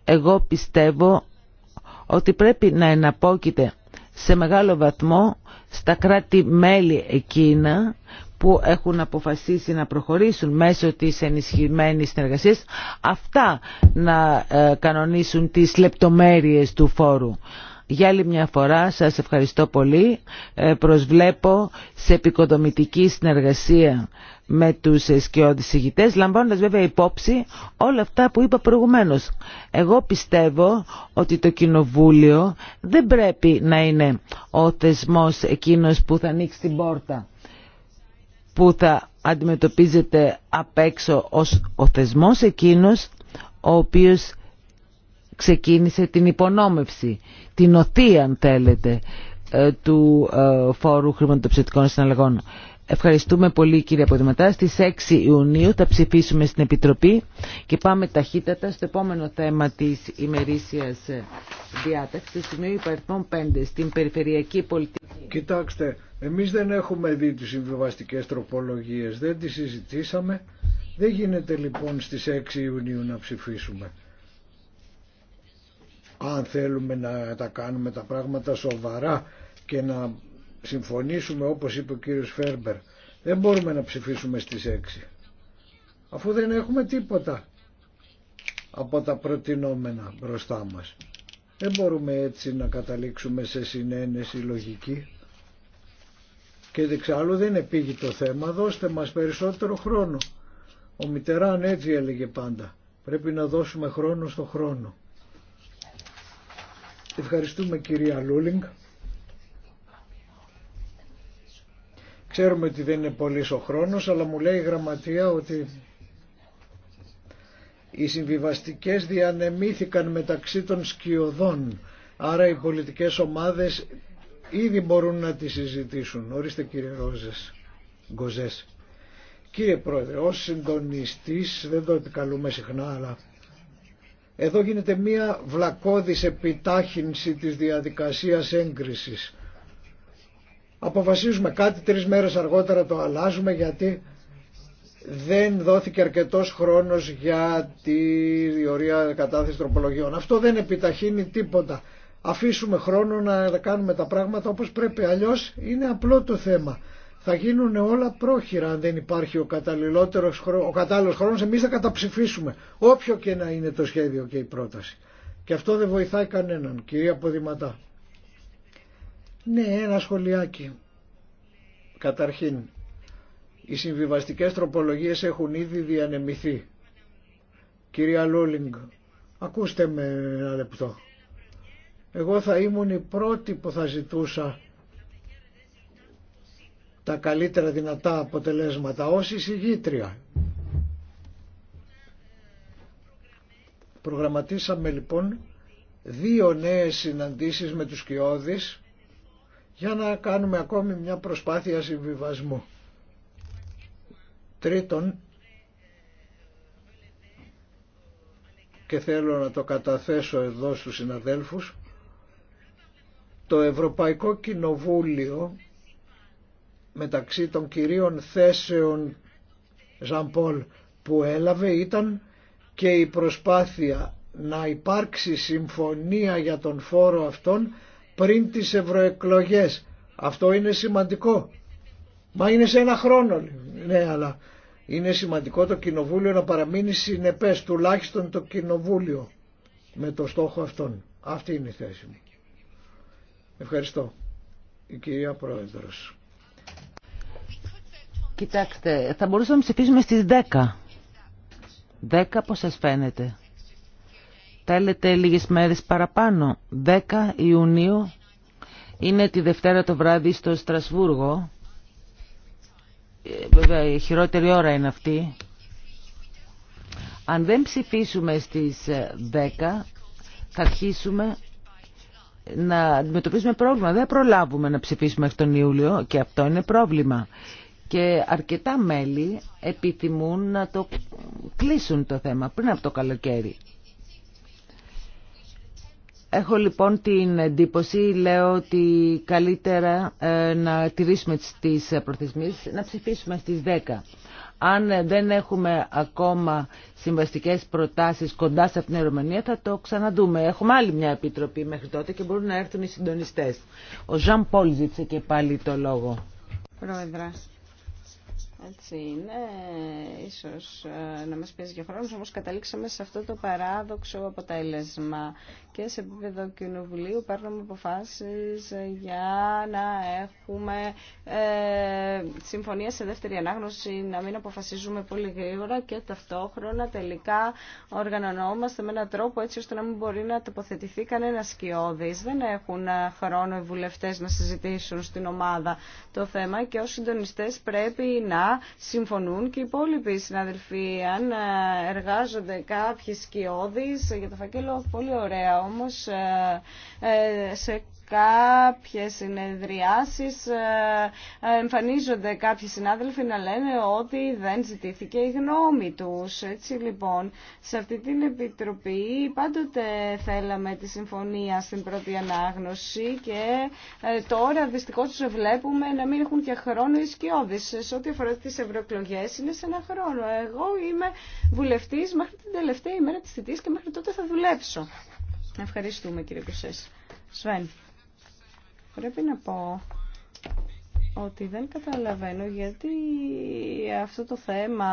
εγώ πιστεύω ότι πρέπει να εναπόκειται σε μεγάλο βαθμό στα κράτη-μέλη εκείνα που έχουν αποφασίσει να προχωρήσουν μέσω της ενισχυμένης συνεργασίας αυτά να ε, κανονίσουν τις λεπτομέρειες του φόρου. Για άλλη μια φορά σας ευχαριστώ πολύ. Ε, προσβλέπω σε επικοδομητική συνεργασία με τους σκιώδης ηγητές, λαμβάνοντας βέβαια υπόψη όλα αυτά που είπα προηγουμένως. Εγώ πιστεύω ότι το Κοινοβούλιο δεν πρέπει να είναι ο θεσμός εκείνος που θα ανοίξει την πόρτα, που θα αντιμετωπίζεται απ' έξω ως ο θεσμός εκείνος ο οποίος ξεκίνησε την υπονόμευση, την οθή αν θέλετε, ε, του ε, φόρου χρηματοψηφιστικών συναλλαγών. Ευχαριστούμε πολύ κύριε Αποδηματά. Στις 6 Ιουνίου θα ψηφίσουμε στην Επιτροπή και πάμε ταχύτατα στο επόμενο θέμα της ημερήσιας ε, διάταξης, σημείο υπαριθμών 5, στην περιφερειακή πολιτική. Κοιτάξτε, εμείς δεν έχουμε δει τις συμβιβαστικές τροπολογίες, δεν τις συζητήσαμε. Δεν γίνεται λοιπόν στις 6 Ιουνίου να ψηφίσουμε αν θέλουμε να τα κάνουμε τα πράγματα σοβαρά και να συμφωνήσουμε όπως είπε ο κύριος Φέρμπερ δεν μπορούμε να ψηφίσουμε στις 6 αφού δεν έχουμε τίποτα από τα προτινόμενα μπροστά μας δεν μπορούμε έτσι να καταλήξουμε σε συνένεση λογική και δεξάλλου δεν επήγει το θέμα δώστε μας περισσότερο χρόνο ο Μιτεράν έτσι έλεγε πάντα πρέπει να δώσουμε χρόνο στο χρόνο Ευχαριστούμε κυρία Λούλινγκ. Ξέρουμε ότι δεν είναι πολύ ο χρόνος, αλλά μου λέει η γραμματεία ότι οι συμβιβαστικές διανεμήθηκαν μεταξύ των σκιωδών, άρα οι πολιτικές ομάδες ήδη μπορούν να τις συζητήσουν. Ορίστε κύριε Ρόζες, Γκοζές. Κύριε Πρόεδρε, ως συντονιστής, δεν το επικαλούμε συχνά, αλλά εδώ γίνεται μία βλακώδης επιτάχυνση της διαδικασίας έγκρισης. Αποφασίζουμε κάτι, τρεις μέρες αργότερα το αλλάζουμε γιατί δεν δόθηκε αρκετός χρόνος για τη διορία κατάθεση τροπολογιών. Αυτό δεν επιταχύνει τίποτα. Αφήσουμε χρόνο να κάνουμε τα πράγματα όπως πρέπει. Αλλιώς είναι απλό το θέμα θα γίνουν όλα πρόχειρα αν δεν υπάρχει ο καταλληλότερος χρόνος, ο κατάλληλος χρόνος εμείς θα καταψηφίσουμε όποιο και να είναι το σχέδιο και η πρόταση. Και αυτό δεν βοηθάει κανέναν, κυρία Ποδηματά. Ναι, ένα σχολιάκι. Καταρχήν, οι συμβιβαστικές τροπολογίες έχουν ήδη διανεμηθεί. Κυρία Λούλινγκ, ακούστε με ένα λεπτό. Εγώ θα ήμουν η πρώτη που θα ζητούσα τα καλύτερα δυνατά αποτελέσματα ως εισηγήτρια. Προγραμματίσαμε λοιπόν δύο νέες συναντήσεις με τους Κιώδης για να κάνουμε ακόμη μια προσπάθεια συμβιβασμού. Τρίτον, και θέλω να το καταθέσω εδώ στους συναδέλφους, το Ευρωπαϊκό Κοινοβούλιο μεταξύ των κυρίων θέσεων Ζαμπόλ που έλαβε ήταν και η προσπάθεια να υπάρξει συμφωνία για τον φόρο αυτόν πριν τις ευρωεκλογέ. Αυτό είναι σημαντικό. Μα είναι σε ένα χρόνο. Ναι, αλλά είναι σημαντικό το κοινοβούλιο να παραμείνει συνεπές, τουλάχιστον το κοινοβούλιο με το στόχο αυτόν. Αυτή είναι η θέση μου. Ευχαριστώ. Η κυρία Πρόεδρος. Κοιτάξτε, θα μπορούσαμε να ψηφίσουμε στις 10. 10 πώς σας φαίνεται. Θέλετε λίγες μέρες παραπάνω. 10 Ιουνίου είναι τη Δευτέρα το βράδυ στο Στρασβούργο. Ε, βέβαια η χειρότερη ώρα είναι αυτή. Αν δεν ψηφίσουμε στις 10 ε, θα αρχίσουμε να αντιμετωπίσουμε πρόβλημα. Δεν προλάβουμε να ψηφίσουμε μέχρι τον Ιούλιο και αυτό είναι πρόβλημα και αρκετά μέλη επιθυμούν να το κλείσουν το θέμα πριν από το καλοκαίρι. Έχω λοιπόν την εντύπωση, λέω ότι καλύτερα ε, να τηρήσουμε τις προθεσμίες, να ψηφίσουμε στις 10. Αν δεν έχουμε ακόμα συμβαστικές προτάσεις κοντά σε αυτήν την Ρωμανία θα το ξαναδούμε. Έχουμε άλλη μια επιτροπή μέχρι τότε και μπορούν να έρθουν οι συντονιστές. Ο Ζαν Πολ ζήτησε και πάλι το λόγο. Πρόεδρας. Έτσι είναι, ίσως ε, να μας πιέζει για χρόνος, όμως καταλήξαμε σε αυτό το παράδοξο αποτέλεσμα και σε επίπεδο κοινοβουλίου παίρνουμε αποφάσεις για να έχουμε ε, συμφωνία σε δεύτερη ανάγνωση, να μην αποφασίζουμε πολύ γρήγορα και ταυτόχρονα τελικά οργανωνόμαστε με έναν τρόπο έτσι ώστε να μην μπορεί να τοποθετηθεί κανένα σκιώδης. Δεν έχουν χρόνο οι βουλευτές να συζητήσουν στην ομάδα το θέμα και ως συντονιστές πρέπει να συμφωνούν και οι υπόλοιποι συναδελφοί αν ε, εργάζονται κάποιοι σκιώδεις ε, για το φακέλο πολύ ωραίο όμως ε, ε, σε κάποιες συνεδριάσεις ε, εμφανίζονται κάποιοι συνάδελφοι να λένε ότι δεν ζητήθηκε η γνώμη τους. Έτσι λοιπόν, σε αυτή την Επιτροπή πάντοτε θέλαμε τη συμφωνία στην πρώτη ανάγνωση και τώρα δυστυχώς τους βλέπουμε να μην έχουν και χρόνο οι σκιώδεις. Σε ό,τι αφορά τις ευρωεκλογέ είναι σε ένα χρόνο. Εγώ είμαι βουλευτής μέχρι την τελευταία ημέρα της θητής και μέχρι τότε θα δουλέψω. Ευχαριστούμε κύριε Κουσές. Σβέν, πρέπει να πω ότι δεν καταλαβαίνω γιατί αυτό το θέμα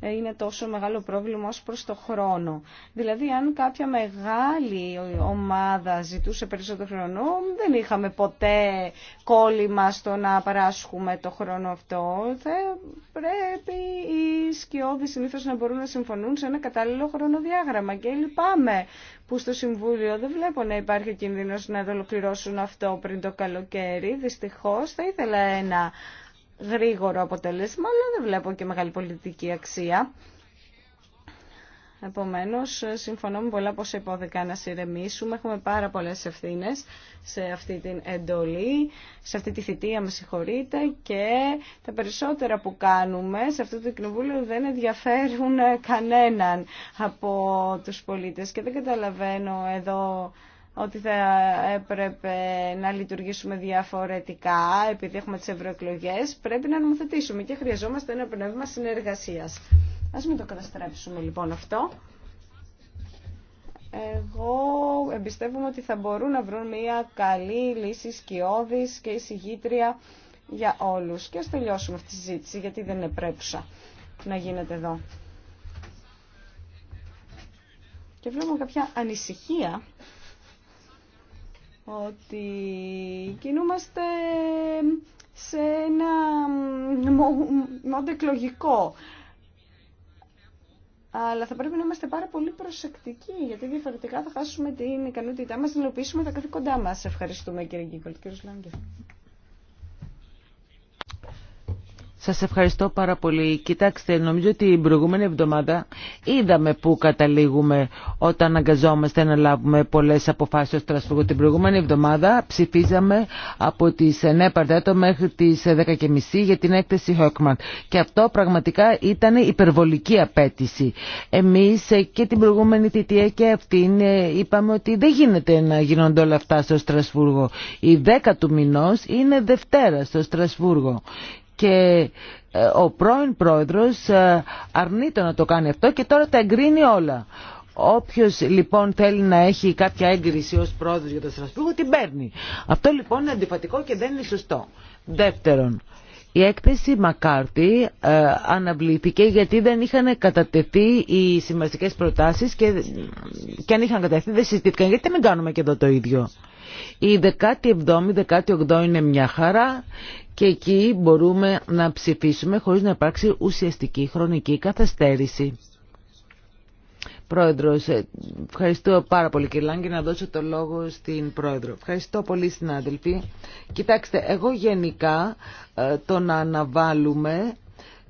είναι τόσο μεγάλο πρόβλημα ως προς το χρόνο. Δηλαδή, αν κάποια μεγάλη ομάδα ζητούσε περισσότερο χρόνο, δεν είχαμε ποτέ κόλλημα στο να παράσχουμε το χρόνο αυτό. Θα πρέπει οι σκιώδεις συνήθως να μπορούν να συμφωνούν σε ένα κατάλληλο χρονοδιάγραμμα και λυπάμαι που στο Συμβούλιο δεν βλέπω να υπάρχει κίνδυνος να το ολοκληρώσουν αυτό πριν το καλοκαίρι. Δυστυχώς θα ήθελα ένα γρήγορο αποτέλεσμα, αλλά δεν βλέπω και μεγάλη πολιτική αξία. Επομένω, συμφωνώ με πολλά πώ υπόθηκαν να συρεμήσουμε. Έχουμε πάρα πολλέ ευθύνε σε αυτή την εντολή, σε αυτή τη θητεία, με συγχωρείτε, και τα περισσότερα που κάνουμε σε αυτό το κοινοβούλιο δεν ενδιαφέρουν κανέναν από του πολίτε. Και δεν καταλαβαίνω εδώ ότι θα έπρεπε να λειτουργήσουμε διαφορετικά επειδή έχουμε τις ευρωεκλογέ. Πρέπει να νομοθετήσουμε και χρειαζόμαστε ένα πνεύμα συνεργασίας. Ας μην το καταστρέψουμε λοιπόν αυτό. Εγώ εμπιστεύομαι ότι θα μπορούν να βρουν μια καλή λύση σκιώδης και εισηγήτρια για όλους. Και ας τελειώσουμε αυτή τη συζήτηση γιατί δεν είναι πρέπουσα να γίνεται εδώ. Και βλέπουμε κάποια ανησυχία ότι κινούμαστε σε ένα μόντο εκλογικό. Αλλά θα πρέπει να είμαστε πάρα πολύ προσεκτικοί, γιατί διαφορετικά θα χάσουμε την ικανότητά μας να υλοποιήσουμε τα καθήκοντά μας. Ευχαριστούμε κύριε Γκίκολτ. κύριε Σλάνγκερ. Σας ευχαριστώ πάρα πολύ. Κοιτάξτε, νομίζω ότι την προηγούμενη εβδομάδα είδαμε πού καταλήγουμε όταν αναγκαζόμαστε να λάβουμε πολλές αποφάσεις στο Στρασβούργο. Την προηγούμενη εβδομάδα ψηφίζαμε από τις 9 παρτέτο μέχρι τις 10.30 για την έκθεση Χόκμαν. Και αυτό πραγματικά ήταν υπερβολική απέτηση. Εμείς και την προηγούμενη θητεία και αυτήν ε, είπαμε ότι δεν γίνεται να γίνονται όλα αυτά στο Στρασβούργο. Η 10 του μηνός είναι Δευτέρα στο Στρασβούργο και ε, ο πρώην πρόεδρος ε, αρνείται να το κάνει αυτό και τώρα τα εγκρίνει όλα. Όποιος λοιπόν θέλει να έχει κάποια έγκριση ως πρόεδρος για το Στρασβούργο την παίρνει. Αυτό λοιπόν είναι αντιφατικό και δεν είναι σωστό. Δεύτερον, η έκθεση Μακάρτη ε, αναβλήθηκε γιατί δεν είχαν κατατεθεί οι σημαντικές προτάσεις και, και αν είχαν κατατεθεί δεν συζητήθηκαν. Γιατί δεν κάνουμε και εδώ το ίδιο. Η 17η, 18η είναι μια χαρά, και εκεί μπορούμε να ψηφίσουμε χωρίς να υπάρξει ουσιαστική χρονική καθαστέρηση. Πρόεδρο, ε, ευχαριστώ πάρα πολύ κύριε Λάγκη να δώσω το λόγο στην Πρόεδρο. Ευχαριστώ πολύ συνάδελφοι. Κοιτάξτε, εγώ γενικά ε, το να αναβάλουμε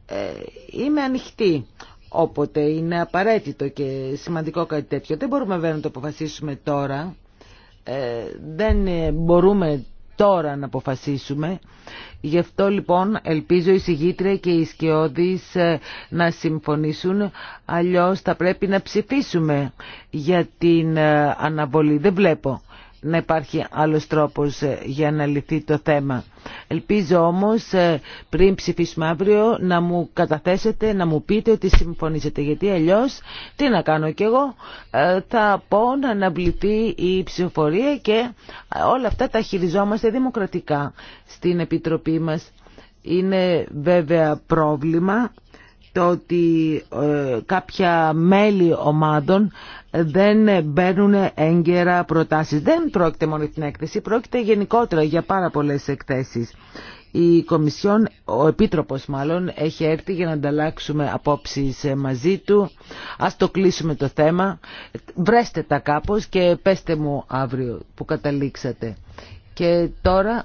ε, είμαι ανοιχτή. Όποτε είναι απαραίτητο και σημαντικό κάτι τέτοιο. Δεν μπορούμε βέβαια να το αποφασίσουμε τώρα. δεν μπορούμε τώρα να αποφασίσουμε. Γι' αυτό λοιπόν ελπίζω η συγγήτρια και οι σκιώδεις ε, να συμφωνήσουν, αλλιώς θα πρέπει να ψηφίσουμε για την ε, αναβολή. Δεν βλέπω να υπάρχει άλλος τρόπος ε, για να λυθεί το θέμα. Ελπίζω όμως ε, πριν ψηφίσουμε αύριο να μου καταθέσετε, να μου πείτε ότι συμφωνήσετε γιατί αλλιώς τι να κάνω κι εγώ ε, θα πω να αναβληθεί η ψηφοφορία και όλα αυτά τα χειριζόμαστε δημοκρατικά στην Επιτροπή μας. Είναι βέβαια πρόβλημα ότι ε, κάποια μέλη ομάδων δεν μπαίνουν έγκαιρα προτάσεις. Δεν πρόκειται μόνο την έκθεση, πρόκειται γενικότερα για πάρα πολλές εκθέσεις. Η Κομισιόν, ο Επίτροπος μάλλον, έχει έρθει για να ανταλλάξουμε απόψεις μαζί του. Ας το κλείσουμε το θέμα. Βρέστε τα κάπως και πέστε μου αύριο που καταλήξατε. Και τώρα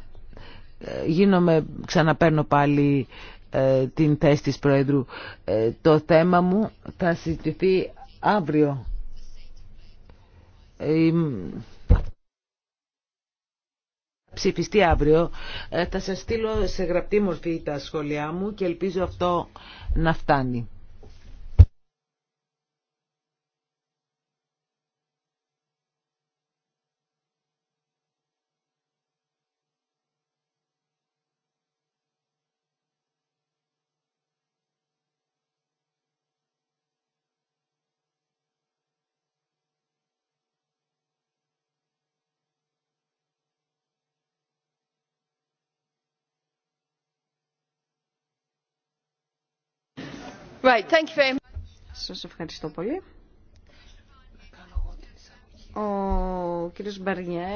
ε, γίνομαι, ξαναπαίρνω πάλι ε, την θέση της Πρόεδρου. Ε, το θέμα μου θα συζητηθεί αύριο. Ε, ψηφιστεί αύριο. Θα σας στείλω σε γραπτή μορφή τα σχόλιά μου και ελπίζω αυτό να φτάνει. Right, thank you very much. Σας ευχαριστώ πολύ. Ο κύριος Μπαρνιέ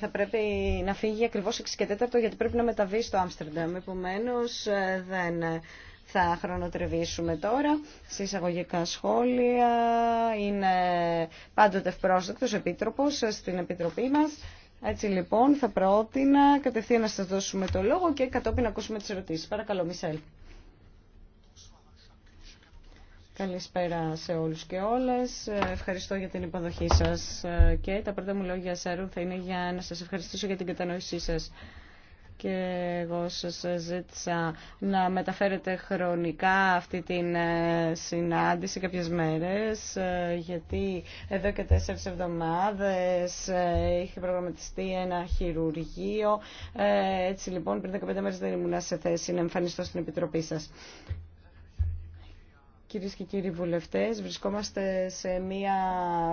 θα πρέπει να φύγει ακριβώς 6 και 4 γιατί πρέπει να μεταβεί στο Άμστερνταμ. Επομένως ε, δεν θα χρονοτρεβήσουμε τώρα σε εισαγωγικά σχόλια. Είναι πάντοτε ευπρόσδεκτος επίτροπος στην Επιτροπή μας. Έτσι λοιπόν θα πρότεινα κατευθείαν να σας δώσουμε το λόγο και κατόπιν να ακούσουμε τις ερωτήσεις. Παρακαλώ Μισελ. Καλησπέρα σε όλους και όλες. Ευχαριστώ για την υποδοχή σας και τα πρώτα μου λόγια Σαρού θα είναι για να σας ευχαριστήσω για την κατανόησή σας. Και εγώ σας ζήτησα να μεταφέρετε χρονικά αυτή την ε, συνάντηση κάποιες μέρες, ε, γιατί εδώ και τέσσερις εβδομάδες ε, είχε προγραμματιστεί ένα χειρουργείο. Έτσι λοιπόν πριν 15 μέρες δεν ήμουν σε θέση να εμφανιστώ στην Επιτροπή σας. Κυρίε και κύριοι βουλευτέ, βρισκόμαστε σε μια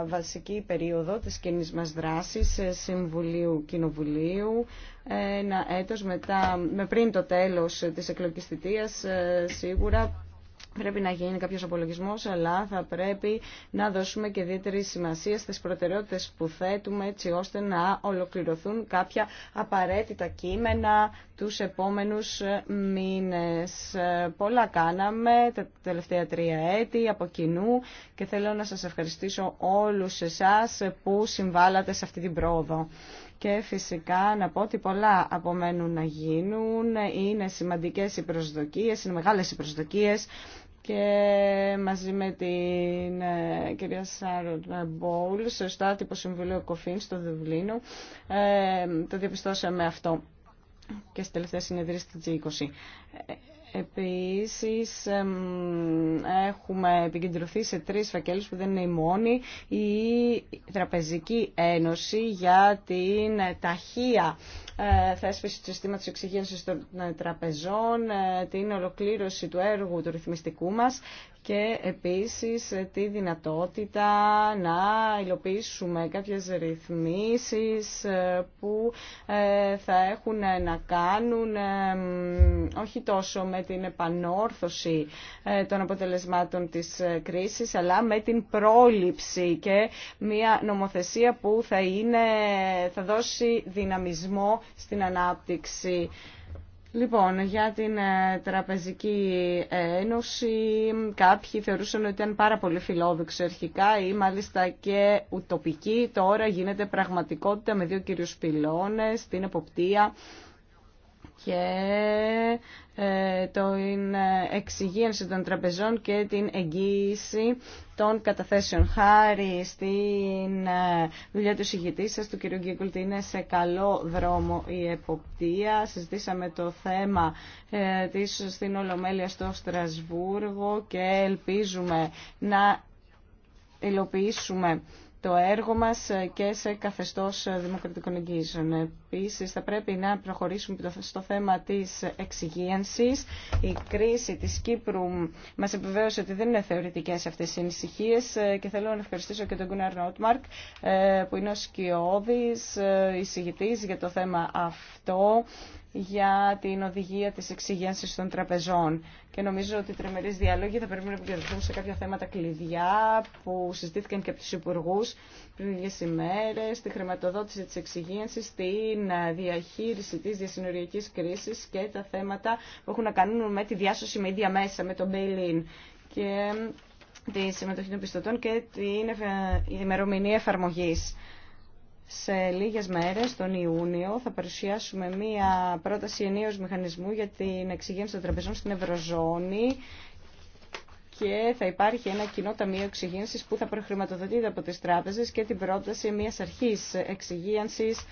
βασική περίοδο της κοινή μας δράσης Συμβουλίου Κοινοβουλίου. Ένα έτος μετά, με πριν το τέλος της εκλογικής ε, σίγουρα Πρέπει να γίνει κάποιο, απολογισμός, αλλά θα πρέπει να δώσουμε και ιδιαίτερη σημασία στις προτεραιότητες που θέτουμε, έτσι ώστε να ολοκληρωθούν κάποια απαραίτητα κείμενα τους επόμενους ε, μήνε. Ε, πολλά κάναμε τα τελευταία τρία έτη από κοινού και θέλω να σας ευχαριστήσω όλους εσάς που συμβάλατε σε αυτή την πρόοδο. Και φυσικά να πω ότι πολλά απομένουν να γίνουν, είναι σημαντικές οι προσδοκίες, είναι μεγάλες οι προσδοκίες και μαζί με την ε, κυρία Σάρον Μπόουλ στο τύπο συμβουλίου Κοφίν στο Δουβλίνο ε, το διαπιστώσαμε αυτό και στις τελευταίες συνεδρίες της G20. Επίσης έχουμε επικεντρωθεί σε τρεις φακέλους που δεν είναι οι μόνοι. Η Τραπεζική Ένωση για την ταχεία ε, θέσπιση του συστήματος εξυγένσης των ε, τραπεζών, ε, την ολοκλήρωση του έργου του ρυθμιστικού μας και επίσης τη δυνατότητα να υλοποιήσουμε κάποιες ρυθμίσεις ε, που ε, θα έχουν να κάνουν ε, όχι τόσο με την επανόρθωση των αποτελεσμάτων της κρίσης αλλά με την πρόληψη και μια νομοθεσία που θα, είναι, θα δώσει δυναμισμό στην ανάπτυξη. Λοιπόν, για την ε, Τραπεζική Ένωση κάποιοι θεωρούσαν ότι ήταν πάρα πολύ φιλόδοξη αρχικά ή μάλιστα και ουτοπική. Τώρα γίνεται πραγματικότητα με δύο κυρίους πυλώνες, την εποπτεία και ε, την εξυγίανση των τραπεζών και την εγγύηση των καταθέσεων. Χάρη στην ε, δουλειά του συγητή σας, του κ. Γκίκουλτ, είναι σε καλό δρόμο η εποπτεία. Συζητήσαμε το θέμα ε, της στην Ολομέλεια στο Στρασβούργο και ελπίζουμε να υλοποιήσουμε το έργο μας και σε καθεστώς δημοκρατικών εγγύσεων. Επίσης θα πρέπει να προχωρήσουμε στο θέμα της εξυγίανσης. Η κρίση της Κύπρου μας επιβεβαίωσε ότι δεν είναι θεωρητικές αυτές οι ανησυχίε και θέλω να ευχαριστήσω και τον Γκούναρ Νότμαρκ ε, που είναι ο σκιώδης ε, εισηγητής για το θέμα αυτό για την οδηγία της εξηγένσης των τραπεζών. Και νομίζω ότι οι τριμερείς διάλογοι θα πρέπει να επικεντρωθούν σε κάποια θέματα κλειδιά που συζητήθηκαν και από τους υπουργού πριν λίγες ημέρες, τη χρηματοδότηση της εξηγένσης, την διαχείριση της διασυνοριακής κρίσης και τα θέματα που έχουν να κάνουν με τη διάσωση με ίδια μέσα, με τον bail-in. Και τη συμμετοχή των πιστωτών και την ημερομηνία εφαρμογής. Σε λίγες μέρες, τον Ιούνιο, θα παρουσιάσουμε μία πρόταση ενίως μηχανισμού για την εξυγένση των τραπεζών στην Ευρωζώνη και θα υπάρχει ένα κοινό ταμείο εξυγένσης που θα προχρηματοδοτείται από τις τράπεζες και την πρόταση μιας αρχής εξυγίανσης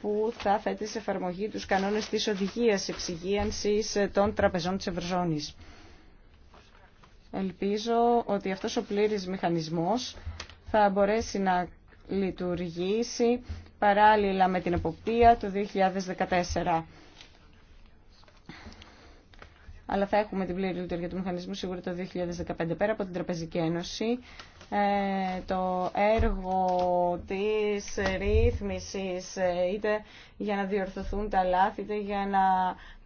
που θα θέτει σε εφαρμογή τους κανόνες της οδηγίας εξυγίανσης των τραπεζών της Ευρωζώνης. Ελπίζω ότι αυτός ο πλήρης μηχανισμός θα μπορέσει να λειτουργήσει παράλληλα με την εποπτεία το 2014. Αλλά θα έχουμε την πλήρη λειτουργία του μηχανισμού σίγουρα το 2015 πέρα από την Τραπεζική Ένωση. Ε, το έργο της ρύθμισης ε, είτε για να διορθωθούν τα λάθη είτε για να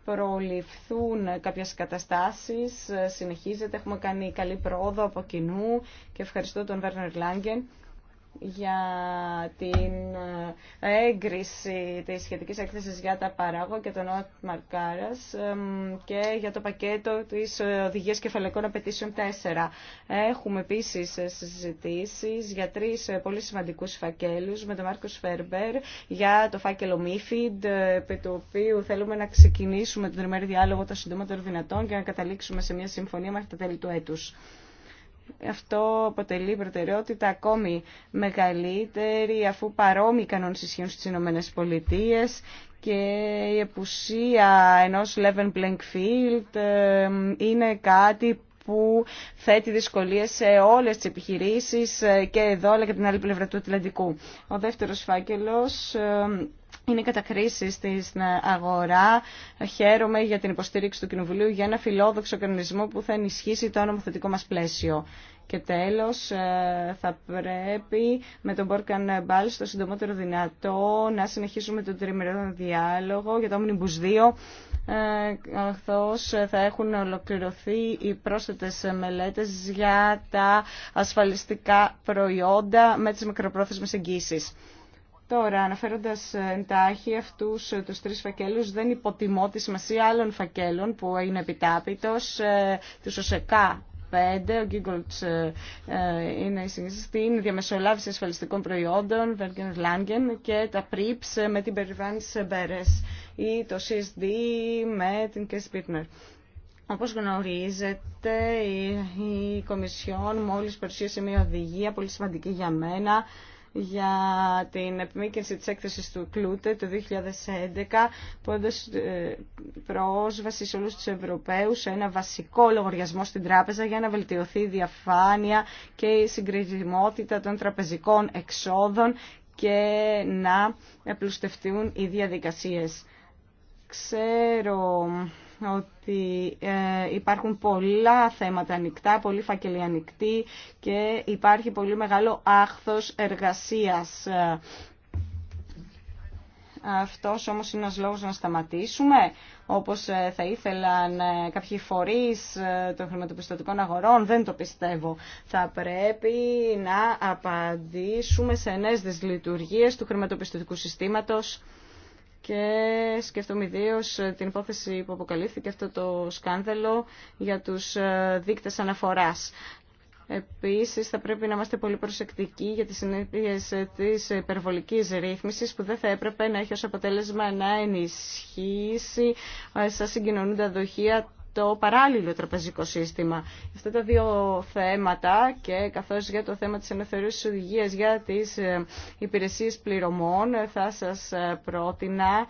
προληφθούν κάποιες καταστάσεις ε, συνεχίζεται. Έχουμε κάνει καλή πρόοδο από κοινού και ευχαριστώ τον Βέρνερ Λάγκεν για την ε, έγκριση της σχετικής έκθεσης για τα παράγω και τον Ότ Μαρκάρας και για το πακέτο της Οδηγίας Κεφαλαϊκών Απαιτήσεων 4. Έχουμε επίσης συζητήσεις για τρεις πολύ σημαντικούς φακέλους με τον Μάρκο Φέρμπερ για το φάκελο MIFID, επί του οποίου θέλουμε να ξεκινήσουμε τον τριμερή διάλογο των συντομότερο δυνατών και να καταλήξουμε σε μια συμφωνία μέχρι τα τέλη του έτους. Αυτό αποτελεί προτεραιότητα ακόμη μεγαλύτερη αφού παρόμοιοι κανόνες ισχύουν στις Ηνωμένες Πολιτείες και η επουσία ενός Leven Blankfield field είναι κάτι που θέτει δυσκολίες σε όλες τις επιχειρήσεις ε, και εδώ αλλά και την άλλη πλευρά του Ατλαντικού. Ο δεύτερος φάκελος είναι κατά κατακρίσει στην αγορά. Χαίρομαι για την υποστήριξη του Κοινοβουλίου για ένα φιλόδοξο κανονισμό που θα ενισχύσει το νομοθετικό μας πλαίσιο. Και τέλος ε, θα πρέπει με τον Μπόρκαν Μπάλ στο συντομότερο δυνατό να συνεχίσουμε τον τριμερό διάλογο για το Omnibus 2 ε, καθώς θα έχουν ολοκληρωθεί οι πρόσθετες μελέτες για τα ασφαλιστικά προϊόντα με τις μικροπρόθεσμες εγγύσεις. Τώρα, αναφέροντα ε, εντάχει αυτού ε, του τρει φακέλου, δεν υποτιμώ τη σημασία άλλων φακέλων που είναι επιτάπητος, ε, του ΟΣΕΚΑ 5, ο ε, είναι η στην διαμεσολάβηση ασφαλιστικών προϊόντων, Βέργεν Λάγκεν και τα ΠΡΙΠΣ με την περιβάλληση Μπέρε ή το CSD με την Κέσ Πίτνερ. Όπως γνωρίζετε, η Κομισιόν μόλις παρουσίασε μια οδηγία πολύ σημαντική για μένα, για την επιμήκυνση της έκθεσης του Κλούτε το 2011 που έδωσε ε, πρόσβαση σε όλους τους Ευρωπαίους σε ένα βασικό λογαριασμό στην τράπεζα για να βελτιωθεί η διαφάνεια και η συγκρισιμότητα των τραπεζικών εξόδων και να απλουστευτούν οι διαδικασίες. Ξέρω ότι ε, υπάρχουν πολλά θέματα ανοιχτά, πολλοί φακελοί ανοιχτοί και υπάρχει πολύ μεγάλο άχθος εργασίας. Αυτός όμως είναι ένας λόγος να σταματήσουμε, όπως ε, θα ήθελαν ε, κάποιοι φορείς των χρηματοπιστωτικών αγορών, δεν το πιστεύω. Θα πρέπει να απαντήσουμε σε νέες δυσλειτουργίες του χρηματοπιστωτικού συστήματος και σκέφτομαι ιδίω την υπόθεση που αποκαλύφθηκε αυτό το σκάνδαλο για τους ε, δείκτες αναφοράς. Επίσης θα πρέπει να είμαστε πολύ προσεκτικοί για τις συνέπειες ε, της υπερβολικής ρύθμισης που δεν θα έπρεπε να έχει ως αποτέλεσμα να ενισχύσει ε, στα συγκοινωνούντα δοχεία το παράλληλο τραπεζικό σύστημα. Αυτά τα δύο θέματα και καθώς για το θέμα της ελευθερίας οδηγίας για τις ε, υπηρεσίες πληρωμών ε, θα σας ε, πρότεινα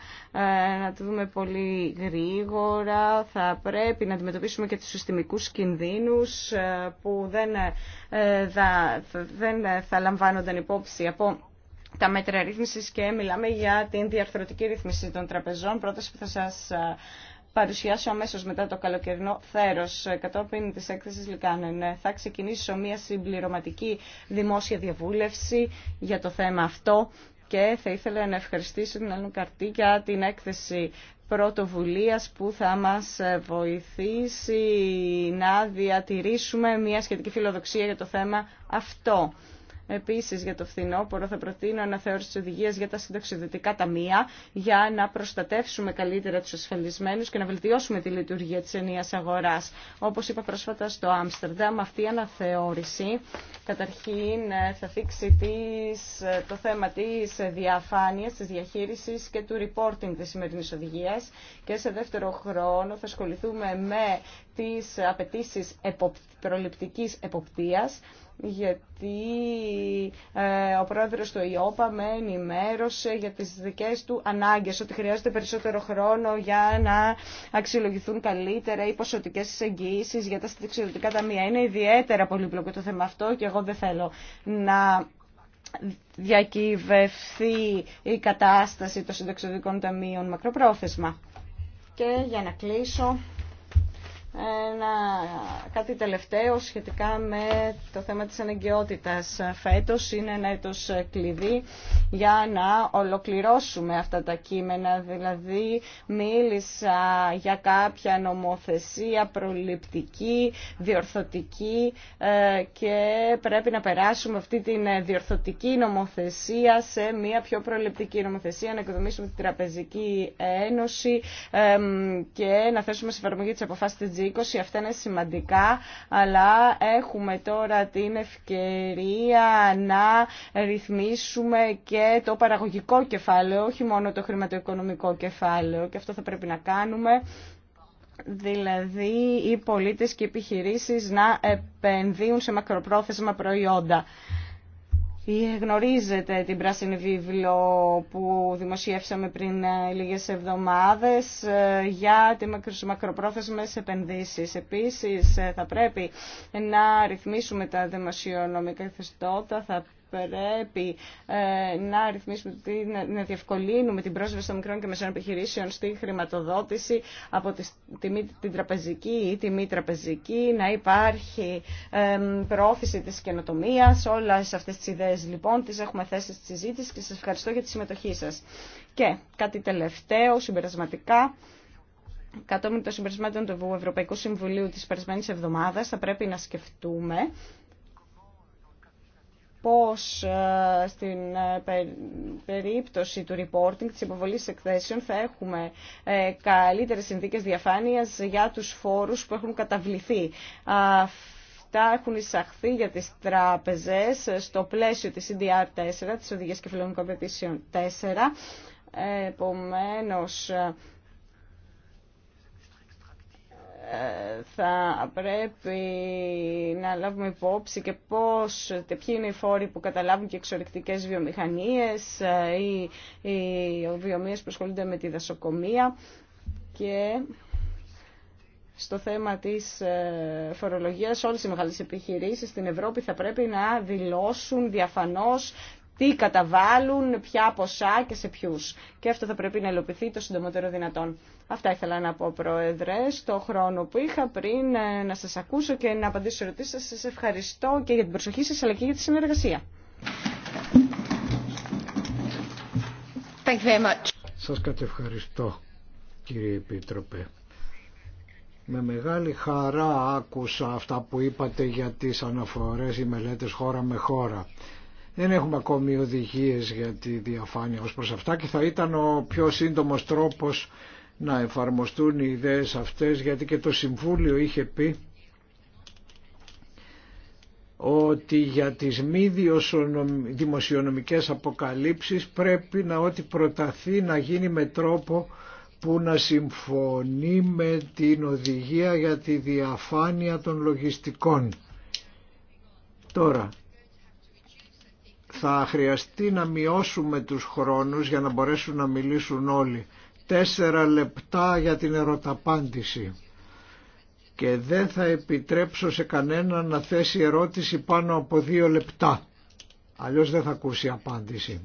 να το δούμε πολύ γρήγορα. Θα πρέπει να αντιμετωπίσουμε και τους συστημικούς κινδύνους που δεν, θα, δεν θα λαμβάνονταν υπόψη από τα μέτρα ρύθμισης και μιλάμε για την διαρθρωτική ρύθμιση των τραπεζών. Πρόταση που θα παρουσιάσω αμέσω μετά το καλοκαιρινό θέρος κατόπιν της έκθεσης Λικάνεν. Θα ξεκινήσω μια συμπληρωματική δημόσια διαβούλευση για το θέμα αυτό και θα ήθελα να ευχαριστήσω την Ελληνική Καρτή για την έκθεση πρωτοβουλίας που θα μας βοηθήσει να διατηρήσουμε μια σχετική φιλοδοξία για το θέμα αυτό. Επίση, για το φθινόπωρο θα προτείνω αναθεώρηση τη οδηγία για τα συνταξιδετικά ταμεία για να προστατεύσουμε καλύτερα του ασφαλισμένου και να βελτιώσουμε τη λειτουργία τη ενία αγορά. Όπω είπα πρόσφατα στο Άμστερνταμ, αυτή η αναθεώρηση καταρχήν ε, θα θίξει ε, το θέμα τη διαφάνεια, τη διαχείριση και του reporting τη σημερινή οδηγία. και σε δεύτερο χρόνο θα ασχοληθούμε με τι απαιτήσει προληπτική εποπτείας γιατί ε, ο πρόεδρος του ΙΟΠΑ με ενημέρωσε για τις δικές του ανάγκες, ότι χρειάζεται περισσότερο χρόνο για να αξιολογηθούν καλύτερα οι ποσοτικέ εγγυήσει για τα στεξιωτικά ταμεία. Είναι ιδιαίτερα πολύπλοκο το θέμα αυτό και εγώ δεν θέλω να διακυβευθεί η κατάσταση των συνταξιδοτικών ταμείων μακροπρόθεσμα. Και για να κλείσω, ένα, κάτι τελευταίο σχετικά με το θέμα της αναγκαιότητας. Φέτος είναι ένα έτος κλειδί για να ολοκληρώσουμε αυτά τα κείμενα. Δηλαδή μίλησα για κάποια νομοθεσία προληπτική, διορθωτική ε, και πρέπει να περάσουμε αυτή την διορθωτική νομοθεσία σε μια πιο προληπτική νομοθεσία, να εκδομήσουμε την Τραπεζική Ένωση και να θέσουμε σε εφαρμογή τις αποφάσεις της αυτά είναι σημαντικά, αλλά έχουμε τώρα την ευκαιρία να ρυθμίσουμε και το παραγωγικό κεφάλαιο, όχι μόνο το χρηματοοικονομικό κεφάλαιο και αυτό θα πρέπει να κάνουμε δηλαδή οι πολίτες και οι επιχειρήσεις να επενδύουν σε μακροπρόθεσμα προϊόντα. Γνωρίζετε την πράσινη βίβλο που δημοσιεύσαμε πριν ε, λίγες εβδομάδες ε, για τις μακροπρόθεσμες επενδύσεις. Επίσης ε, θα πρέπει να ρυθμίσουμε τα δημοσιονομικά θεστώτα, πρέπει ε, να ρυθμίσουμε, να διευκολύνουμε την πρόσβαση των μικρών και μεσαίων επιχειρήσεων στη χρηματοδότηση από τη, την τραπεζική ή τη μη τραπεζική, να υπάρχει προώθηση της καινοτομία, όλες αυτές τις ιδέες λοιπόν τις έχουμε θέσει στη συζήτηση και σας ευχαριστώ για τη συμμετοχή σας. Και κάτι τελευταίο, συμπερασματικά, κατόπιν των συμπερισμάτων του Ευρωπαϊκού Συμβουλίου της περασμένης εβδομάδας θα πρέπει να σκεφτούμε πώς ε, στην ε, περίπτωση του reporting, της υποβολής εκθέσεων, θα έχουμε ε, καλύτερες συνθήκες διαφάνειας για τους φόρους που έχουν καταβληθεί. Αυτά έχουν εισαχθεί για τις τράπεζες στο πλαίσιο της CDR4, της Οδηγίας Κεφαλαιών Κοπετήσεων 4. της οδηγιας κεφαλαιων πεπισεων 4 επομενως θα πρέπει να λάβουμε υπόψη και πώς, ποιοι είναι οι φόροι που καταλάβουν και εξορρυκτικές βιομηχανίες ε, ή οι βιομηχανίες που ασχολούνται με τη δασοκομεία και στο θέμα της ε, φορολογίας όλες οι μεγάλες επιχειρήσεις στην Ευρώπη θα πρέπει να δηλώσουν διαφανώς τι καταβάλουν, ποια ποσά και σε ποιου. Και αυτό θα πρέπει να υλοποιηθεί το συντομότερο δυνατόν. Αυτά ήθελα να πω, Πρόεδρε, στο χρόνο που είχα πριν ε, να σας ακούσω και να απαντήσω σε ερωτήσεις σας. ευχαριστώ και για την προσοχή σας, αλλά και για τη συνεργασία. Σα Σας κατευχαριστώ, κύριε Επίτροπε. Με μεγάλη χαρά άκουσα αυτά που είπατε για τις αναφορές οι μελέτες χώρα με χώρα. Δεν έχουμε ακόμη οδηγίες για τη διαφάνεια ως προς αυτά και θα ήταν ο πιο σύντομος τρόπος να εφαρμοστούν οι ιδέες αυτές γιατί και το Συμβούλιο είχε πει ότι για τις μη δημοσιονομικές αποκαλύψεις πρέπει να ό,τι προταθεί να γίνει με τρόπο που να συμφωνεί με την οδηγία για τη διαφάνεια των λογιστικών. Τώρα, θα χρειαστεί να μειώσουμε τους χρόνους για να μπορέσουν να μιλήσουν όλοι. Τέσσερα λεπτά για την ερωταπάντηση. Και δεν θα επιτρέψω σε κανένα να θέσει ερώτηση πάνω από δύο λεπτά. Αλλιώς δεν θα ακούσει απάντηση.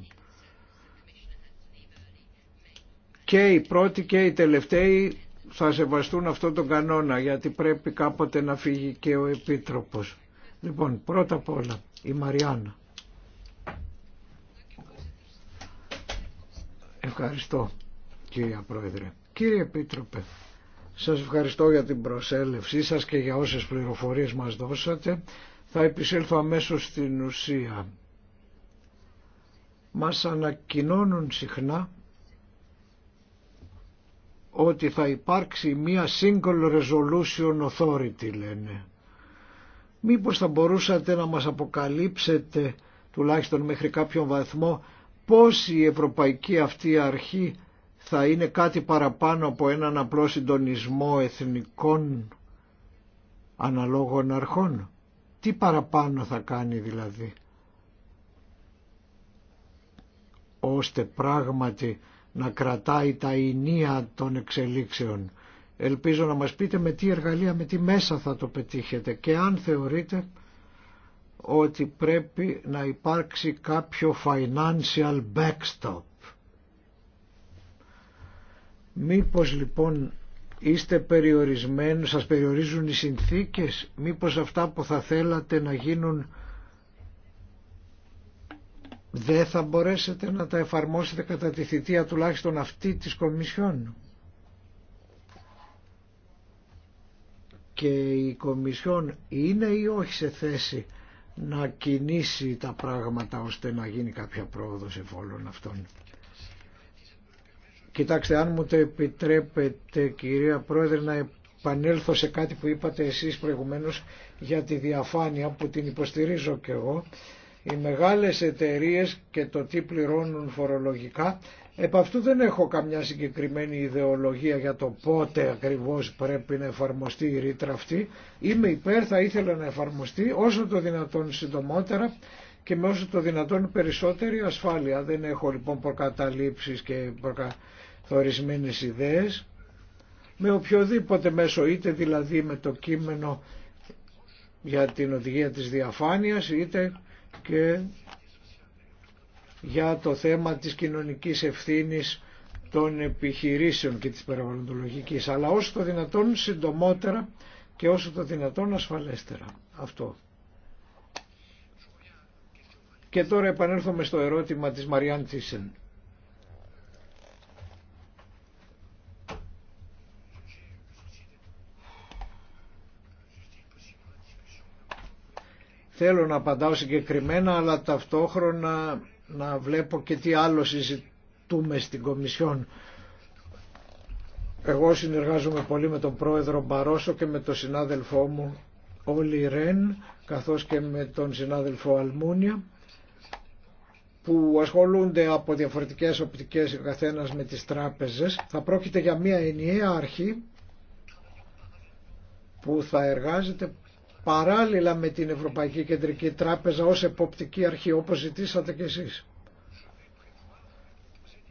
Και οι πρώτοι και οι τελευταίοι θα σεβαστούν αυτό τον κανόνα γιατί πρέπει κάποτε να φύγει και ο Επίτροπος. Λοιπόν, πρώτα απ' όλα η Μαριάννα. Ευχαριστώ κύριε Πρόεδρε. Κύριε Επίτροπε, σας ευχαριστώ για την προσέλευσή σας και για όσες πληροφορίες μας δώσατε. Θα επισέλθω αμέσως στην ουσία. Μας ανακοινώνουν συχνά ότι θα υπάρξει μία single resolution authority λένε. Μήπως θα μπορούσατε να μας αποκαλύψετε τουλάχιστον μέχρι κάποιον βαθμό πώς η ευρωπαϊκή αυτή αρχή θα είναι κάτι παραπάνω από έναν απλό συντονισμό εθνικών αναλόγων αρχών. Τι παραπάνω θα κάνει δηλαδή, ώστε πράγματι να κρατάει τα ηνία των εξελίξεων. Ελπίζω να μας πείτε με τι εργαλεία, με τι μέσα θα το πετύχετε και αν θεωρείτε ότι πρέπει να υπάρξει κάποιο financial backstop. Μήπως λοιπόν είστε περιορισμένοι, σας περιορίζουν οι συνθήκες, μήπως αυτά που θα θέλατε να γίνουν δεν θα μπορέσετε να τα εφαρμόσετε κατά τη θητεία τουλάχιστον αυτή της Κομισιόν. Και η Κομισιόν είναι ή όχι σε θέση να κινήσει τα πράγματα ώστε να γίνει κάποια πρόοδος εφόλων αυτών. Κοιτάξτε, αν μου το επιτρέπετε κυρία Πρόεδρε να επανέλθω σε κάτι που είπατε εσείς προηγουμένως για τη διαφάνεια που την υποστηρίζω και εγώ. Οι μεγάλες εταιρείες και το τι πληρώνουν φορολογικά Επ' αυτού δεν έχω καμιά συγκεκριμένη ιδεολογία για το πότε ακριβώς πρέπει να εφαρμοστεί η ρήτρα αυτή. Είμαι υπέρ, θα ήθελα να εφαρμοστεί όσο το δυνατόν συντομότερα και με όσο το δυνατόν περισσότερη ασφάλεια. Δεν έχω λοιπόν προκαταλήψεις και προκαθορισμένες ιδέες. Με οποιοδήποτε μέσο, είτε δηλαδή με το κείμενο για την οδηγία της διαφάνειας, είτε και για το θέμα της κοινωνικής ευθύνης των επιχειρήσεων και της περιβαλλοντολογικής, αλλά όσο το δυνατόν συντομότερα και όσο το δυνατόν ασφαλέστερα. Αυτό. Και τώρα επανέρχομαι στο ερώτημα της Μαριάν Τίσεν. Θέλω να απαντάω συγκεκριμένα, αλλά ταυτόχρονα να βλέπω και τι άλλο συζητούμε στην Κομισιόν. Εγώ συνεργάζομαι πολύ με τον πρόεδρο Μπαρόσο και με τον συνάδελφό μου Όλη Ρεν καθώς και με τον συνάδελφο Αλμούνια που ασχολούνται από διαφορετικές οπτικές ο καθένας με τις τράπεζες. Θα πρόκειται για μια ενιαία αρχή που θα εργάζεται παράλληλα με την Ευρωπαϊκή Κεντρική Τράπεζα ως εποπτική αρχή όπως ζητήσατε κι εσείς.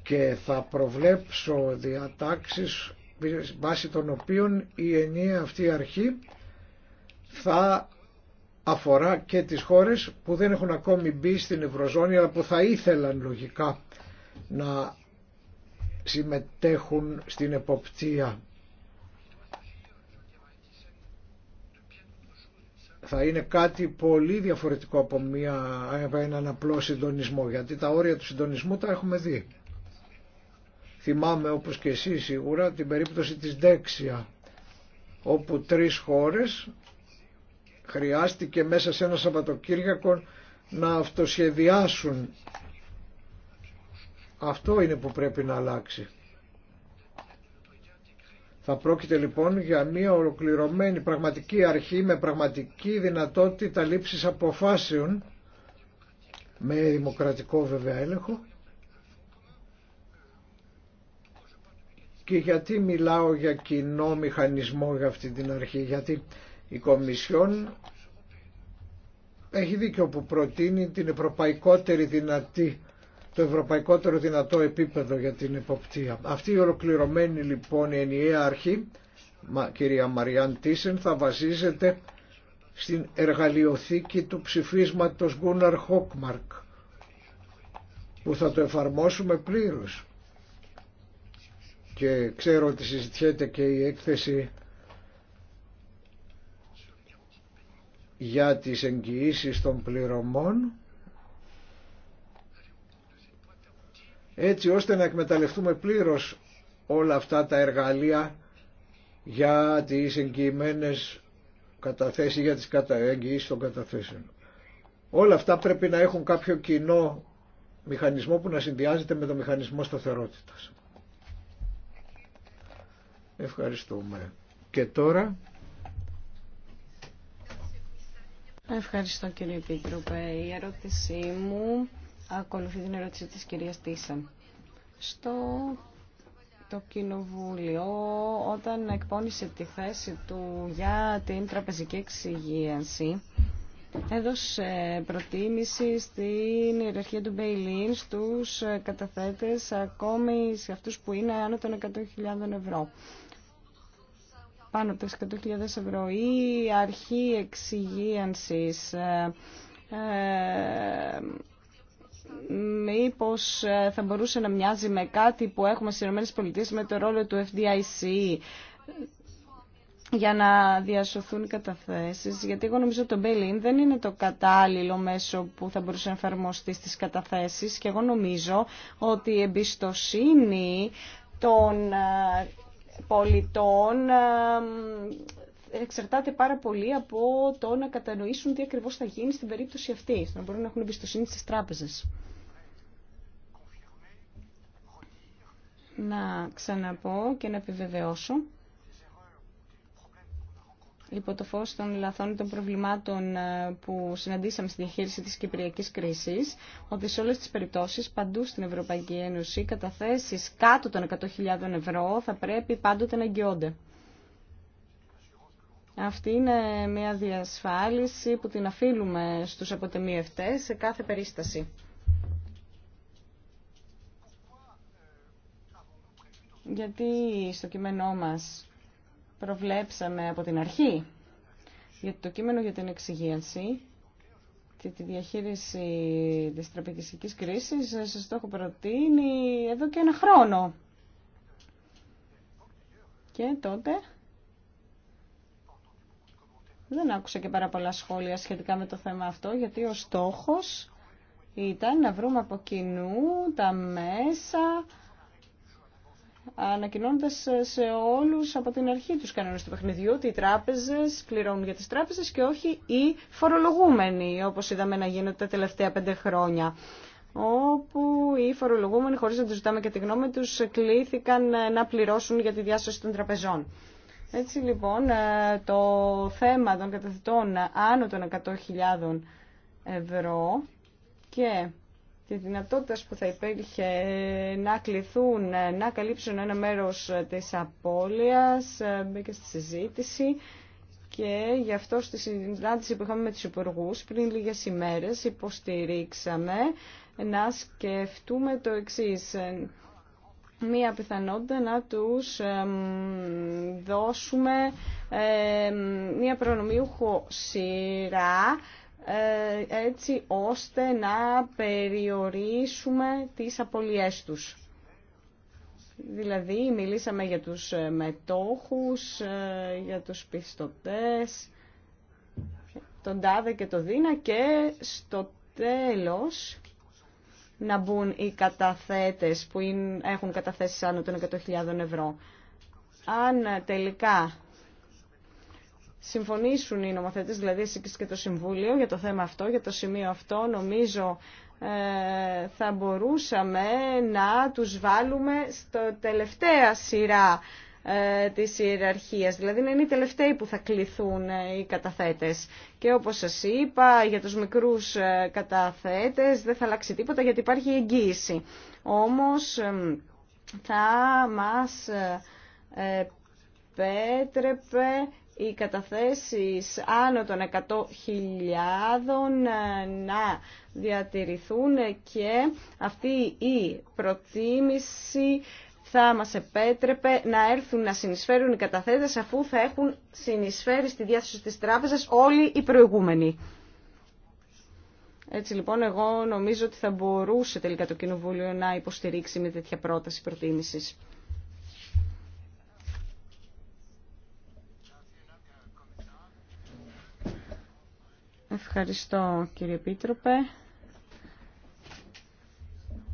Και θα προβλέψω διατάξεις βάσει των οποίων η ενία αυτή αρχή θα αφορά και τις χώρες που δεν έχουν ακόμη μπει στην Ευρωζώνη αλλά που θα ήθελαν λογικά να συμμετέχουν στην εποπτεία θα είναι κάτι πολύ διαφορετικό από μια, έναν απλό συντονισμό γιατί τα όρια του συντονισμού τα έχουμε δει. Θυμάμαι όπως και εσύ σίγουρα την περίπτωση της Δέξια όπου τρεις χώρες χρειάστηκε μέσα σε ένα Σαββατοκύριακο να αυτοσχεδιάσουν. Αυτό είναι που πρέπει να αλλάξει. Θα πρόκειται λοιπόν για μια ολοκληρωμένη πραγματική αρχή με πραγματική δυνατότητα λήψης αποφάσεων με δημοκρατικό βέβαια έλεγχο και γιατί μιλάω για κοινό μηχανισμό για αυτή την αρχή γιατί η Κομισιόν έχει δίκιο που προτείνει την ευρωπαϊκότερη δυνατή το ευρωπαϊκότερο δυνατό επίπεδο για την εποπτεία. Αυτή η ολοκληρωμένη λοιπόν η ενιαία αρχή, κυρία Μαριάν Τίσεν, θα βασίζεται στην εργαλειοθήκη του ψηφίσματος Γκούναρ Χόκμαρκ που θα το εφαρμόσουμε πλήρως. Και ξέρω ότι συζητιέται και η έκθεση για τις εγγυήσεις των πληρωμών έτσι ώστε να εκμεταλλευτούμε πλήρως όλα αυτά τα εργαλεία για τις εγγυημένες καταθέσεις, για τις εγγυήσεις των καταθέσεων. Όλα αυτά πρέπει να έχουν κάποιο κοινό μηχανισμό που να συνδυάζεται με το μηχανισμό σταθερότητας. Ευχαριστούμε. Και τώρα... Ευχαριστώ κύριε Επίτροπε. Η ερώτησή μου Ακολουθεί την ερώτηση της κυρίας Τίσαν. Στο το Κοινοβούλιο όταν εκπώνησε τη θέση του για την τραπεζική εξυγίανση έδωσε προτίμηση στην ιεραρχία του Μπέιλιν στους καταθέτες ακόμη σε αυτούς που είναι άνω των 100.000 ευρώ. Πάνω από τα 100.000 ευρώ η αρχή εξυγίανσης ε, ε, μήπως ε, θα μπορούσε να μοιάζει με κάτι που έχουμε στις ΗΠΑ με το ρόλο του FDIC για να διασωθούν οι καταθέσεις, γιατί εγώ νομίζω το Μπελίν δεν είναι το κατάλληλο μέσο που θα μπορούσε να εφαρμοστεί στις καταθέσεις και εγώ νομίζω ότι η εμπιστοσύνη των ε, πολιτών ε, εξαρτάται πάρα πολύ από το να κατανοήσουν τι ακριβώς θα γίνει στην περίπτωση αυτή, να μπορούν να έχουν εμπιστοσύνη στις τράπεζες. Να ξαναπώ και να επιβεβαιώσω υπό το φως των λαθών των προβλημάτων ε, που συναντήσαμε στη διαχείριση της κυπριακής κρίσης, ότι σε όλες τις περιπτώσεις παντού στην Ευρωπαϊκή Ένωση καταθέσεις κάτω των 100.000 ευρώ θα πρέπει πάντοτε να εγγυώνται. Αυτή είναι μια διασφάλιση που την αφήλουμε στους αποτεμιευτές σε κάθε περίσταση. Γιατί στο κείμενό μας προβλέψαμε από την αρχή γιατί το κείμενο για την εξυγίανση και τη διαχείριση της τραπεζικής κρίσης σας το έχω προτείνει εδώ και ένα χρόνο. Και τότε δεν άκουσα και πάρα πολλά σχόλια σχετικά με το θέμα αυτό, γιατί ο στόχος ήταν να βρούμε από κοινού τα μέσα ανακοινώνοντα σε όλους από την αρχή του κανόνε του παιχνιδιού ότι οι τράπεζες πληρώνουν για τις τράπεζες και όχι οι φορολογούμενοι, όπως είδαμε να γίνονται τα τελευταία πέντε χρόνια. Όπου οι φορολογούμενοι, χωρίς να τους ζητάμε και τη γνώμη του, κλήθηκαν να πληρώσουν για τη διάσωση των τραπεζών. Έτσι λοιπόν ε, το θέμα των καταθετών άνω των 100.000 ευρώ και τη δυνατότητα που θα υπήρχε να κληθούν ε, να καλύψουν ένα μέρος της απώλειας ε, μπήκε στη συζήτηση και γι' αυτό στη συνάντηση που είχαμε με τους υπουργού πριν λίγες ημέρες υποστηρίξαμε να σκεφτούμε το εξής μία πιθανότητα να τους δώσουμε μία προνομιούχο σειρά ε, έτσι ώστε να περιορίσουμε τις απολιές τους. Δηλαδή μιλήσαμε για τους ε, μετόχους, ε, για τους πιστωτές, τον τάδε και το δίνα και στο τέλος να μπουν οι καταθέτες που έχουν καταθέσει άνω των 100.000 ευρώ. Αν τελικά συμφωνήσουν οι νομοθέτες, δηλαδή εσείς και το Συμβούλιο για το θέμα αυτό, για το σημείο αυτό, νομίζω ε, θα μπορούσαμε να τους βάλουμε στο τελευταία σειρά ε, της ιεραρχίας. Δηλαδή να είναι οι τελευταίοι που θα κληθούν ε, οι καταθέτες. Και όπως σας είπα, για τους μικρούς ε, καταθέτες δεν θα αλλάξει τίποτα γιατί υπάρχει εγγύηση. Όμως θα μας πέτρεπε οι καταθέσεις άνω των 100.000 να διατηρηθούν και αυτή η προτίμηση θα μας επέτρεπε να έρθουν να συνεισφέρουν οι καταθέτες αφού θα έχουν συνεισφέρει στη διάθεση της τράπεζας όλοι οι προηγούμενοι. Έτσι λοιπόν εγώ νομίζω ότι θα μπορούσε τελικά το Κοινοβούλιο να υποστηρίξει με τέτοια πρόταση προτίμησης. Ευχαριστώ κύριε Επίτροπε.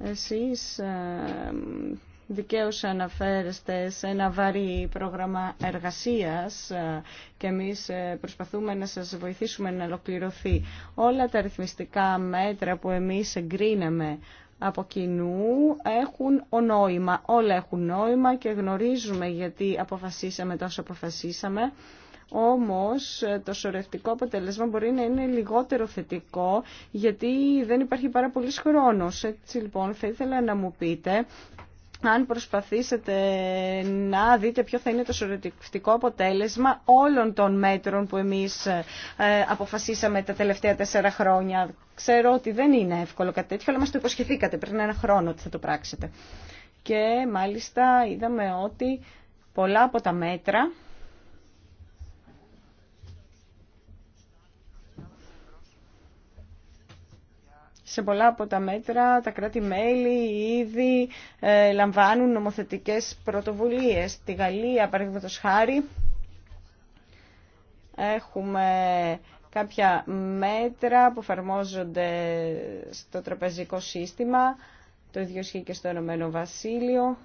Εσείς ε, Δικαίως αναφέρεστε σε ένα βαρύ πρόγραμμα εργασίας ε, και εμείς ε, προσπαθούμε να σας βοηθήσουμε να ολοκληρωθεί όλα τα αριθμιστικά μέτρα που εμείς εγκρίναμε από κοινού έχουν νόημα. Όλα έχουν νόημα και γνωρίζουμε γιατί αποφασίσαμε τόσο αποφασίσαμε. Όμως ε, το σωρευτικό αποτέλεσμα μπορεί να είναι λιγότερο θετικό γιατί δεν υπάρχει πάρα πολύς χρόνος. Έτσι λοιπόν θα ήθελα να μου πείτε αν προσπαθήσετε να δείτε ποιο θα είναι το σωρευτικό αποτέλεσμα όλων των μέτρων που εμείς ε, αποφασίσαμε τα τελευταία τέσσερα χρόνια. Ξέρω ότι δεν είναι εύκολο κάτι τέτοιο, αλλά μας το υποσχεθήκατε πριν ένα χρόνο ότι θα το πράξετε. Και μάλιστα είδαμε ότι πολλά από τα μέτρα σε πολλά από τα μέτρα τα κράτη-μέλη ήδη ε, λαμβάνουν νομοθετικές πρωτοβουλίες. Στη Γαλλία, παραδείγματο χάρη, έχουμε κάποια μέτρα που εφαρμόζονται στο τραπεζικό σύστημα, το ίδιο ισχύει και στο Ενωμένο Βασίλειο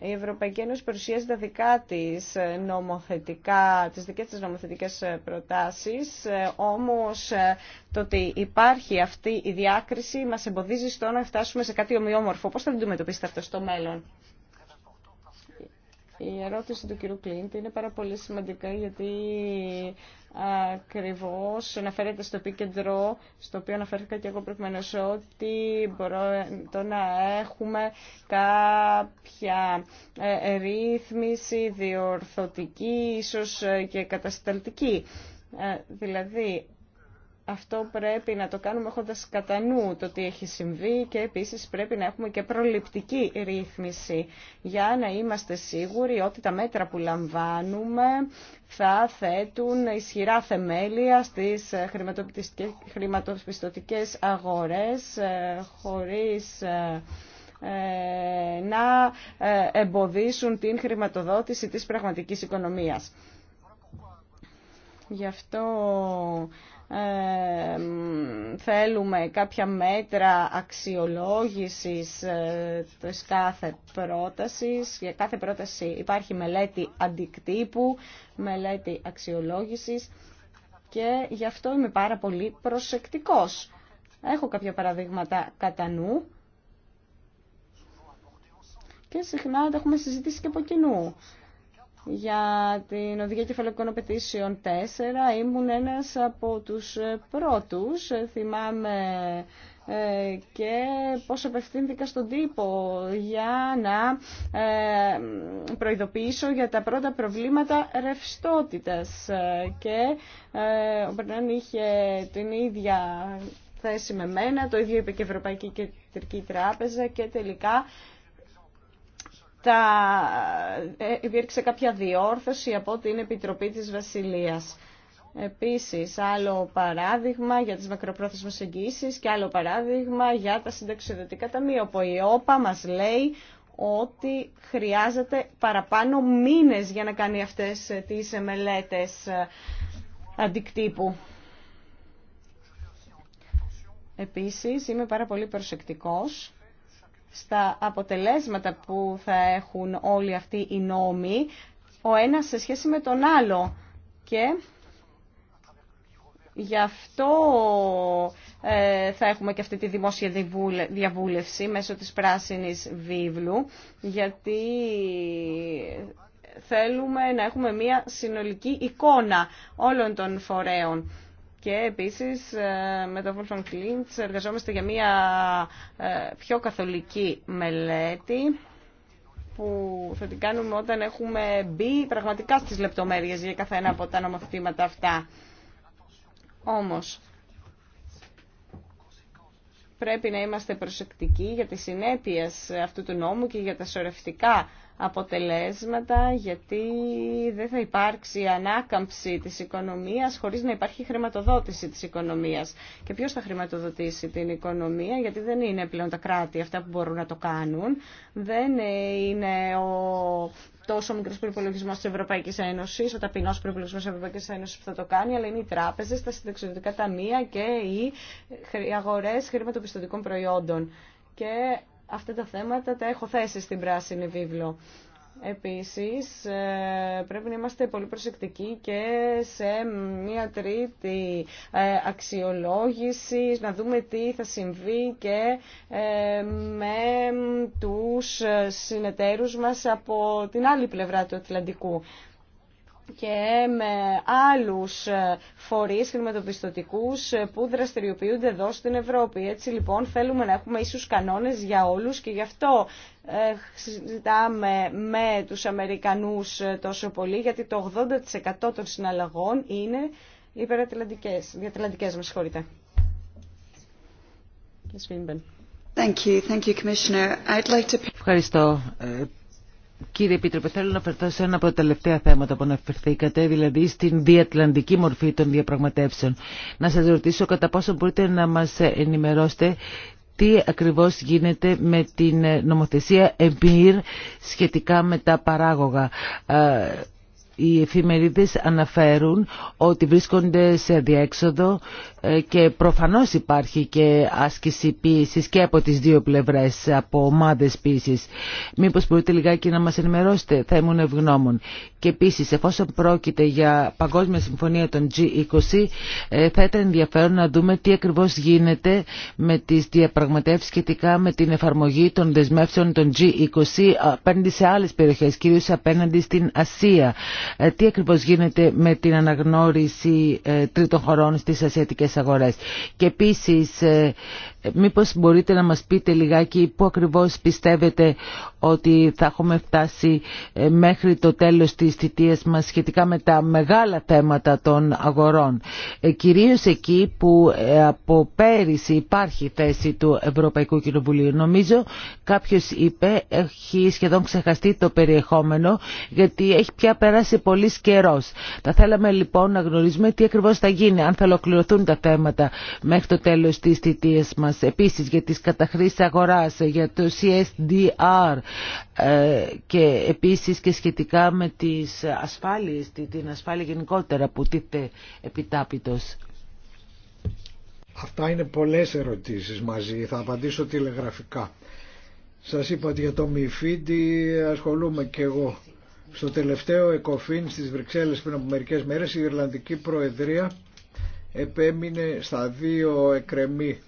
η Ευρωπαϊκή Ένωση παρουσιάζει τα δικά της νομοθετικά, τις δικές της νομοθετικές ε, προτάσεις, ε, όμως ε, το ότι υπάρχει αυτή η διάκριση μας εμποδίζει στο να φτάσουμε σε κάτι ομοιόμορφο. Πώς θα αντιμετωπίσετε αυτό στο μέλλον. Η ερώτηση του κυρίου Κλίντ είναι πάρα πολύ σημαντικά γιατί ακριβώ αναφέρεται στο επίκεντρο στο οποίο αναφέρθηκα και εγώ προηγουμένω ότι μπορώ το να έχουμε κάποια ε, ρύθμιση διορθωτική ίσως και κατασταλτική. Ε, δηλαδή αυτό πρέπει να το κάνουμε έχοντας κατά νου το τι έχει συμβεί και επίσης πρέπει να έχουμε και προληπτική ρύθμιση για να είμαστε σίγουροι ότι τα μέτρα που λαμβάνουμε θα θέτουν ισχυρά θεμέλια στις χρηματοπιστωτικές αγορές ε, χωρίς ε, ε, να εμποδίσουν την χρηματοδότηση της πραγματικής οικονομίας. Γι' Ε, θέλουμε κάποια μέτρα αξιολόγησης ε, της κάθε πρότασης. Για κάθε πρόταση υπάρχει μελέτη αντικτύπου, μελέτη αξιολόγησης και γι' αυτό είμαι πάρα πολύ προσεκτικός. Έχω κάποια παραδείγματα κατά νου και συχνά τα έχουμε συζητήσει και από κοινού για την οδηγία κεφαλαϊκών απαιτήσεων 4 ήμουν ένας από τους πρώτους, θυμάμαι ε, και πώς απευθύνθηκα στον τύπο για να ε, προειδοποιήσω για τα πρώτα προβλήματα ρευστότητα ε, και ο Μπερνάν είχε την ίδια θέση με μένα, το ίδιο είπε και η Ευρωπαϊκή Κεντρική Τράπεζα και τελικά τα... Ε, υπήρξε κάποια διόρθωση από την Επιτροπή της Βασιλείας. Επίσης, άλλο παράδειγμα για τις μακροπρόθεσμες εγγύσεις και άλλο παράδειγμα για τα συνταξιδοτικά ταμεία, όπου η ΟΠΑ μας λέει ότι χρειάζεται παραπάνω μήνες για να κάνει αυτές τις μελέτες αντικτύπου. Επίσης, είμαι πάρα πολύ προσεκτικός στα αποτελέσματα που θα έχουν όλοι αυτοί οι νόμοι, ο ένας σε σχέση με τον άλλο. Και Γι' αυτό ε, θα έχουμε και αυτή τη δημόσια διαβούλευση μέσω της πράσινης βίβλου, γιατί θέλουμε να έχουμε μία συνολική εικόνα όλων των φορέων. Και επίση, ε, με το Wolfgang Klintz εργαζόμαστε για μια ε, πιο καθολική μελέτη που θα την κάνουμε όταν έχουμε μπει πραγματικά στις λεπτομέρειες για καθένα από τα νομοθετήματα αυτά. Όμως, πρέπει να είμαστε προσεκτικοί για τις συνέπειες αυτού του νόμου και για τα σωρευτικά αποτελέσματα γιατί δεν θα υπάρξει ανάκαμψη της οικονομίας χωρίς να υπάρχει χρηματοδότηση της οικονομίας. Και ποιος θα χρηματοδοτήσει την οικονομία γιατί δεν είναι πλέον τα κράτη αυτά που μπορούν να το κάνουν. Δεν είναι ο τόσο μικρό προπολογισμό τη Ευρωπαϊκή Ένωση, ο ταπεινό προπολογισμό τη Ευρωπαϊκή Ένωση που θα το κάνει, αλλά είναι οι τράπεζε, τα συνταξιδοτικά ταμεία και οι αγορέ χρηματοπιστωτικών προϊόντων. Και Αυτά τα θέματα τα έχω θέσει στην πράσινη βίβλο. Επίσης, ε, πρέπει να είμαστε πολύ προσεκτικοί και σε μία τρίτη ε, αξιολόγηση, να δούμε τι θα συμβεί και ε, με τους συνεταίρους μας από την άλλη πλευρά του Ατλαντικού και με άλλους ε, φορείς χρηματοπιστωτικούς ε, που δραστηριοποιούνται εδώ στην Ευρώπη. Έτσι λοιπόν θέλουμε να έχουμε ίσους κανόνες για όλους και γι' αυτό ε, συζητάμε με τους Αμερικανούς τόσο πολύ γιατί το 80% των συναλλαγών είναι υπερατλαντικές, διατλαντικές με συγχωρείτε. Thank you. Thank you, Commissioner. I'd like to... Ευχαριστώ. Κύριε Επίτροπε, θέλω να φερθώ σε ένα από τα τελευταία θέματα που αναφερθήκατε, δηλαδή στην διατλαντική μορφή των διαπραγματεύσεων. Να σας ρωτήσω κατά πόσο μπορείτε να μας ενημερώσετε τι ακριβώς γίνεται με την νομοθεσία ΕΜΠΗΡ σχετικά με τα παράγωγα. Ε, οι εφημερίδες αναφέρουν ότι βρίσκονται σε διέξοδο ε, και προφανώς υπάρχει και άσκηση ποιησης και από τις δύο πλευρές, από ομάδες ποιησης. Μήπως μπορείτε λιγάκι να μας ενημερώσετε, θα ήμουν ευγνώμων. Και επίσης, εφόσον πρόκειται για Παγκόσμια Συμφωνία των G20, ε, θα ήταν ενδιαφέρον να δούμε τι ακριβώς γίνεται με τις διαπραγματεύσεις σχετικά με την εφαρμογή των δεσμεύσεων των G20 απέναντι σε άλλες περιοχές, κυρίως απέναντι στην Ασία. Ε, τι ακριβώς γίνεται με την αναγνώριση τρίτων χωρών στις ασιατικές αγορές. Και επίσης ε, Μήπως μπορείτε να μας πείτε λιγάκι πού ακριβώς πιστεύετε ότι θα έχουμε φτάσει ε, μέχρι το τέλος της θητείας μας σχετικά με τα μεγάλα θέματα των αγορών. Ε, κυρίως εκεί που ε, από πέρυσι υπάρχει θέση του Ευρωπαϊκού Κοινοβουλίου. Νομίζω κάποιος είπε έχει σχεδόν ξεχαστεί το περιεχόμενο γιατί έχει πια περάσει πολύ καιρό. Θα θέλαμε λοιπόν να γνωρίζουμε τι ακριβώς θα γίνει αν θα ολοκληρωθούν τα θέματα μέχρι το τέλος της θητείας μας μας επίσης για τις καταχρήσεις αγοράς, για το CSDR ε, και επίσης και σχετικά με τις ασφάλειες, την ασφάλεια γενικότερα που τίθεται επιτάπητος. Αυτά είναι πολλές ερωτήσεις μαζί, θα απαντήσω τηλεγραφικά. Σας είπα ότι για το Μιφίντι ασχολούμαι και εγώ. Στο τελευταίο ΕΚΟΦΗΝ στις Βρυξέλλες πριν από μερικές μέρες η Ιρλανδική Προεδρία επέμεινε στα δύο εκρεμή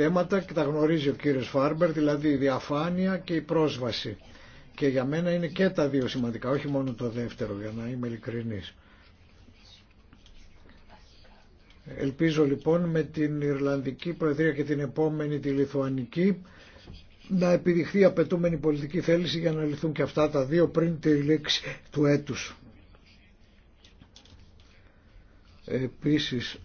θέματα και τα γνωρίζει ο κύριος Φάρμπερ, δηλαδή η διαφάνεια και η πρόσβαση. Και για μένα είναι και τα δύο σημαντικά, όχι μόνο το δεύτερο, για να είμαι ειλικρινής. Ελπίζω λοιπόν με την Ιρλανδική Προεδρία και την επόμενη τη Λιθουανική να επιδειχθεί απαιτούμενη πολιτική θέληση για να λυθούν και αυτά τα δύο πριν τη λήξη του έτους. Επίσης,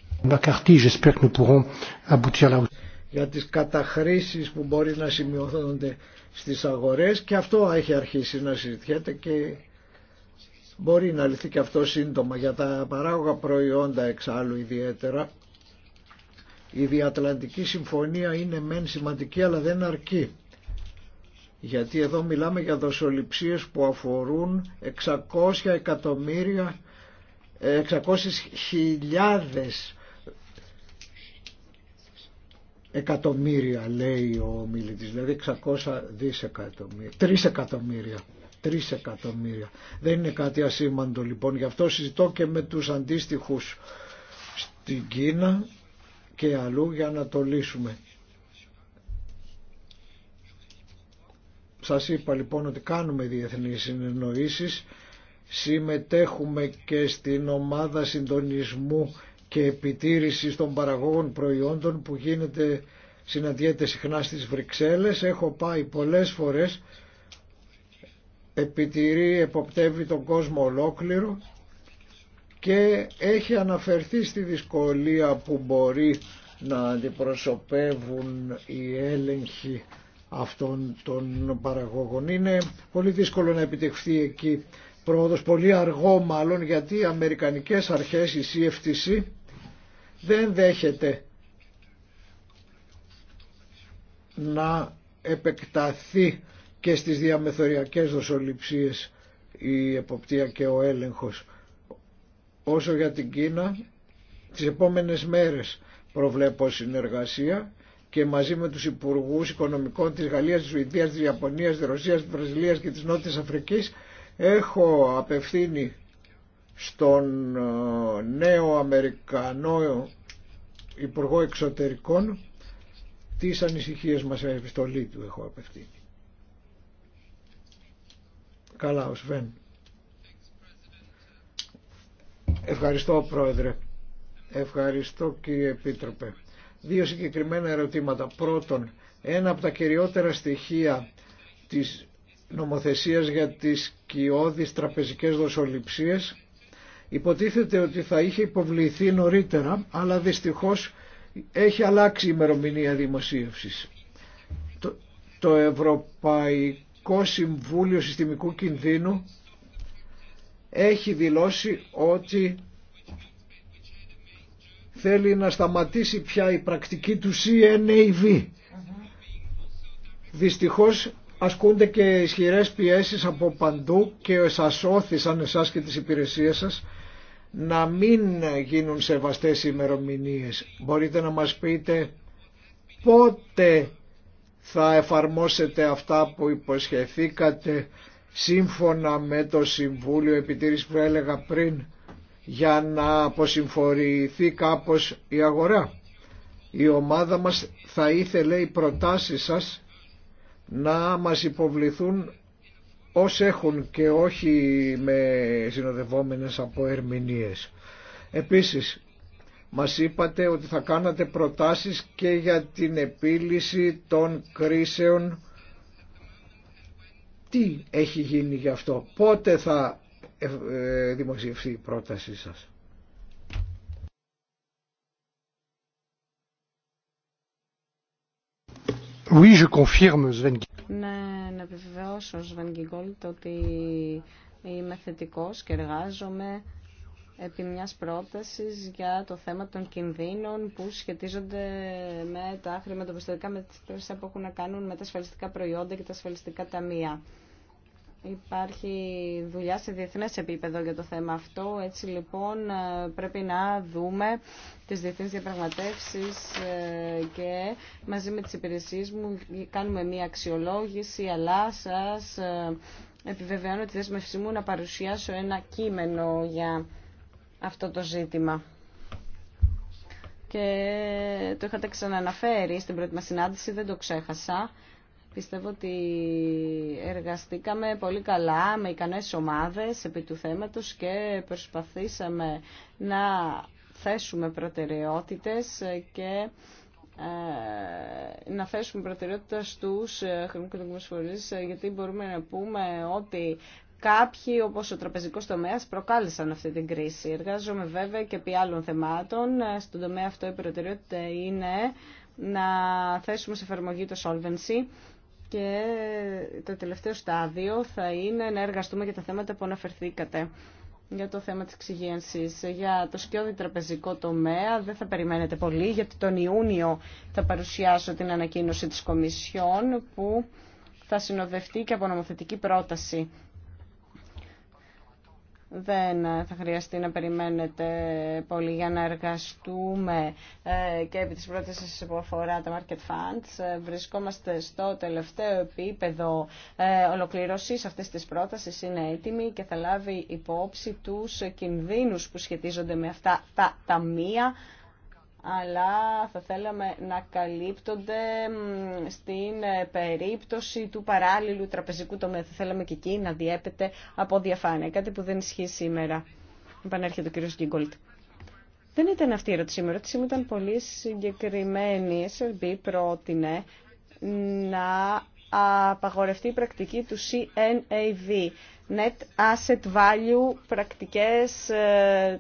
για τις καταχρήσεις που μπορεί να σημειώνονται στις αγορές και αυτό έχει αρχίσει να συζητιέται και μπορεί να λυθεί και αυτό σύντομα για τα παράγωγα προϊόντα εξάλλου ιδιαίτερα. Η Διατλαντική Συμφωνία είναι μεν σημαντική αλλά δεν αρκεί. Γιατί εδώ μιλάμε για δοσοληψίες που αφορούν 600 εκατομμύρια, 600 χιλιάδες εκατομμύρια λέει ο ομιλητής, δηλαδή 600 δισεκατομμύρια, 3 εκατομμύρια. εκατομμύρια. Δεν είναι κάτι ασήμαντο λοιπόν. Γι' αυτό συζητώ και με τους αντίστοιχους στην Κίνα και αλλού για να το λύσουμε. Σας είπα λοιπόν ότι κάνουμε διεθνείς συνεννοήσεις συμμετέχουμε και στην ομάδα συντονισμού και επιτήρηση των παραγόγων προϊόντων που γίνεται, συναντιέται συχνά στις Βρυξέλλες. Έχω πάει πολλές φορές, επιτηρεί, εποπτεύει τον κόσμο ολόκληρο και έχει αναφερθεί στη δυσκολία που μπορεί να αντιπροσωπεύουν οι έλεγχοι αυτών των παραγωγών. Είναι πολύ δύσκολο να επιτευχθεί εκεί πρόοδος, πολύ αργό μάλλον γιατί οι Αμερικανικές αρχές, η CFTC, δεν δέχεται να επεκταθεί και στις διαμεθοριακές δοσοληψίες η εποπτεία και ο έλεγχος. Όσο για την Κίνα, τις επόμενες μέρες προβλέπω συνεργασία και μαζί με τους Υπουργούς Οικονομικών της Γαλλίας, της Σουηδίας, της Ιαπωνίας, της Ρωσίας, της Βραζιλίας και της Νότιας Αφρικής έχω απευθύνει στον ε, νέο Αμερικανό Υπουργό Εξωτερικών τις ανησυχίες μας, σε επιστολή του έχω απευθύνει. Καλά, ο Σβέν. Ευχαριστώ Πρόεδρε. Ευχαριστώ κύριε Επίτροπε. Δύο συγκεκριμένα ερωτήματα. Πρώτον, ένα από τα κυριότερα στοιχεία της νομοθεσίας για τις κοιόδεις τραπεζικές δοσοληψίες Υποτίθεται ότι θα είχε υποβληθεί νωρίτερα, αλλά δυστυχώς έχει αλλάξει η ημερομηνία δημοσίευσης. Το, Ευρωπαϊκό Συμβούλιο Συστημικού Κινδύνου έχει δηλώσει ότι θέλει να σταματήσει πια η πρακτική του CNAV. Δυστυχώς ασκούνται και ισχυρές πιέσεις από παντού και σας όθησαν εσάς και τις υπηρεσίες σας να μην γίνουν σεβαστές ημερομηνίες. Μπορείτε να μας πείτε πότε θα εφαρμόσετε αυτά που υποσχεθήκατε σύμφωνα με το Συμβούλιο Επιτήρησης που έλεγα πριν για να αποσυμφορηθεί κάπως η αγορά. Η ομάδα μας θα ήθελε οι προτάσεις σας να μας υποβληθούν ως έχουν και όχι με συνοδευόμενες από ερμηνείες. Επίσης, μας είπατε ότι θα κάνατε προτάσεις και για την επίλυση των κρίσεων. Τι έχει γίνει γι' αυτό, πότε θα ε, ε, δημοσιευθεί η πρότασή σας. Ναι, να επιβεβαιώσω, Σβεν Γιγκόλτ ότι είμαι θετικός και εργάζομαι επί μιας πρότασης για το θέμα των κινδύνων που σχετίζονται με τα χρηματοπιστωτικά μέτρα που έχουν να κάνουν με τα ασφαλιστικά προϊόντα και τα ασφαλιστικά ταμεία. Υπάρχει δουλειά σε διεθνές επίπεδο για το θέμα αυτό. Έτσι λοιπόν ε, πρέπει να δούμε τις διεθνείς διαπραγματεύσεις ε, και μαζί με τις υπηρεσίες μου κάνουμε μία αξιολόγηση, αλλά σας ε, επιβεβαιώνω τη δέσμευσή μου να παρουσιάσω ένα κείμενο για αυτό το ζήτημα. Και το είχατε ξαναναφέρει στην πρώτη μας συνάντηση, δεν το ξέχασα. Πιστεύω ότι εργαστήκαμε πολύ καλά με ικανές ομάδες επί του θέματος και προσπαθήσαμε να θέσουμε προτεραιότητες και ε, να θέσουμε προτεραιότητα στους ε, χρονικούς φορείς ε, γιατί μπορούμε να πούμε ότι κάποιοι όπως ο τραπεζικός τομέας προκάλεσαν αυτή την κρίση. Εργάζομαι βέβαια και επί άλλων θεμάτων. Στον τομέα αυτό η προτεραιότητα είναι να θέσουμε σε εφαρμογή το solvency και το τελευταίο στάδιο θα είναι να εργαστούμε για τα θέματα που αναφερθήκατε για το θέμα της εξυγένσης. Για το σκιώδη τραπεζικό τομέα δεν θα περιμένετε πολύ, γιατί τον Ιούνιο θα παρουσιάσω την ανακοίνωση της Κομισιόν που θα συνοδευτεί και από νομοθετική πρόταση δεν θα χρειαστεί να περιμένετε πολύ για να εργαστούμε ε, και επί της πρότασης που αφορά τα market funds. Ε, βρισκόμαστε στο τελευταίο επίπεδο ε, ολοκληρωσής αυτής της πρότασης. Είναι έτοιμη και θα λάβει υπόψη τους κινδύνους που σχετίζονται με αυτά τα ταμεία αλλά θα θέλαμε να καλύπτονται στην ε, περίπτωση του παράλληλου τραπεζικού τομέα. Θα θέλαμε και εκεί να διέπεται από διαφάνεια, κάτι που δεν ισχύει σήμερα. Επανέρχεται ο κύριος Γκίγκολτ. Δεν ήταν αυτή η ερώτησή μου. Η ερώτησή μου ήταν πολύ συγκεκριμένη. Η SRB πρότεινε να απαγορευτεί η πρακτική του CNAV, Net Asset Value, πρακτικές ε,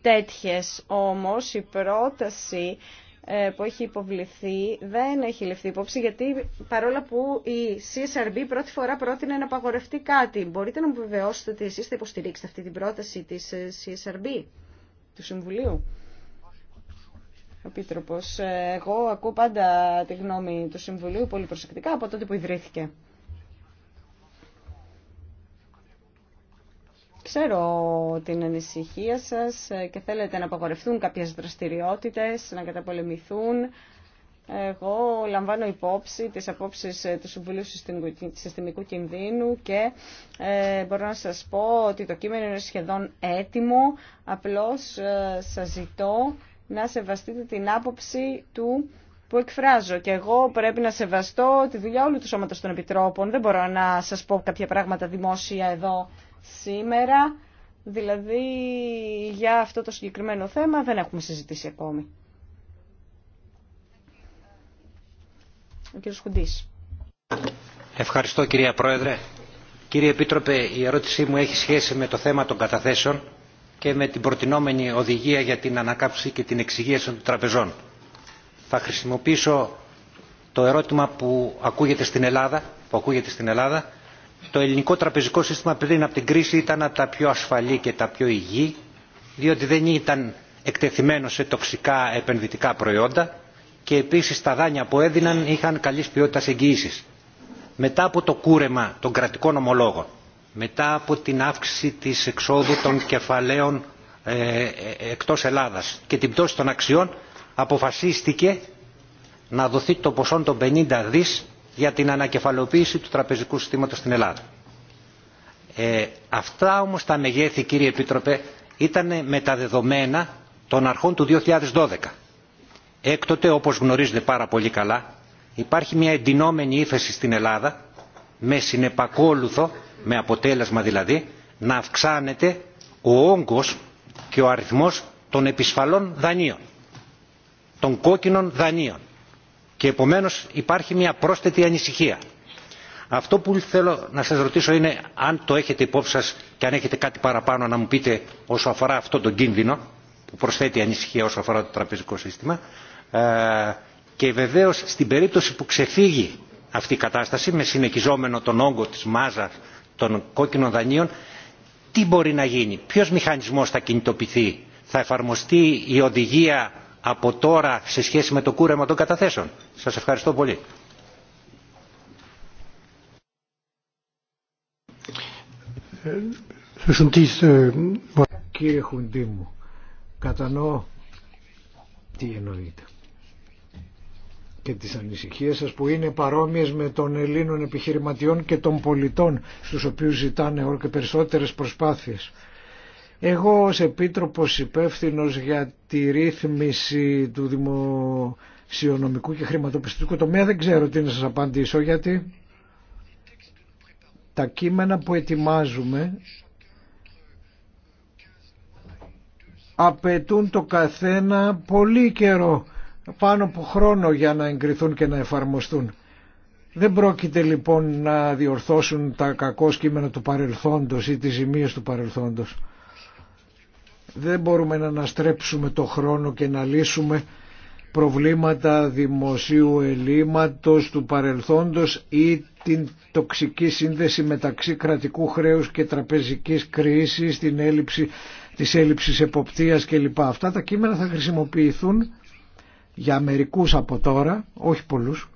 τέτοιες. Όμως η πρόταση ε, που έχει υποβληθεί δεν έχει ληφθεί υπόψη γιατί παρόλα που η CSRB πρώτη φορά πρότεινε να απαγορευτεί κάτι. Μπορείτε να μου βεβαιώσετε ότι εσείς θα υποστηρίξετε αυτή την πρόταση της ε, CSRB του Συμβουλίου. Επίτροπος, ε, εγώ ακούω πάντα τη γνώμη του Συμβουλίου πολύ προσεκτικά από τότε που ιδρύθηκε. Ξέρω την ανησυχία σας και θέλετε να απαγορευτούν κάποιες δραστηριότητες, να καταπολεμηθούν. Εγώ λαμβάνω υπόψη τις απόψεις του Συμβουλίου Συστημικού Κινδύνου και ε, μπορώ να σας πω ότι το κείμενο είναι σχεδόν έτοιμο. Απλώς ε, σας ζητώ να σεβαστείτε την άποψη του που εκφράζω. Και εγώ πρέπει να σεβαστώ τη δουλειά όλου του Σώματος των Επιτρόπων. Δεν μπορώ να σας πω κάποια πράγματα δημόσια εδώ σήμερα, δηλαδή για αυτό το συγκεκριμένο θέμα δεν έχουμε συζητήσει ακόμη. Ο κύριος Χουντής. Ευχαριστώ κυρία Πρόεδρε. Κύριε Επίτροπε, η ερώτησή μου έχει σχέση με το θέμα των καταθέσεων και με την προτινόμενη οδηγία για την ανακάψη και την εξυγίαση των τραπεζών. Θα χρησιμοποιήσω το ερώτημα που ακούγεται στην Ελλάδα, που ακούγεται στην Ελλάδα το ελληνικό τραπεζικό σύστημα πριν από την κρίση ήταν από τα πιο ασφαλή και τα πιο υγιή διότι δεν ήταν εκτεθειμένο σε τοξικά επενδυτικά προϊόντα και επίσης τα δάνεια που έδιναν είχαν καλή ποιότητα εγγύησει Μετά από το κούρεμα των κρατικών ομολόγων, μετά από την αύξηση της εξόδου των κεφαλαίων ε, ε εκτός Ελλάδας και την πτώση των αξιών αποφασίστηκε να δοθεί το ποσό των 50 δις για την ανακεφαλοποίηση του τραπεζικού συστήματος στην Ελλάδα. Ε, αυτά όμως τα μεγέθη κύριε Επίτροπε ήταν με τα δεδομένα των αρχών του 2012. Έκτοτε όπως γνωρίζετε πάρα πολύ καλά υπάρχει μια εντυνόμενη ύφεση στην Ελλάδα με συνεπακόλουθο, με αποτέλεσμα δηλαδή, να αυξάνεται ο όγκος και ο αριθμός των επισφαλών δανείων, των κόκκινων δανείων και επομένως υπάρχει μια πρόσθετη ανησυχία. Αυτό που θέλω να σας ρωτήσω είναι αν το έχετε υπόψη σας και αν έχετε κάτι παραπάνω να μου πείτε όσο αφορά αυτό τον κίνδυνο που προσθέτει ανησυχία όσο αφορά το τραπεζικό σύστημα ε, και βεβαίως στην περίπτωση που ξεφύγει αυτή η κατάσταση με συνεχιζόμενο τον όγκο της Μάζα, των κόκκινων δανείων τι μπορεί να γίνει, ποιος μηχανισμός θα κινητοποιηθεί, θα εφαρμοστεί η οδηγία από τώρα σε σχέση με το κούρεμα των καταθέσεων. Σας ευχαριστώ πολύ. Κύριε Χουντή μου, κατανοώ τι εννοείται και τις ανησυχίες σας που είναι παρόμοιες με των Ελλήνων επιχειρηματιών και των πολιτών στους οποίους ζητάνε όλο και περισσότερες προσπάθειες. Εγώ ως Επίτροπος υπεύθυνος για τη ρύθμιση του δημοσιονομικού και χρηματοπιστικού τομέα δεν ξέρω τι να σας απαντήσω γιατί τα κείμενα που ετοιμάζουμε απαιτούν το καθένα πολύ καιρό, πάνω από χρόνο για να εγκριθούν και να εφαρμοστούν. Δεν πρόκειται λοιπόν να διορθώσουν τα κακό κείμενα του παρελθόντος ή τις ζημίες του παρελθόντος. Δεν μπορούμε να αναστρέψουμε το χρόνο και να λύσουμε προβλήματα δημοσίου ελλείμματος του παρελθόντος ή την τοξική σύνδεση μεταξύ κρατικού χρέους και τραπεζικής κρίσης, την έλλειψη, της έλλειψης εποπτείας κλπ. Αυτά τα κείμενα θα χρησιμοποιηθούν για μερικούς από τώρα, όχι πολλούς,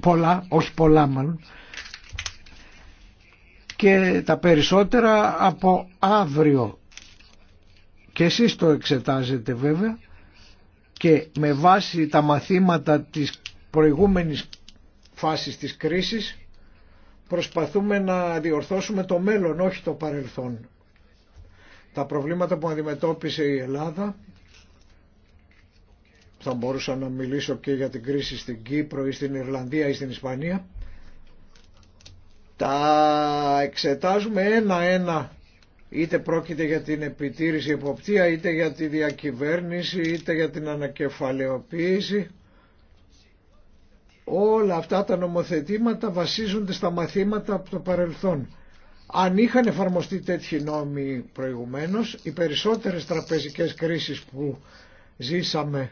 πολλά, όχι πολλά μάλλον, και τα περισσότερα από αύριο και εσείς το εξετάζετε βέβαια και με βάση τα μαθήματα της προηγούμενης φάσης της κρίσης προσπαθούμε να διορθώσουμε το μέλλον, όχι το παρελθόν. Τα προβλήματα που αντιμετώπισε η Ελλάδα, θα μπορούσα να μιλήσω και για την κρίση στην Κύπρο ή στην Ιρλανδία ή στην Ισπανία, τα εξετάζουμε ένα-ένα είτε πρόκειται για την επιτήρηση εποπτεία, είτε για τη διακυβέρνηση, είτε για την ανακεφαλαιοποίηση. Όλα αυτά τα νομοθετήματα βασίζονται στα μαθήματα από το παρελθόν. Αν είχαν εφαρμοστεί τέτοιοι νόμοι προηγουμένως, οι περισσότερες τραπεζικές κρίσεις που ζήσαμε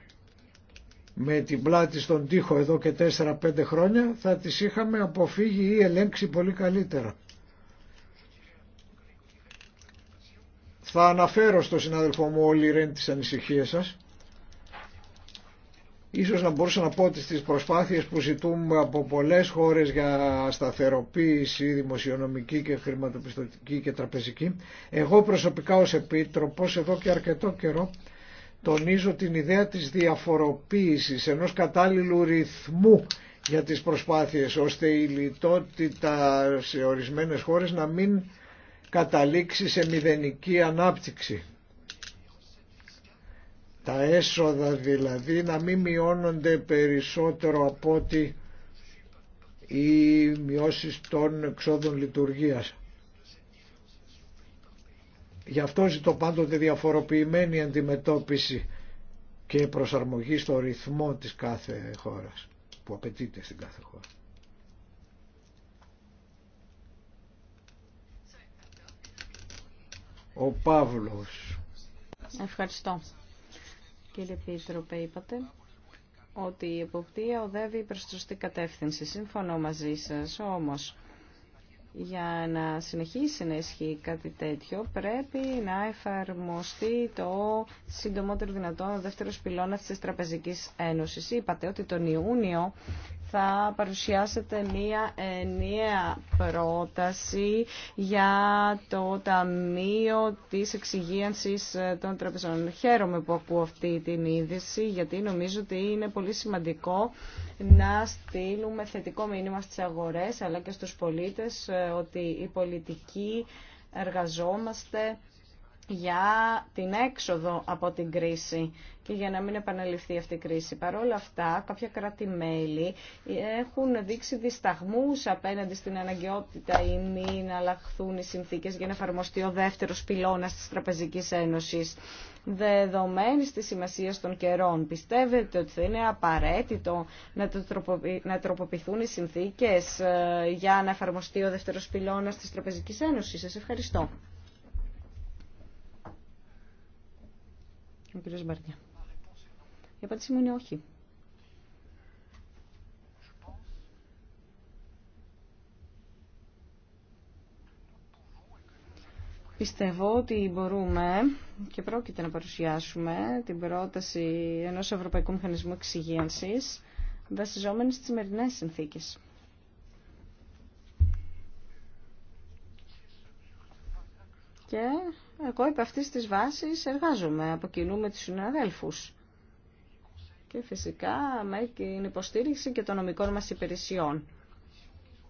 με την πλάτη στον τοίχο εδώ και 4-5 χρόνια θα τις είχαμε αποφύγει ή ελέγξει πολύ καλύτερα. Θα αναφέρω στον συνάδελφό μου όλοι ρεν τις ανησυχίες σας. Ίσως να μπορούσα να πω ότι στις προσπάθειες που ζητούμε από πολλές χώρες για σταθεροποίηση δημοσιονομική και χρηματοπιστωτική και τραπεζική, εγώ προσωπικά ως επίτροπος εδώ και αρκετό καιρό τονίζω την ιδέα της διαφοροποίησης ενός κατάλληλου ρυθμού για τις προσπάθειες ώστε η λιτότητα σε ορισμένες χώρες να μην καταλήξει σε μηδενική ανάπτυξη. Τα έσοδα δηλαδή να μην μειώνονται περισσότερο από ότι οι μειώσεις των εξόδων λειτουργίας. Γι' αυτό ζητώ πάντοτε διαφοροποιημένη αντιμετώπιση και προσαρμογή στο ρυθμό της κάθε χώρας που απαιτείται στην κάθε χώρα. Ο Παύλος. Ευχαριστώ. Κύριε Πίτροπε, είπατε ότι η εποπτεία οδεύει προς τη σωστή κατεύθυνση. Συμφωνώ μαζί σας, όμως για να συνεχίσει να ισχύει κάτι τέτοιο πρέπει να εφαρμοστεί το συντομότερο δυνατόν ο δεύτερος πυλώνας της Τραπεζικής Ένωσης. Είπατε ότι τον Ιούνιο θα παρουσιάσετε μία ενιαία πρόταση για το Ταμείο της Εξυγίανσης των Τραπεζών. Χαίρομαι που ακούω αυτή την είδηση, γιατί νομίζω ότι είναι πολύ σημαντικό να στείλουμε θετικό μήνυμα στις αγορές, αλλά και στους πολίτες, ότι οι πολιτικοί εργαζόμαστε για την έξοδο από την κρίση για να μην επαναληφθεί αυτή η κρίση. Παρ' όλα αυτά, κάποια κράτη-μέλη έχουν δείξει δισταγμού απέναντι στην αναγκαιότητα ή μη να αλλάχθουν οι συνθήκε για να εφαρμοστεί ο δεύτερο πυλώνας τη Τραπεζική Ένωση. Δεδομένη τη σημασία των καιρών, πιστεύετε ότι θα είναι απαραίτητο να τροποποιηθούν οι συνθήκες ε, για να εφαρμοστεί ο δεύτερο πυλώνας τη τραπεζική Ένωση. Σα ευχαριστώ. Ο κύριος Μπαρνιά. Η απάντηση μου είναι όχι. Πιστεύω ότι μπορούμε και πρόκειται να παρουσιάσουμε την πρόταση ενός Ευρωπαϊκού Μηχανισμού Εξυγίανσης βασιζόμενη στις σημερινές συνθήκες. Και εγώ επ' αυτής της βάσης εργάζομαι, αποκοινούμε τους συναδέλφους και φυσικά με την υποστήριξη και των νομικών μας υπηρεσιών.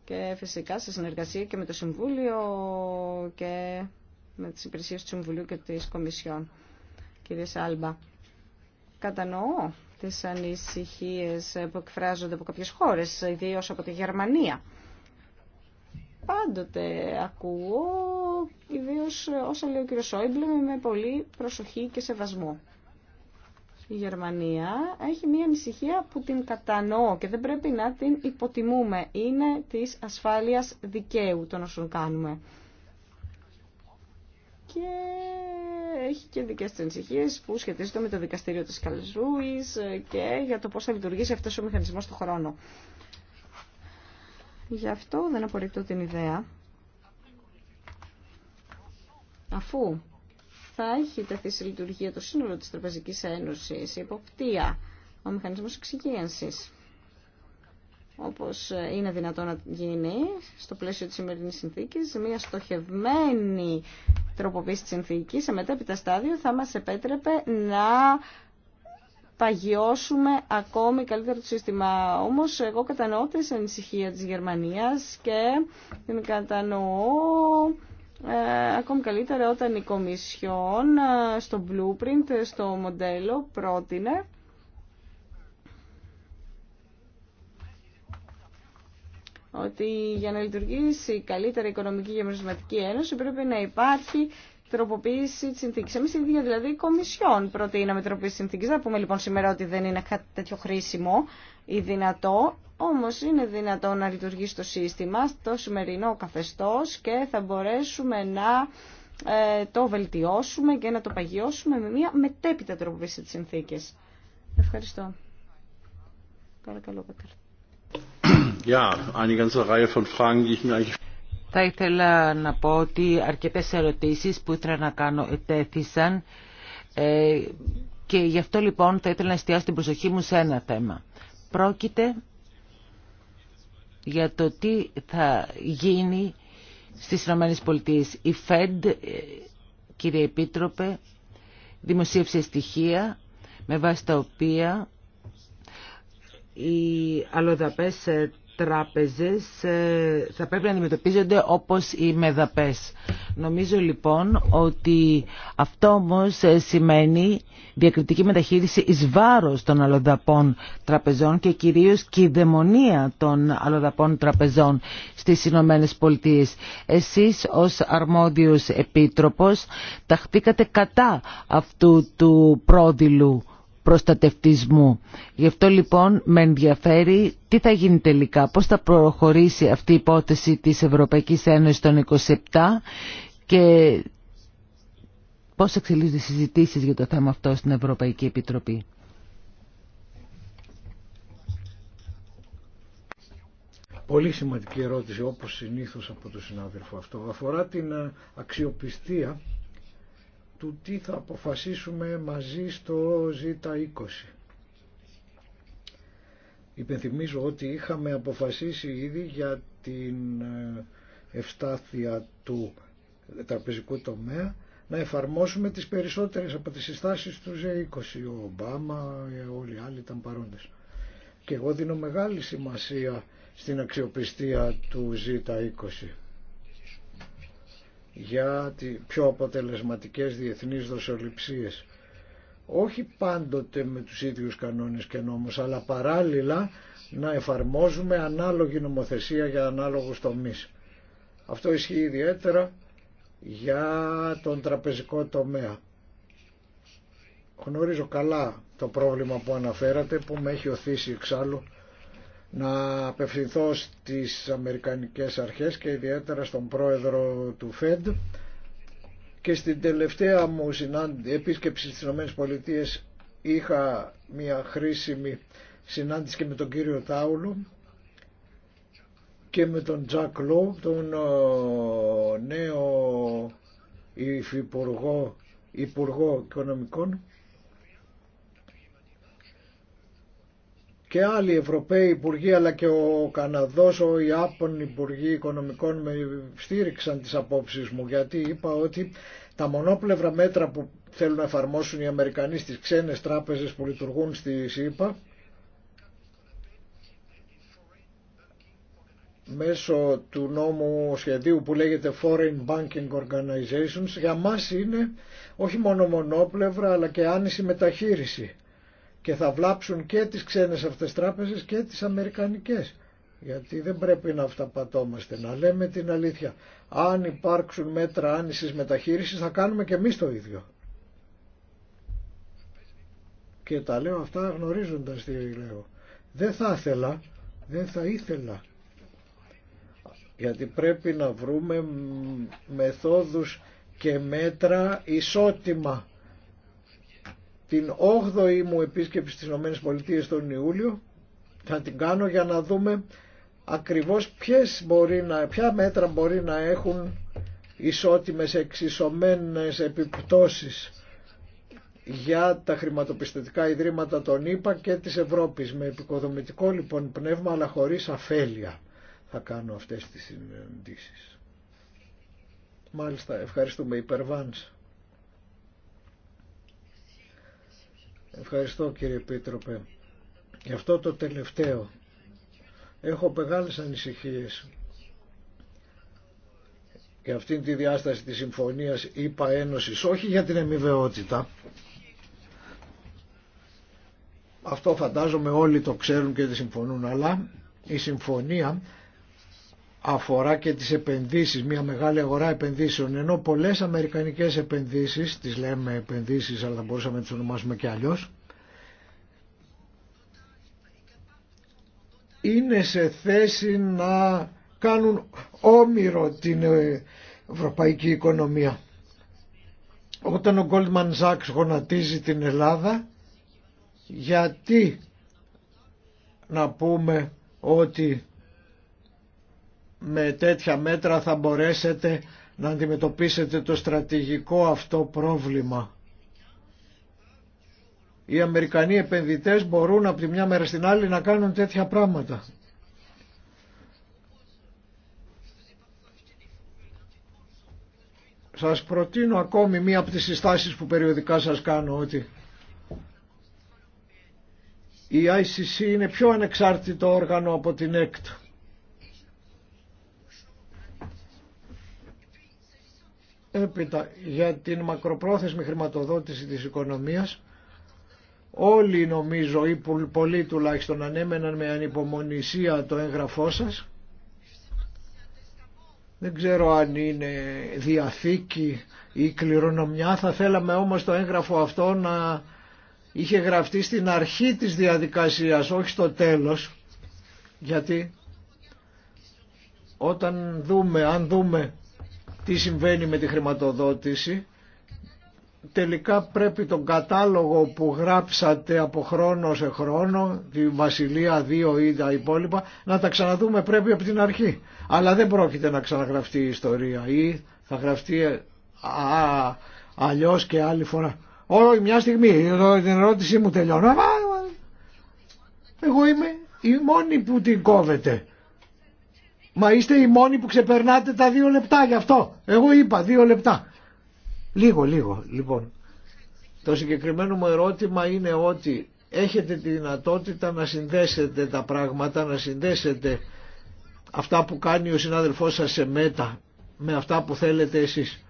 Και φυσικά σε συνεργασία και με το Συμβούλιο και με τις υπηρεσίες του Συμβουλίου και της Κομισιόν. Κύριε Σάλμπα, κατανοώ τις ανησυχίες που εκφράζονται από κάποιες χώρες, ιδίως από τη Γερμανία. Πάντοτε ακούω, ιδίως όσα λέει ο κ. Σόιμπλε, με πολύ προσοχή και σεβασμό. Η Γερμανία έχει μία ανησυχία που την κατανοώ και δεν πρέπει να την υποτιμούμε. Είναι της ασφάλειας δικαίου των όσων κάνουμε. Και έχει και δικές της ανησυχίες που σχετίζονται με το δικαστήριο της Καλζούης και για το πώς θα λειτουργήσει αυτός ο μηχανισμός του χρόνου. Γι' αυτό δεν απορρίπτω την ιδέα. Αφού θα έχει τεθεί σε λειτουργία το σύνολο της Τραπεζικής Ένωσης, η υποπτία, ο μηχανισμός εξυγίανσης, όπως είναι δυνατόν να γίνει στο πλαίσιο της σημερινής συνθήκης, μια στοχευμένη τροποποίηση της συνθήκης, σε μετέπειτα στάδιο θα μας επέτρεπε να παγιώσουμε ακόμη καλύτερο το σύστημα. Όμως εγώ κατανοώ την ανησυχία της Γερμανίας και την κατανοώ ε, ακόμη καλύτερα όταν η Κομισιόν ε, στο blueprint, ε, στο μοντέλο πρότεινε ότι για να λειτουργήσει καλύτερα η Οικονομική και Μεσοματική Ένωση πρέπει να υπάρχει τροποποίηση τη συνθήκη. Εμεί οι ίδιοι, δηλαδή η Κομισιόν προτείναμε τροποποίηση συνθήκη. Δεν πούμε λοιπόν σήμερα ότι δεν είναι κάτι τέτοιο χρήσιμο ή δυνατό, όμως είναι δυνατό να λειτουργήσει το σύστημα στο σημερινό καθεστώς και θα μπορέσουμε να ε, το βελτιώσουμε και να το παγιώσουμε με μια μετέπειτα τροποποίηση της συνθήκες. Ευχαριστώ. Παρακαλώ, Θα ήθελα να πω ότι αρκετές ερωτήσεις που ήθελα να κάνω ετέθησαν ε, και γι' αυτό λοιπόν θα ήθελα να εστιάσω την προσοχή μου σε ένα θέμα πρόκειται για το τι θα γίνει στις Ηνωμένες Πολιτείες. Η ΦΕΔ, κύριε Επίτροπε, δημοσίευσε στοιχεία με βάση τα οποία οι αλλοδαπές ε, τράπεζες ε, θα πρέπει να αντιμετωπίζονται όπως οι μεδαπές. Νομίζω λοιπόν ότι αυτό όμως ε, σημαίνει διακριτική μεταχείριση εις βάρος των αλλοδαπών τραπεζών και κυρίως και η δαιμονία των αλλοδαπών τραπεζών στις Ηνωμένε Πολιτείε. Εσείς ως αρμόδιος επίτροπος ταχτήκατε κατά αυτού του πρόδειλου προστατευτισμού. Γι' αυτό λοιπόν με ενδιαφέρει τι θα γίνει τελικά, πώς θα προχωρήσει αυτή η υπόθεση της Ευρωπαϊκής Ένωσης των 27 και πώς εξελίσσονται οι συζητήσεις για το θέμα αυτό στην Ευρωπαϊκή Επιτροπή. Πολύ σημαντική ερώτηση όπως συνήθως από τον συνάδελφο αυτό. Αφορά την ε, αξιοπιστία του τι θα αποφασίσουμε μαζί στο Z20. Υπενθυμίζω ότι είχαμε αποφασίσει ήδη για την ε, ευστάθεια του τραπεζικού τομέα να εφαρμόσουμε τις περισσότερες από τις συστάσεις του z 20 Ο Ομπάμα, ε, όλοι οι άλλοι ήταν παρόντες. Και εγώ δίνω μεγάλη σημασία στην αξιοπιστία του Z20 για τις πιο αποτελεσματικές διεθνείς δοσοληψίες. Όχι πάντοτε με τους ίδιους κανόνες και νόμους, αλλά παράλληλα να εφαρμόζουμε ανάλογη νομοθεσία για ανάλογους τομείς. Αυτό ισχύει ιδιαίτερα για τον τραπεζικό τομέα. Γνωρίζω καλά το πρόβλημα που αναφέρατε που με έχει οθήσει εξάλλου να απευθυνθώ στις Αμερικανικές Αρχές και ιδιαίτερα στον πρόεδρο του ΦΕΔ και στην τελευταία μου επίσκεψη στις ΗΠΑ είχα μια χρήσιμη συνάντηση και με τον κύριο Τάουλο και με τον Τζακ Λό, τον νέο υφυπουργό, υπουργό οικονομικών και άλλοι Ευρωπαίοι Υπουργοί αλλά και ο Καναδός, ο Ιάπων Υπουργοί Οικονομικών με στήριξαν τις απόψεις μου γιατί είπα ότι τα μονόπλευρα μέτρα που θέλουν να εφαρμόσουν οι Αμερικανοί στις ξένες τράπεζες που λειτουργούν στη ΣΥΠΑ μέσω του νόμου σχεδίου που λέγεται Foreign Banking Organizations για μας είναι όχι μόνο μονόπλευρα αλλά και άνηση μεταχείριση και θα βλάψουν και τις ξένες αυτές τράπεζες και τις αμερικανικές. Γιατί δεν πρέπει να αυταπατώμαστε, να λέμε την αλήθεια. Αν υπάρξουν μέτρα άνησης μεταχείρισης θα κάνουμε και εμείς το ίδιο. Και τα λέω αυτά γνωρίζοντας τι λέω. Δεν θα ήθελα, δεν θα ήθελα. Γιατί πρέπει να βρούμε μεθόδους και μέτρα ισότιμα την 8 μου επίσκεψη στις ΗΠΑ τον Ιούλιο θα την κάνω για να δούμε ακριβώς ποιες μπορεί να, ποια μέτρα μπορεί να έχουν ισότιμες εξισωμένες επιπτώσεις για τα χρηματοπιστωτικά ιδρύματα των ΗΠΑ και της Ευρώπης με επικοδομητικό λοιπόν πνεύμα αλλά χωρίς αφέλεια θα κάνω αυτές τις συναντήσεις. Μάλιστα, ευχαριστούμε υπερβάνς. Ευχαριστώ κύριε Επίτροπε. Γι' αυτό το τελευταίο. Έχω μεγάλες ανησυχίες για αυτήν τη διάσταση της συμφωνίας είπα ένωσης, όχι για την εμιβαιότητα. Αυτό φαντάζομαι όλοι το ξέρουν και τη συμφωνούν, αλλά η συμφωνία αφορά και τις επενδύσεις, μια μεγάλη αγορά επενδύσεων, ενώ πολλές αμερικανικές επενδύσεις, τις λέμε επενδύσεις αλλά θα μπορούσαμε να τις ονομάσουμε και αλλιώς, είναι σε θέση να κάνουν όμοιρο την ε, ευρωπαϊκή οικονομία. Όταν ο Goldman Sachs γονατίζει την Ελλάδα, γιατί να πούμε ότι με τέτοια μέτρα θα μπορέσετε να αντιμετωπίσετε το στρατηγικό αυτό πρόβλημα. Οι Αμερικανοί επενδυτές μπορούν από τη μια μέρα στην άλλη να κάνουν τέτοια πράγματα. Σας προτείνω ακόμη μία από τις συστάσεις που περιοδικά σας κάνω ότι η ICC είναι πιο ανεξάρτητο όργανο από την ΕΚΤ. E για την μακροπρόθεσμη χρηματοδότηση της οικονομίας, όλοι νομίζω ή πολλοί τουλάχιστον ανέμεναν με ανυπομονησία το έγγραφό σας. Δεν ξέρω αν είναι διαθήκη ή κληρονομιά, θα θέλαμε όμως το έγγραφο αυτό να είχε γραφτεί στην αρχή της διαδικασίας, όχι στο τέλος, γιατί όταν δούμε, αν δούμε τι συμβαίνει με τη χρηματοδότηση. Τελικά πρέπει τον κατάλογο που γράψατε από χρόνο σε χρόνο, τη Βασιλεία 2 ή τα υπόλοιπα, να τα ξαναδούμε πρέπει από την αρχή. Αλλά δεν πρόκειται να ξαναγραφτεί η ιστορία ή θα γραφτεί α, αλλιώς και άλλη φορά. Όχι, μια στιγμή, την ερώτησή μου τελειώνω. Εγώ είμαι η μόνη που την κόβεται. Μα είστε οι μόνοι που ξεπερνάτε τα δύο λεπτά γι' αυτό. Εγώ είπα δύο λεπτά. Λίγο, λίγο. Λοιπόν, το συγκεκριμένο μου ερώτημα είναι ότι έχετε τη δυνατότητα να συνδέσετε τα πράγματα, να συνδέσετε αυτά που κάνει ο συνάδελφός σας σε μέτα με αυτά που θέλετε εσείς.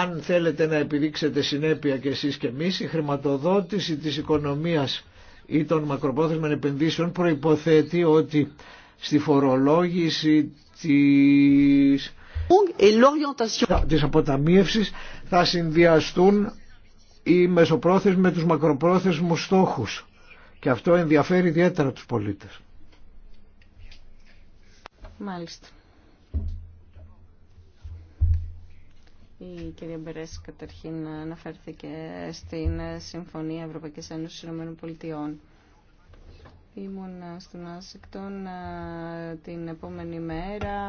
Αν θέλετε να επιδείξετε συνέπεια και εσείς και εμείς, η χρηματοδότηση της οικονομίας ή των μακροπρόθεσμων επενδύσεων προϋποθέτει ότι στη φορολόγηση της, της αποταμίευσης θα συνδυαστούν οι μεσοπρόθεσμοι με τους μακροπρόθεσμους στόχους και αυτό ενδιαφέρει ιδιαίτερα τους πολίτες. Μάλιστα. Η κυρία Μπερέση καταρχήν αναφέρθηκε στην Συμφωνία Ευρωπαϊκής Ένωσης Ηνωμένων Πολιτειών. Ήμουν στον Άσικτον την επόμενη μέρα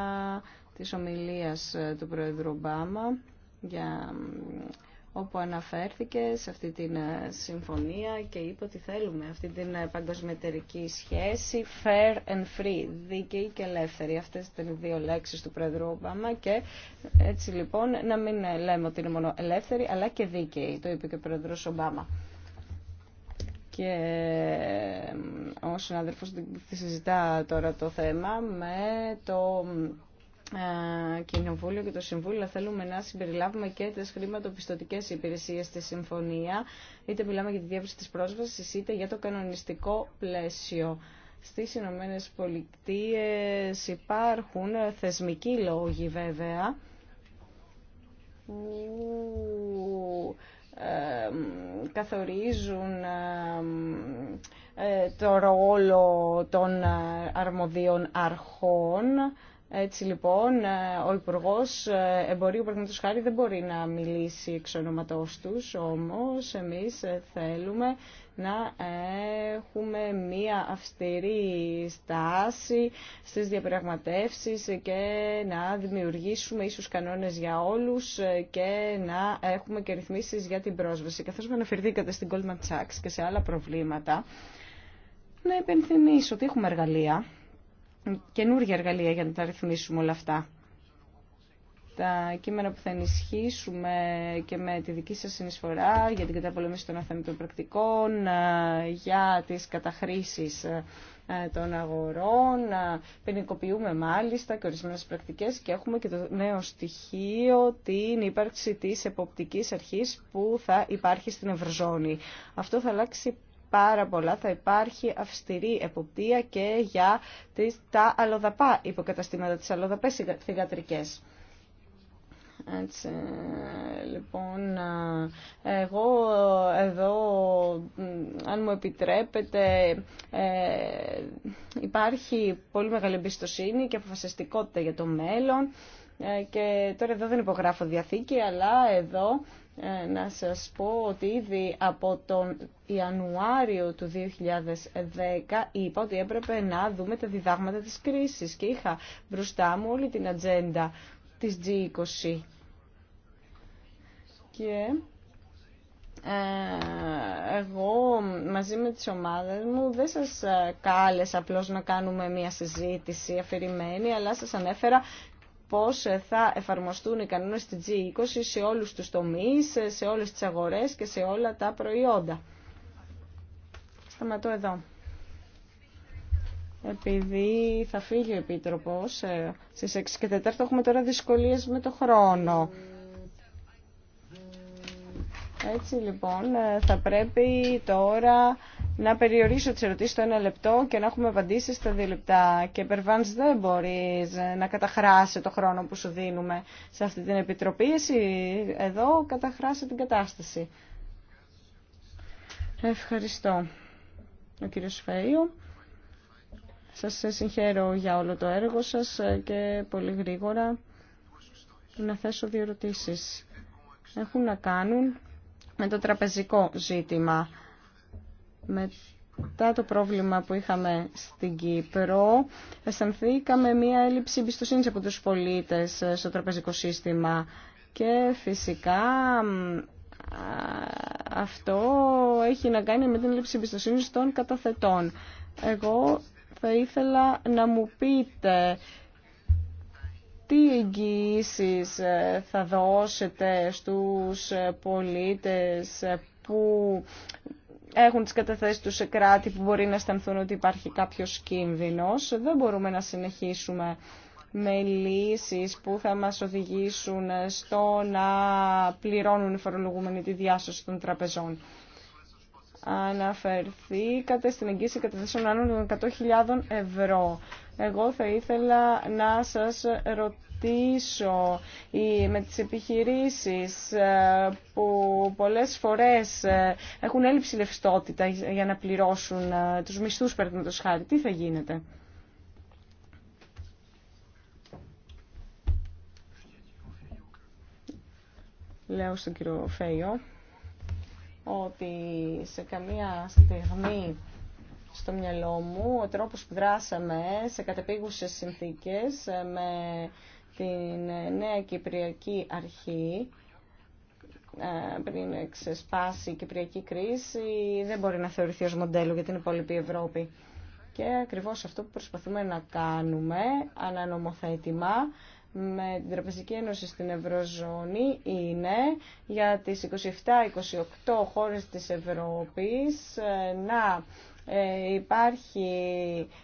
της ομιλίας του Πρόεδρου Ομπάμα για όπου αναφέρθηκε σε αυτή την συμφωνία και είπε ότι θέλουμε αυτή την παγκοσμιτερική σχέση fair and free, δίκαιη και ελεύθερη. Αυτές ήταν οι δύο λέξεις του Πρόεδρου Ομπάμα και έτσι λοιπόν να μην λέμε ότι είναι μόνο ελεύθερη αλλά και δίκαιη, το είπε και ο Πρόεδρος Ομπάμα και ε, ο συνάδελφος συζητά τώρα το θέμα με το ε, Κοινοβούλιο και το Συμβούλιο θέλουμε να συμπεριλάβουμε και τις χρηματοπιστωτικές υπηρεσίες στη συμφωνία είτε μιλάμε για τη διεύρυνση της πρόσβασης είτε για το κανονιστικό πλαίσιο. Στις Ηνωμένε Πολιτείε υπάρχουν θεσμικοί λόγοι βέβαια που ε, καθορίζουν ε, ε, το ρόλο των αρμοδίων αρχών. Έτσι λοιπόν, ο Υπουργό Εμπορίου Παραδείγματο Χάρη δεν μπορεί να μιλήσει εξ ονόματό του, όμω εμεί θέλουμε να έχουμε μία αυστηρή στάση στις διαπραγματεύσεις και να δημιουργήσουμε ίσους κανόνες για όλους και να έχουμε και ρυθμίσεις για την πρόσβαση. Καθώς με αναφερθήκατε στην Goldman Sachs και σε άλλα προβλήματα, να υπενθυμίσω ότι έχουμε εργαλεία, καινούργια εργαλεία για να τα ρυθμίσουμε όλα αυτά τα κείμενα που θα ενισχύσουμε και με τη δική σας συνεισφορά για την καταπολέμηση των αθέμητων πρακτικών, ε, για τις καταχρήσεις ε, των αγορών, ε, ποινικοποιούμε μάλιστα και ορισμένες πρακτικές και έχουμε και το νέο στοιχείο την ύπαρξη της εποπτικής αρχής που θα υπάρχει στην Ευρωζώνη. Αυτό θα αλλάξει πάρα πολλά. Θα υπάρχει αυστηρή εποπτεία και για τις, τα αλλοδαπά υποκαταστήματα, τις αλλοδαπές έτσι, λοιπόν, εγώ εδώ, αν μου επιτρέπετε, ε, υπάρχει πολύ μεγάλη εμπιστοσύνη και αποφασιστικότητα για το μέλλον ε, και τώρα εδώ δεν υπογράφω διαθήκη, αλλά εδώ ε, να σας πω ότι ήδη από τον Ιανουάριο του 2010 είπα ότι έπρεπε να δούμε τα διδάγματα της κρίσης και είχα μπροστά μου όλη την ατζέντα της G20 και ε, εγώ μαζί με τις ομάδες μου δεν σας ε, κάλεσα απλώς να κάνουμε μια συζήτηση αφηρημένη, αλλά σας ανέφερα πώς ε, θα εφαρμοστούν οι κανόνες της G20 σε όλους τους τομείς, σε όλες τις αγορές και σε όλα τα προϊόντα. Σταματώ εδώ. Επειδή θα φύγει ο Επίτροπος, στις 6 και 4 έχουμε τώρα δυσκολίες με το χρόνο. Έτσι λοιπόν ε, θα πρέπει τώρα να περιορίσω τις ερωτήσεις στο ένα λεπτό και να έχουμε απαντήσει στα δύο λεπτά. Και Περβάνς δεν μπορείς ε, να καταχράσει το χρόνο που σου δίνουμε σε αυτή την επιτροπή. Εσύ εδώ καταχράσει την κατάσταση. Ευχαριστώ. Ο κύριος Φέιου. Σας ε, συγχαίρω για όλο το έργο σας και πολύ γρήγορα να θέσω δύο ερωτήσεις. Έχουν να κάνουν με το τραπεζικό ζήτημα. Μετά το πρόβλημα που είχαμε στην Κύπρο, αισθανθήκαμε μία έλλειψη εμπιστοσύνη από τους πολίτες ε, στο τραπεζικό σύστημα και φυσικά αυτό έχει να κάνει με την έλλειψη εμπιστοσύνη των καταθετών. Εγώ θα ήθελα να μου πείτε τι εγγυήσει ε, θα δώσετε στους ε, πολίτες ε, που έχουν τις καταθέσεις τους σε κράτη που μπορεί να αισθανθούν ότι υπάρχει κάποιος κίνδυνος. Δεν μπορούμε να συνεχίσουμε με λύσεις που θα μας οδηγήσουν στο να πληρώνουν οι φορολογούμενοι τη διάσωση των τραπεζών αναφερθήκατε στην εγγύηση καταθέσεων άνω των 100.000 ευρώ. Εγώ θα ήθελα να σας ρωτήσω με τις επιχειρήσεις ε, που πολλές φορές ε, έχουν έλλειψη λευστότητα για να πληρώσουν ε, τους μισθούς το χάρη. Τι θα γίνεται. Λέω στον κύριο Φέιο ότι σε καμία στιγμή στο μυαλό μου ο τρόπος που δράσαμε σε κατεπίγουσες συνθήκες ε, με την ε, νέα Κυπριακή Αρχή ε, πριν ξεσπάσει η Κυπριακή κρίση δεν μπορεί να θεωρηθεί ως μοντέλο για την υπόλοιπη Ευρώπη. Και ακριβώς αυτό που προσπαθούμε να κάνουμε ανανομοθέτημα με την Τραπεζική Ένωση στην Ευρωζώνη είναι για τις 27-28 χώρες της Ευρώπης ε, να ε, υπάρχει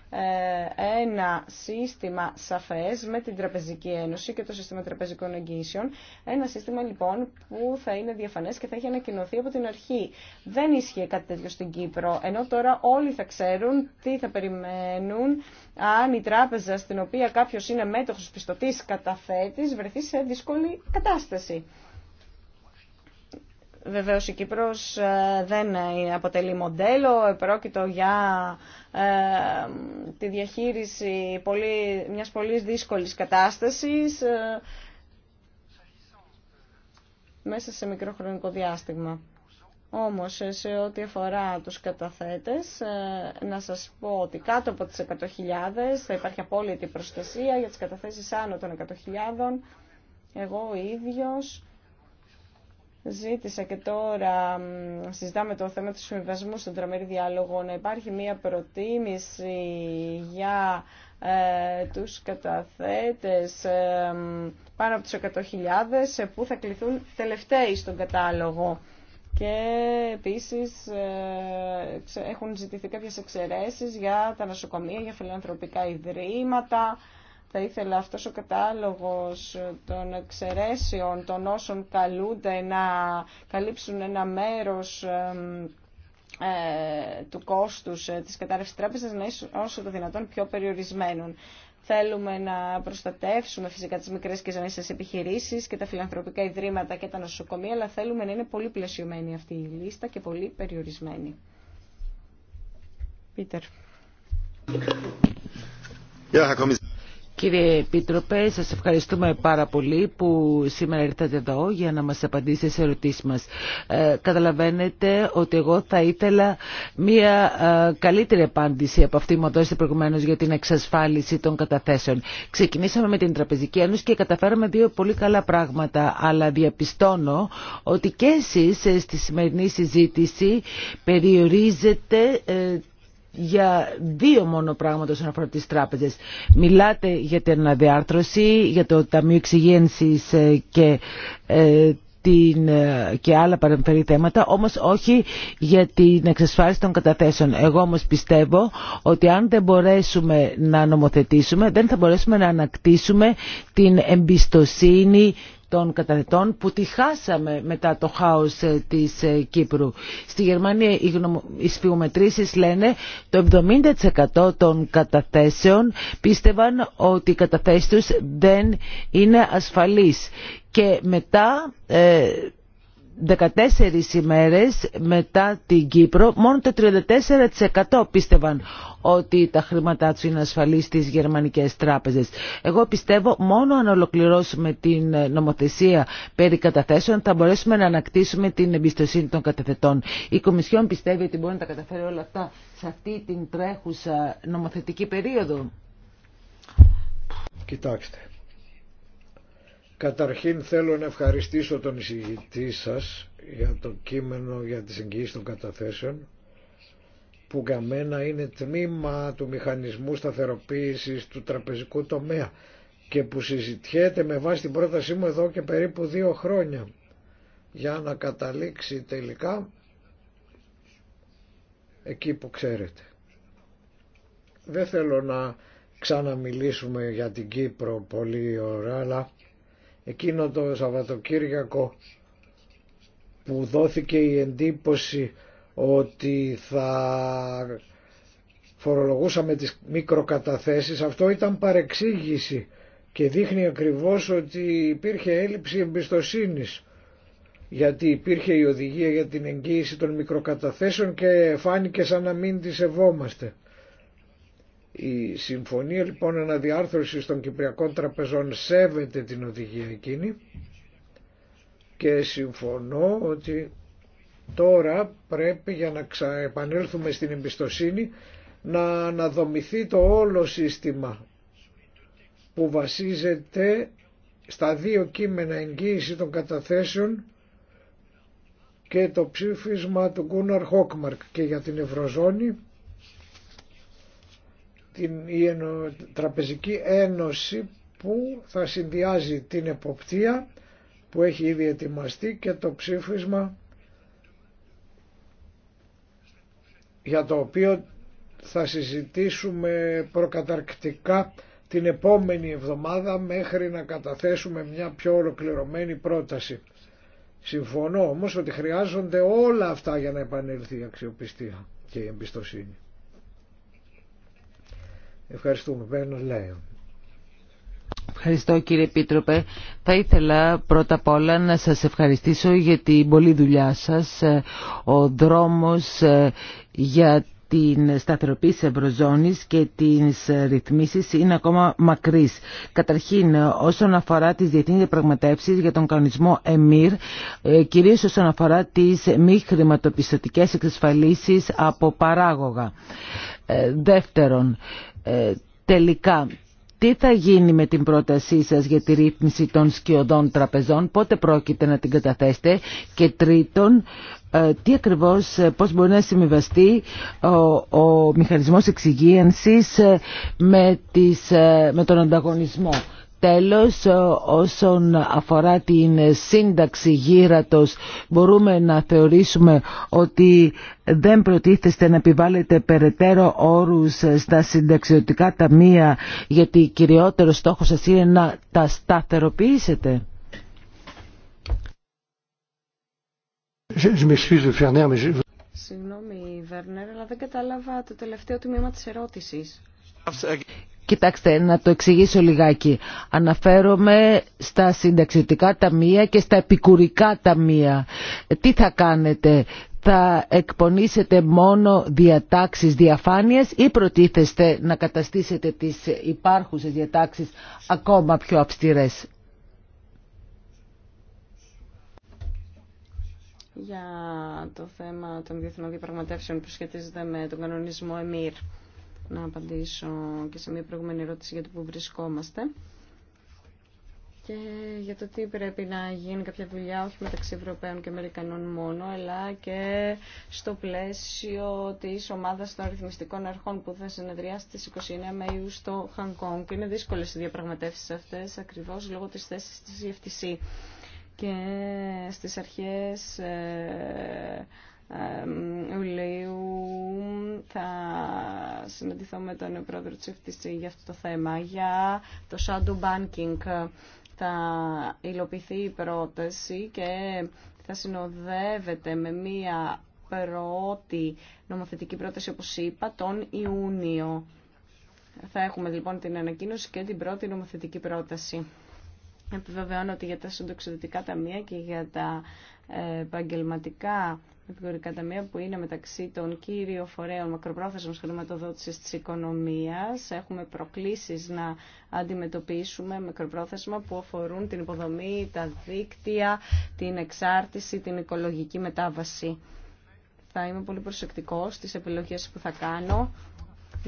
ε, ένα σύστημα σαφές με την Τραπεζική Ένωση και το σύστημα τραπεζικών εγγύσεων. Ένα σύστημα λοιπόν που θα είναι διαφανές και θα έχει ανακοινωθεί από την αρχή. Δεν ίσχυε κάτι τέτοιο στην Κύπρο, ενώ τώρα όλοι θα ξέρουν τι θα περιμένουν αν η τράπεζα στην οποία κάποιος είναι μέτοχος πιστωτής καταθέτης βρεθεί σε δύσκολη κατάσταση. Βεβαίως η Κύπρος ε, δεν αποτελεί μοντέλο, Πρόκειται για ε, τη διαχείριση πολύ, μιας πολύ δύσκολης κατάστασης ε, μέσα σε μικρό χρονικό διάστημα. Όμως σε ό,τι αφορά τους καταθέτες, να σας πω ότι κάτω από τις 100.000 θα υπάρχει απόλυτη προστασία για τις καταθέσεις άνω των 100.000. Εγώ ο ίδιος Ζήτησα και τώρα, συζητάμε το θέμα του συμβιβασμού στον τραμερή διάλογο, να υπάρχει μία προτίμηση για ε, τους καταθέτες ε, πάνω από τους 100.000 που θα κληθούν τελευταίοι στον κατάλογο. Και επίσης ε, έχουν ζητηθεί κάποιες εξαιρέσεις για τα νοσοκομεία, για φιλανθρωπικά ιδρύματα, θα ήθελα αυτός ο κατάλογος των εξαιρέσεων των όσων καλούνται να καλύψουν ένα μέρος ε, του κόστους ε, της κατάρρευσης τράπεζας να είναι όσο το δυνατόν πιο περιορισμένων. Θέλουμε να προστατεύσουμε φυσικά τις μικρές και ζωές επιχειρήσεις και τα φιλανθρωπικά ιδρύματα και τα νοσοκομεία, αλλά θέλουμε να είναι πολύ πλαισιωμένη αυτή η λίστα και πολύ περιορισμένη. Κύριε Επίτροπε, σας ευχαριστούμε πάρα πολύ που σήμερα ήρθατε εδώ για να μας απαντήσετε σε ερωτήσεις μας. Ε, καταλαβαίνετε ότι εγώ θα ήθελα μια ε, καλύτερη απάντηση από αυτή που μου δώσετε προηγουμένως για την εξασφάλιση των καταθέσεων. Ξεκινήσαμε με την Τραπεζική Ένωση και καταφέραμε δύο πολύ καλά πράγματα, αλλά διαπιστώνω ότι και εσείς ε, στη σημερινή συζήτηση περιορίζετε για δύο μόνο πράγματα όσον αφορά τις τράπεζες. Μιλάτε για την αναδιάρθρωση, για το Ταμείο Εξυγένσης ε, και ε, την, ε, και άλλα παρεμφερή θέματα, όμως όχι για την εξασφάλιση των καταθέσεων. Εγώ όμως πιστεύω ότι αν δεν μπορέσουμε να νομοθετήσουμε, δεν θα μπορέσουμε να ανακτήσουμε την εμπιστοσύνη των καταθετών που τη χάσαμε μετά το χάος ε, της ε, Κύπρου. Στη Γερμανία οι σπιουμετρήσεις λένε το 70% των καταθέσεων πίστευαν ότι οι καταθέσεις τους δεν είναι ασφαλείς και μετά... Ε, 14 ημέρες μετά την Κύπρο μόνο το 34% πίστευαν ότι τα χρήματά τους είναι ασφαλή στις γερμανικές τράπεζες. Εγώ πιστεύω μόνο αν ολοκληρώσουμε την ε, νομοθεσία περί καταθέσεων θα μπορέσουμε να ανακτήσουμε την εμπιστοσύνη των καταθετών. Η Κομισιόν πιστεύει ότι μπορεί να τα καταφέρει όλα αυτά σε αυτή την τρέχουσα νομοθετική περίοδο. Κοιτάξτε, Καταρχήν θέλω να ευχαριστήσω τον εισηγητή σας για το κείμενο για τις εγγυήσεις των καταθέσεων που για είναι τμήμα του μηχανισμού σταθεροποίησης του τραπεζικού τομέα και που συζητιέται με βάση την πρότασή μου εδώ και περίπου δύο χρόνια για να καταλήξει τελικά εκεί που ξέρετε. Δεν θέλω να ξαναμιλήσουμε για την Κύπρο πολύ ώρα, αλλά εκείνο το Σαββατοκύριακο που δόθηκε η εντύπωση ότι θα φορολογούσαμε τις μικροκαταθέσεις αυτό ήταν παρεξήγηση και δείχνει ακριβώς ότι υπήρχε έλλειψη εμπιστοσύνης γιατί υπήρχε η οδηγία για την εγγύηση των μικροκαταθέσεων και φάνηκε σαν να μην τη σεβόμαστε. Η Συμφωνία λοιπόν αναδιάρθρωσης των Κυπριακών Τραπεζών σέβεται την οδηγία εκείνη και συμφωνώ ότι τώρα πρέπει για να ξαεπανέλθουμε στην εμπιστοσύνη να αναδομηθεί το όλο σύστημα που βασίζεται στα δύο κείμενα εγγύηση των καταθέσεων και το ψήφισμα του Γκούναρ Χόκμαρκ και για την Ευρωζώνη την Τραπεζική Ένωση που θα συνδυάζει την εποπτεία που έχει ήδη ετοιμαστεί και το ψήφισμα για το οποίο θα συζητήσουμε προκαταρκτικά την επόμενη εβδομάδα μέχρι να καταθέσουμε μια πιο ολοκληρωμένη πρόταση. Συμφωνώ όμως ότι χρειάζονται όλα αυτά για να επανέλθει η αξιοπιστία και η εμπιστοσύνη. Ευχαριστούμε. Βέρνος Λέων. Ευχαριστώ κύριε Επίτροπε. Θα ήθελα πρώτα απ' όλα να σας ευχαριστήσω για την πολλή δουλειά σας. Ο δρόμος ε, για την σταθεροποίηση ευρωζώνης και τις ε, ρυθμίσεις είναι ακόμα μακρύς. Καταρχήν, ε, όσον αφορά τις διεθνείς διαπραγματεύσεις για τον κανονισμό ΕΜΙΡ, κυρίως όσον αφορά τις μη χρηματοπιστωτικές εξασφαλίσεις από παράγωγα. Δεύτερον, ε, τελικά, τι θα γίνει με την πρότασή σας για τη ρύθμιση των σκιωδών τραπεζών, πότε πρόκειται να την καταθέσετε και τρίτον, ε, τι ακριβώς, ε, πώς μπορεί να συμβιβαστεί ο, ο μηχανισμός εξυγίανσης με, τις, με τον ανταγωνισμό. Τέλος, όσον αφορά την σύνταξη γύρατος, μπορούμε να θεωρήσουμε ότι δεν προτίθεστε να επιβάλλετε περαιτέρω όρους στα συνταξιωτικά ταμεία, γιατί κυριότερο στόχος σας είναι να τα σταθεροποιήσετε. Συγγνώμη, Βέρνερ, αλλά δεν κατάλαβα το τελευταίο τμήμα της ερώτησης. Κοιτάξτε, να το εξηγήσω λιγάκι. Αναφέρομαι στα συνταξιωτικά ταμεία και στα επικουρικά ταμεία. Ε, τι θα κάνετε, θα εκπονήσετε μόνο διατάξεις διαφάνειας ή προτίθεστε να καταστήσετε τις υπάρχουσες διατάξεις ακόμα πιο αυστηρές. Για το θέμα των διεθνών διαπραγματεύσεων που σχετίζεται με τον κανονισμό ΕΜΗΡ να απαντήσω και σε μια προηγούμενη ερώτηση για το που βρισκόμαστε και για το τι πρέπει να γίνει κάποια δουλειά όχι μεταξύ Ευρωπαίων και Αμερικανών μόνο αλλά και στο πλαίσιο της ομάδας των αριθμιστικών αρχών που θα συνεδριάσει στις 29 Μαΐου στο Χανκόνγκ. Είναι δύσκολες οι διαπραγματεύσεις αυτές ακριβώς λόγω της θέσης της EFTC και στις αρχές ε, ε, Ιουλίου θα συναντηθώ με τον πρόεδρο της FTC για αυτό το θέμα, για το shadow banking. Θα υλοποιηθεί η πρόταση και θα συνοδεύεται με μία πρώτη νομοθετική πρόταση, όπως είπα, τον Ιούνιο. Θα έχουμε λοιπόν την ανακοίνωση και την πρώτη νομοθετική πρόταση. Επιβεβαιώνω ότι για τα συντοξιδετικά ταμεία και για τα ε, επαγγελματικά επικορικά ταμεία που είναι μεταξύ των κύριων φορέων μακροπρόθεσμης χρηματοδότησης της οικονομίας. Έχουμε προκλήσεις να αντιμετωπίσουμε μακροπρόθεσμα που αφορούν την υποδομή, τα δίκτυα, την εξάρτηση, την οικολογική μετάβαση. Θα είμαι πολύ προσεκτικός στις επιλογές που θα κάνω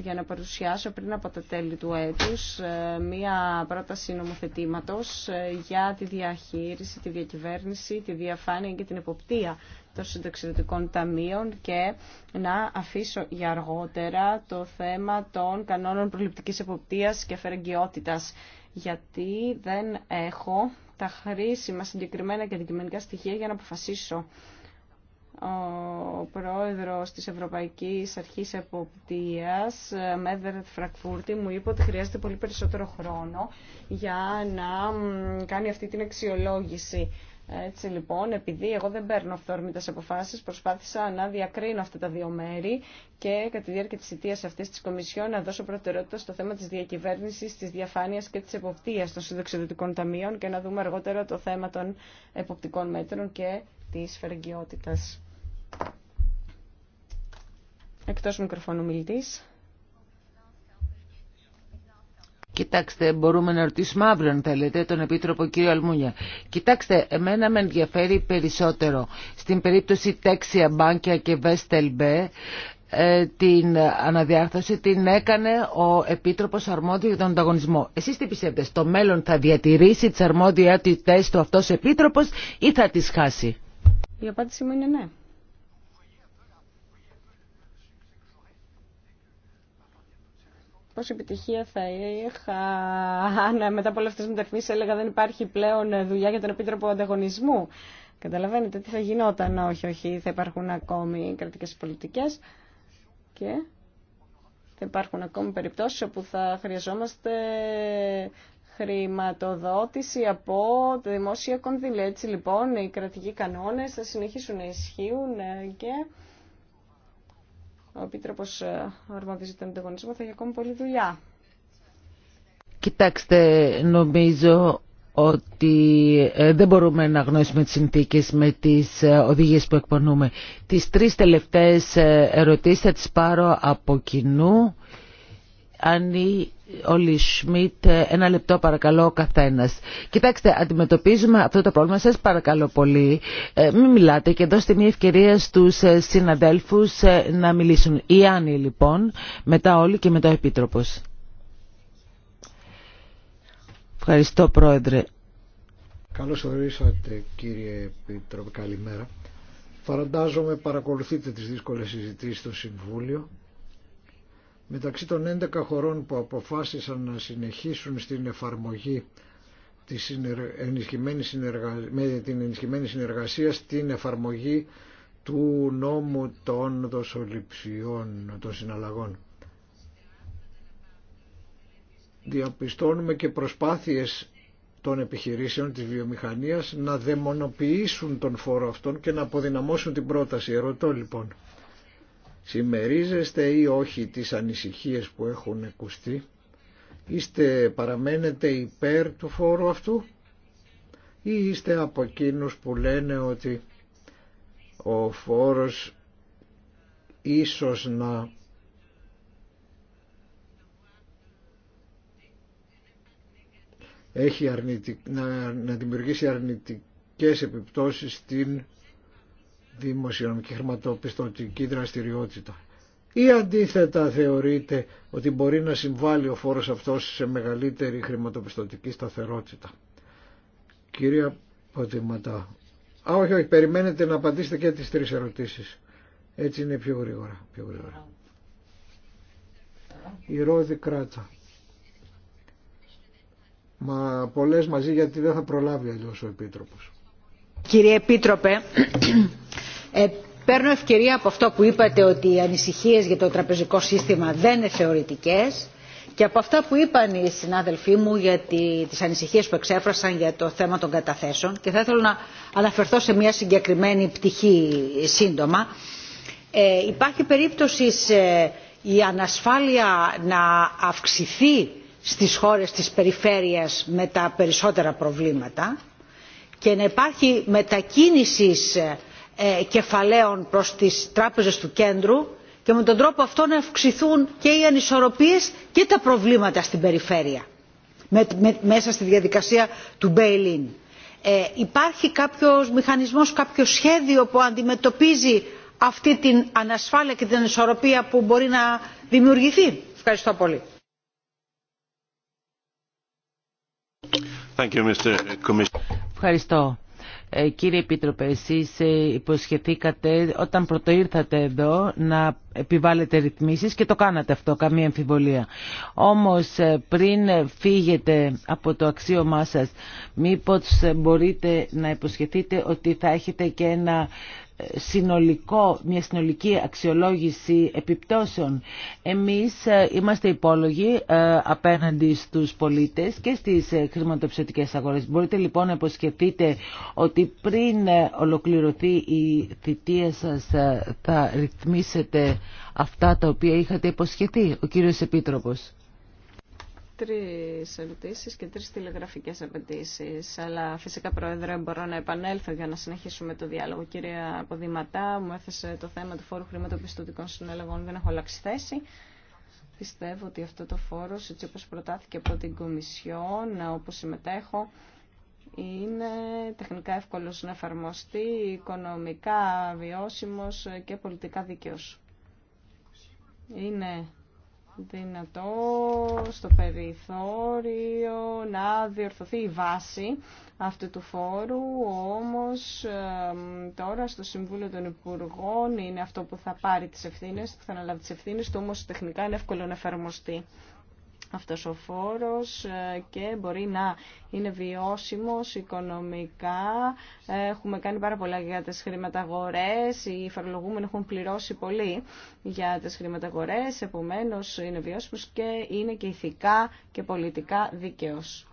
για να παρουσιάσω πριν από τα τέλη του έτους ε, μία πρόταση νομοθετήματος ε, για τη διαχείριση, τη διακυβέρνηση, τη διαφάνεια και την εποπτεία των συνταξιδοτικών ταμείων και να αφήσω για αργότερα το θέμα των κανόνων προληπτικής εποπτείας και αφαιρεγγιότητας γιατί δεν έχω τα χρήσιμα συγκεκριμένα και αντικειμενικά στοιχεία για να αποφασίσω ο πρόεδρος της Ευρωπαϊκής Αρχής Εποπτείας, Μέδερετ Φρακφούρτη, μου είπε ότι χρειάζεται πολύ περισσότερο χρόνο για να κάνει αυτή την αξιολόγηση. Έτσι λοιπόν, επειδή εγώ δεν παίρνω αυθόρμητες αποφάσεις, προσπάθησα να διακρίνω αυτά τα δύο μέρη και κατά τη διάρκεια της ιτίας αυτής της Κομισιόν να δώσω προτεραιότητα στο θέμα της διακυβέρνησης, της διαφάνειας και της εποπτείας των συνδεξιδοτικών ταμείων και να δούμε αργότερα το θέμα των εποπτικών μέτρων και της φερεγγιότητας. Εκτός μικροφώνου μιλητής. Κοιτάξτε, μπορούμε να ρωτήσουμε αύριο, αν θέλετε, τον Επίτροπο κύριο Αλμούνια. Κοιτάξτε, εμένα με ενδιαφέρει περισσότερο. Στην περίπτωση Τέξια Μπάνκια και Μπέ, ε, την αναδιάρθρωση την έκανε ο Επίτροπος Αρμόδιο για τον Ανταγωνισμό. Εσείς τι πιστεύετε, στο μέλλον θα διατηρήσει τις θέση του αυτός Επίτροπος ή θα τις χάσει. Η απάντηση μου είναι ναι. Πόση επιτυχία θα είχα αν ναι, μετά από όλε αυτέ τι μεταρρυθμίσει έλεγα δεν υπάρχει πλέον δουλειά για τον επίτροπο ανταγωνισμού. Καταλαβαίνετε τι θα γινόταν. Όχι, όχι, θα υπάρχουν ακόμη κρατικέ πολιτικέ και θα υπάρχουν ακόμη περιπτώσεις όπου θα χρειαζόμαστε χρηματοδότηση από το δημόσια κονδύλι. Έτσι λοιπόν οι κρατικοί κανόνες θα συνεχίσουν να ισχύουν και ο Επίτροπος ε, αρμοδίζει τον ανταγωνισμό θα έχει ακόμη πολλή δουλειά. Κοιτάξτε, νομίζω ότι ε, δεν μπορούμε να γνώσουμε τις συνθήκες με τις ε, οδηγίες που εκπονούμε. Τις τρεις τελευταίες ερωτήσεις θα τις πάρω από κοινού Άννη Όλοι Σμιτ, ένα λεπτό παρακαλώ ο καθένας. Κοιτάξτε, αντιμετωπίζουμε αυτό το πρόβλημα, σας παρακαλώ πολύ. Ε, μην μιλάτε και δώστε μια ευκαιρία στους ε, συναδέλφους ε, να μιλήσουν. Η Άννη λοιπόν, μετά όλοι και μετά ο Επίτροπος. Ευχαριστώ Πρόεδρε. Καλώς ορίσατε κύριε Επίτροπο. καλημέρα. Φαντάζομαι παρακολουθείτε τις δύσκολες συζητήσεις στο Συμβούλιο Μεταξύ των 11 χωρών που αποφάσισαν να συνεχίσουν στην εφαρμογή της ενισχυμένης με την ενισχυμένη συνεργασία στην εφαρμογή του νόμου των δοσοληψιών των συναλλαγών. Διαπιστώνουμε και προσπάθειες των επιχειρήσεων της βιομηχανίας να δαιμονοποιήσουν τον φόρο αυτόν και να αποδυναμώσουν την πρόταση. Ερωτώ λοιπόν, συμμερίζεστε ή όχι τις ανησυχίες που έχουν ακουστεί, είστε παραμένετε υπέρ του φόρου αυτού ή είστε από εκείνους που λένε ότι ο φόρος ίσως να έχει να... να δημιουργήσει αρνητικές επιπτώσεις στην δημοσιονομική χρηματοπιστωτική δραστηριότητα. Ή αντίθετα θεωρείτε ότι μπορεί να συμβάλλει ο φόρος αυτός σε μεγαλύτερη χρηματοπιστωτική σταθερότητα. Κυρία Ποτηματά. Α, όχι, όχι, περιμένετε να απαντήσετε και τις τρεις ερωτήσεις. Έτσι είναι πιο γρήγορα. Πιο γρήγορα. Η Ρώδη Κράτσα. Μα πολλές μαζί γιατί δεν θα προλάβει αλλιώς ο Επίτροπος. Κύριε Επίτροπε, ε, παίρνω ευκαιρία από αυτό που είπατε ότι οι ανησυχίες για το τραπεζικό σύστημα δεν είναι θεωρητικές και από αυτά που είπαν οι συνάδελφοί μου για τι τις ανησυχίες που εξέφρασαν για το θέμα των καταθέσεων και θα ήθελα να αναφερθώ σε μια συγκεκριμένη πτυχή σύντομα. Ε, υπάρχει περίπτωση η ανασφάλεια να αυξηθεί στις χώρες της περιφέρειας με τα περισσότερα προβλήματα και να υπάρχει μετακίνηση ε, κεφαλαίων προς τις τράπεζες του κέντρου και με τον τρόπο αυτό να αυξηθούν και οι ανισορροπίες και τα προβλήματα στην περιφέρεια μέσα στη διαδικασία του bail in. Ε, υπάρχει κάποιος μηχανισμός, κάποιο σχέδιο που αντιμετωπίζει αυτή την ανασφάλεια και την ανισορροπία που μπορεί να δημιουργηθεί. Ευχαριστώ πολύ. Thank ε, κύριε Επίτροπε, εσείς ε, υποσχεθήκατε όταν πρωτοήρθατε εδώ να επιβάλλετε ρυθμίσεις και το κάνατε αυτό, καμία εμφιβολία. Όμως ε, πριν φύγετε από το αξίωμά σας, μήπως μπορείτε να υποσχεθείτε ότι θα έχετε και ένα συνολικό, μια συνολική αξιολόγηση επιπτώσεων. Εμείς ε, είμαστε υπόλογοι ε, απέναντι στους πολίτες και στις ε, χρηματοψηφιακές αγορές. Μπορείτε λοιπόν να υποσχεθείτε ότι πριν ολοκληρωθεί η θητεία σας θα ρυθμίσετε αυτά τα οποία είχατε υποσχεθεί ο κύριος Επίτροπος τρεις ερωτήσεις και τρεις τηλεγραφικές απαιτήσει. Αλλά φυσικά, Πρόεδρε, μπορώ να επανέλθω για να συνεχίσουμε το διάλογο. Κυρία Αποδηματά, μου έθεσε το θέμα του φόρου χρηματοπιστωτικών συνέλεγων. Δεν έχω αλλάξει θέση. Πιστεύω ότι αυτό το φόρο, έτσι όπως προτάθηκε από την Κομισιόν, όπως συμμετέχω, είναι τεχνικά εύκολος να εφαρμοστεί, οικονομικά βιώσιμος και πολιτικά δίκαιος. Είναι δυνατό στο περιθώριο να διορθωθεί η βάση αυτού του φόρου, όμως τώρα στο Συμβούλιο των Υπουργών είναι αυτό που θα πάρει τις ευθύνες, που θα αναλάβει τις ευθύνες του, όμως τεχνικά είναι εύκολο να εφαρμοστεί αυτός ο φόρος ε, και μπορεί να είναι βιώσιμος οικονομικά. Έχουμε κάνει πάρα πολλά για τις χρηματαγορές, οι φορολογούμενοι έχουν πληρώσει πολύ για τις χρηματαγορές, επομένως είναι βιώσιμος και είναι και ηθικά και πολιτικά δίκαιος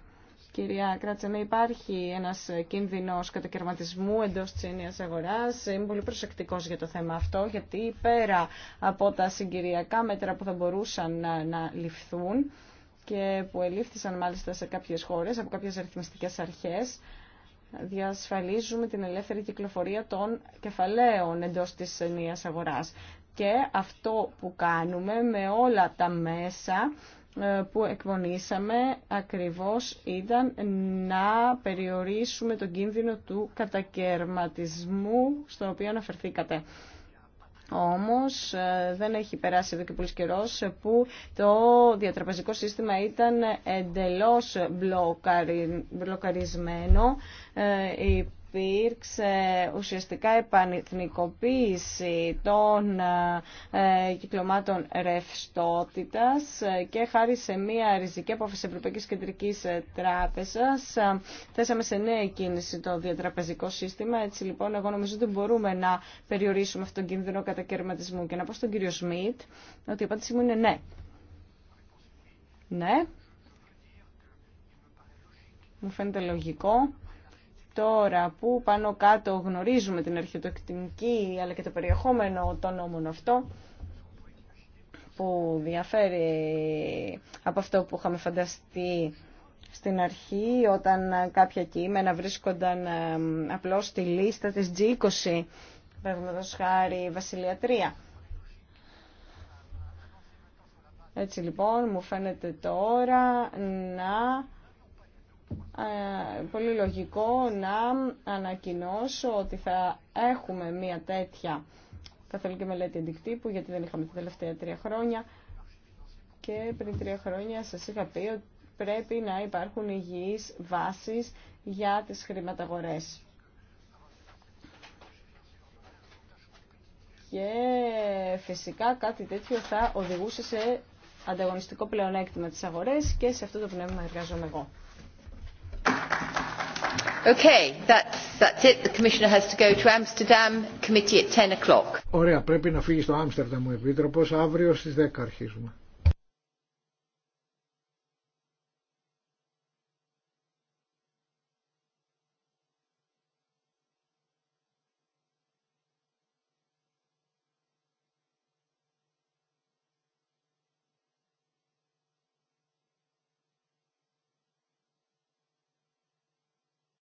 κυρία Κράτσα, να υπάρχει ένας κίνδυνος κατακαιρματισμού εντός της ενίας αγορά. Είμαι πολύ προσεκτικό για το θέμα αυτό, γιατί πέρα από τα συγκυριακά μέτρα που θα μπορούσαν να, να ληφθούν και που ελήφθησαν μάλιστα σε κάποιες χώρες από κάποιες αριθμιστικέ αρχές, διασφαλίζουμε την ελεύθερη κυκλοφορία των κεφαλαίων εντό τη ενίας αγορά. Και αυτό που κάνουμε με όλα τα μέσα ε, που εκπονήσαμε ακριβώς ήταν να περιορίσουμε τον κίνδυνο του κατακαιρματισμού στον οποίο αναφερθήκατε. Όμως ε, δεν έχει περάσει εδώ και πολύ καιρό που το διατραπεζικό σύστημα ήταν εντελώς μπλοκαρι, μπλοκαρισμένο. Ε, υπήρξε ουσιαστικά επανεθνικοποίηση των ε, κυκλωμάτων ρευστότητα και χάρη σε μία ριζική απόφαση Ευρωπαϊκής Κεντρικής Τράπεζας ε, θέσαμε σε νέα κίνηση το διατραπεζικό σύστημα. Έτσι λοιπόν εγώ νομίζω ότι μπορούμε να περιορίσουμε αυτόν τον κίνδυνο κατακαιρματισμού και να πω στον κύριο Σμιτ ότι η απάντησή μου είναι ναι. Ναι. Μου φαίνεται λογικό Τώρα που πάνω κάτω γνωρίζουμε την αρχιτεκτονική αλλά και το περιεχόμενο των νόμων αυτό, που διαφέρει από αυτό που είχαμε φανταστεί στην αρχή, όταν κάποια κείμενα βρίσκονταν απλώς στη λίστα της G20, παραδείγματος χάρη Βασιλεία 3. Έτσι λοιπόν μου φαίνεται τώρα να πολύ λογικό να ανακοινώσω ότι θα έχουμε μια τέτοια καθολική μελέτη αντικτύπου, γιατί δεν είχαμε τα τελευταία τρία χρόνια. Και πριν τρία χρόνια σας είχα πει ότι πρέπει να υπάρχουν υγιείς βάσεις για τις χρηματαγορές. Και φυσικά κάτι τέτοιο θα οδηγούσε σε ανταγωνιστικό πλεονέκτημα της αγορές και σε αυτό το πνεύμα εργάζομαι εγώ. Ωραία, πρέπει να φύγει στο Άμστερνταμ ο Επίτροπος. Αύριο στις 10 αρχίζουμε.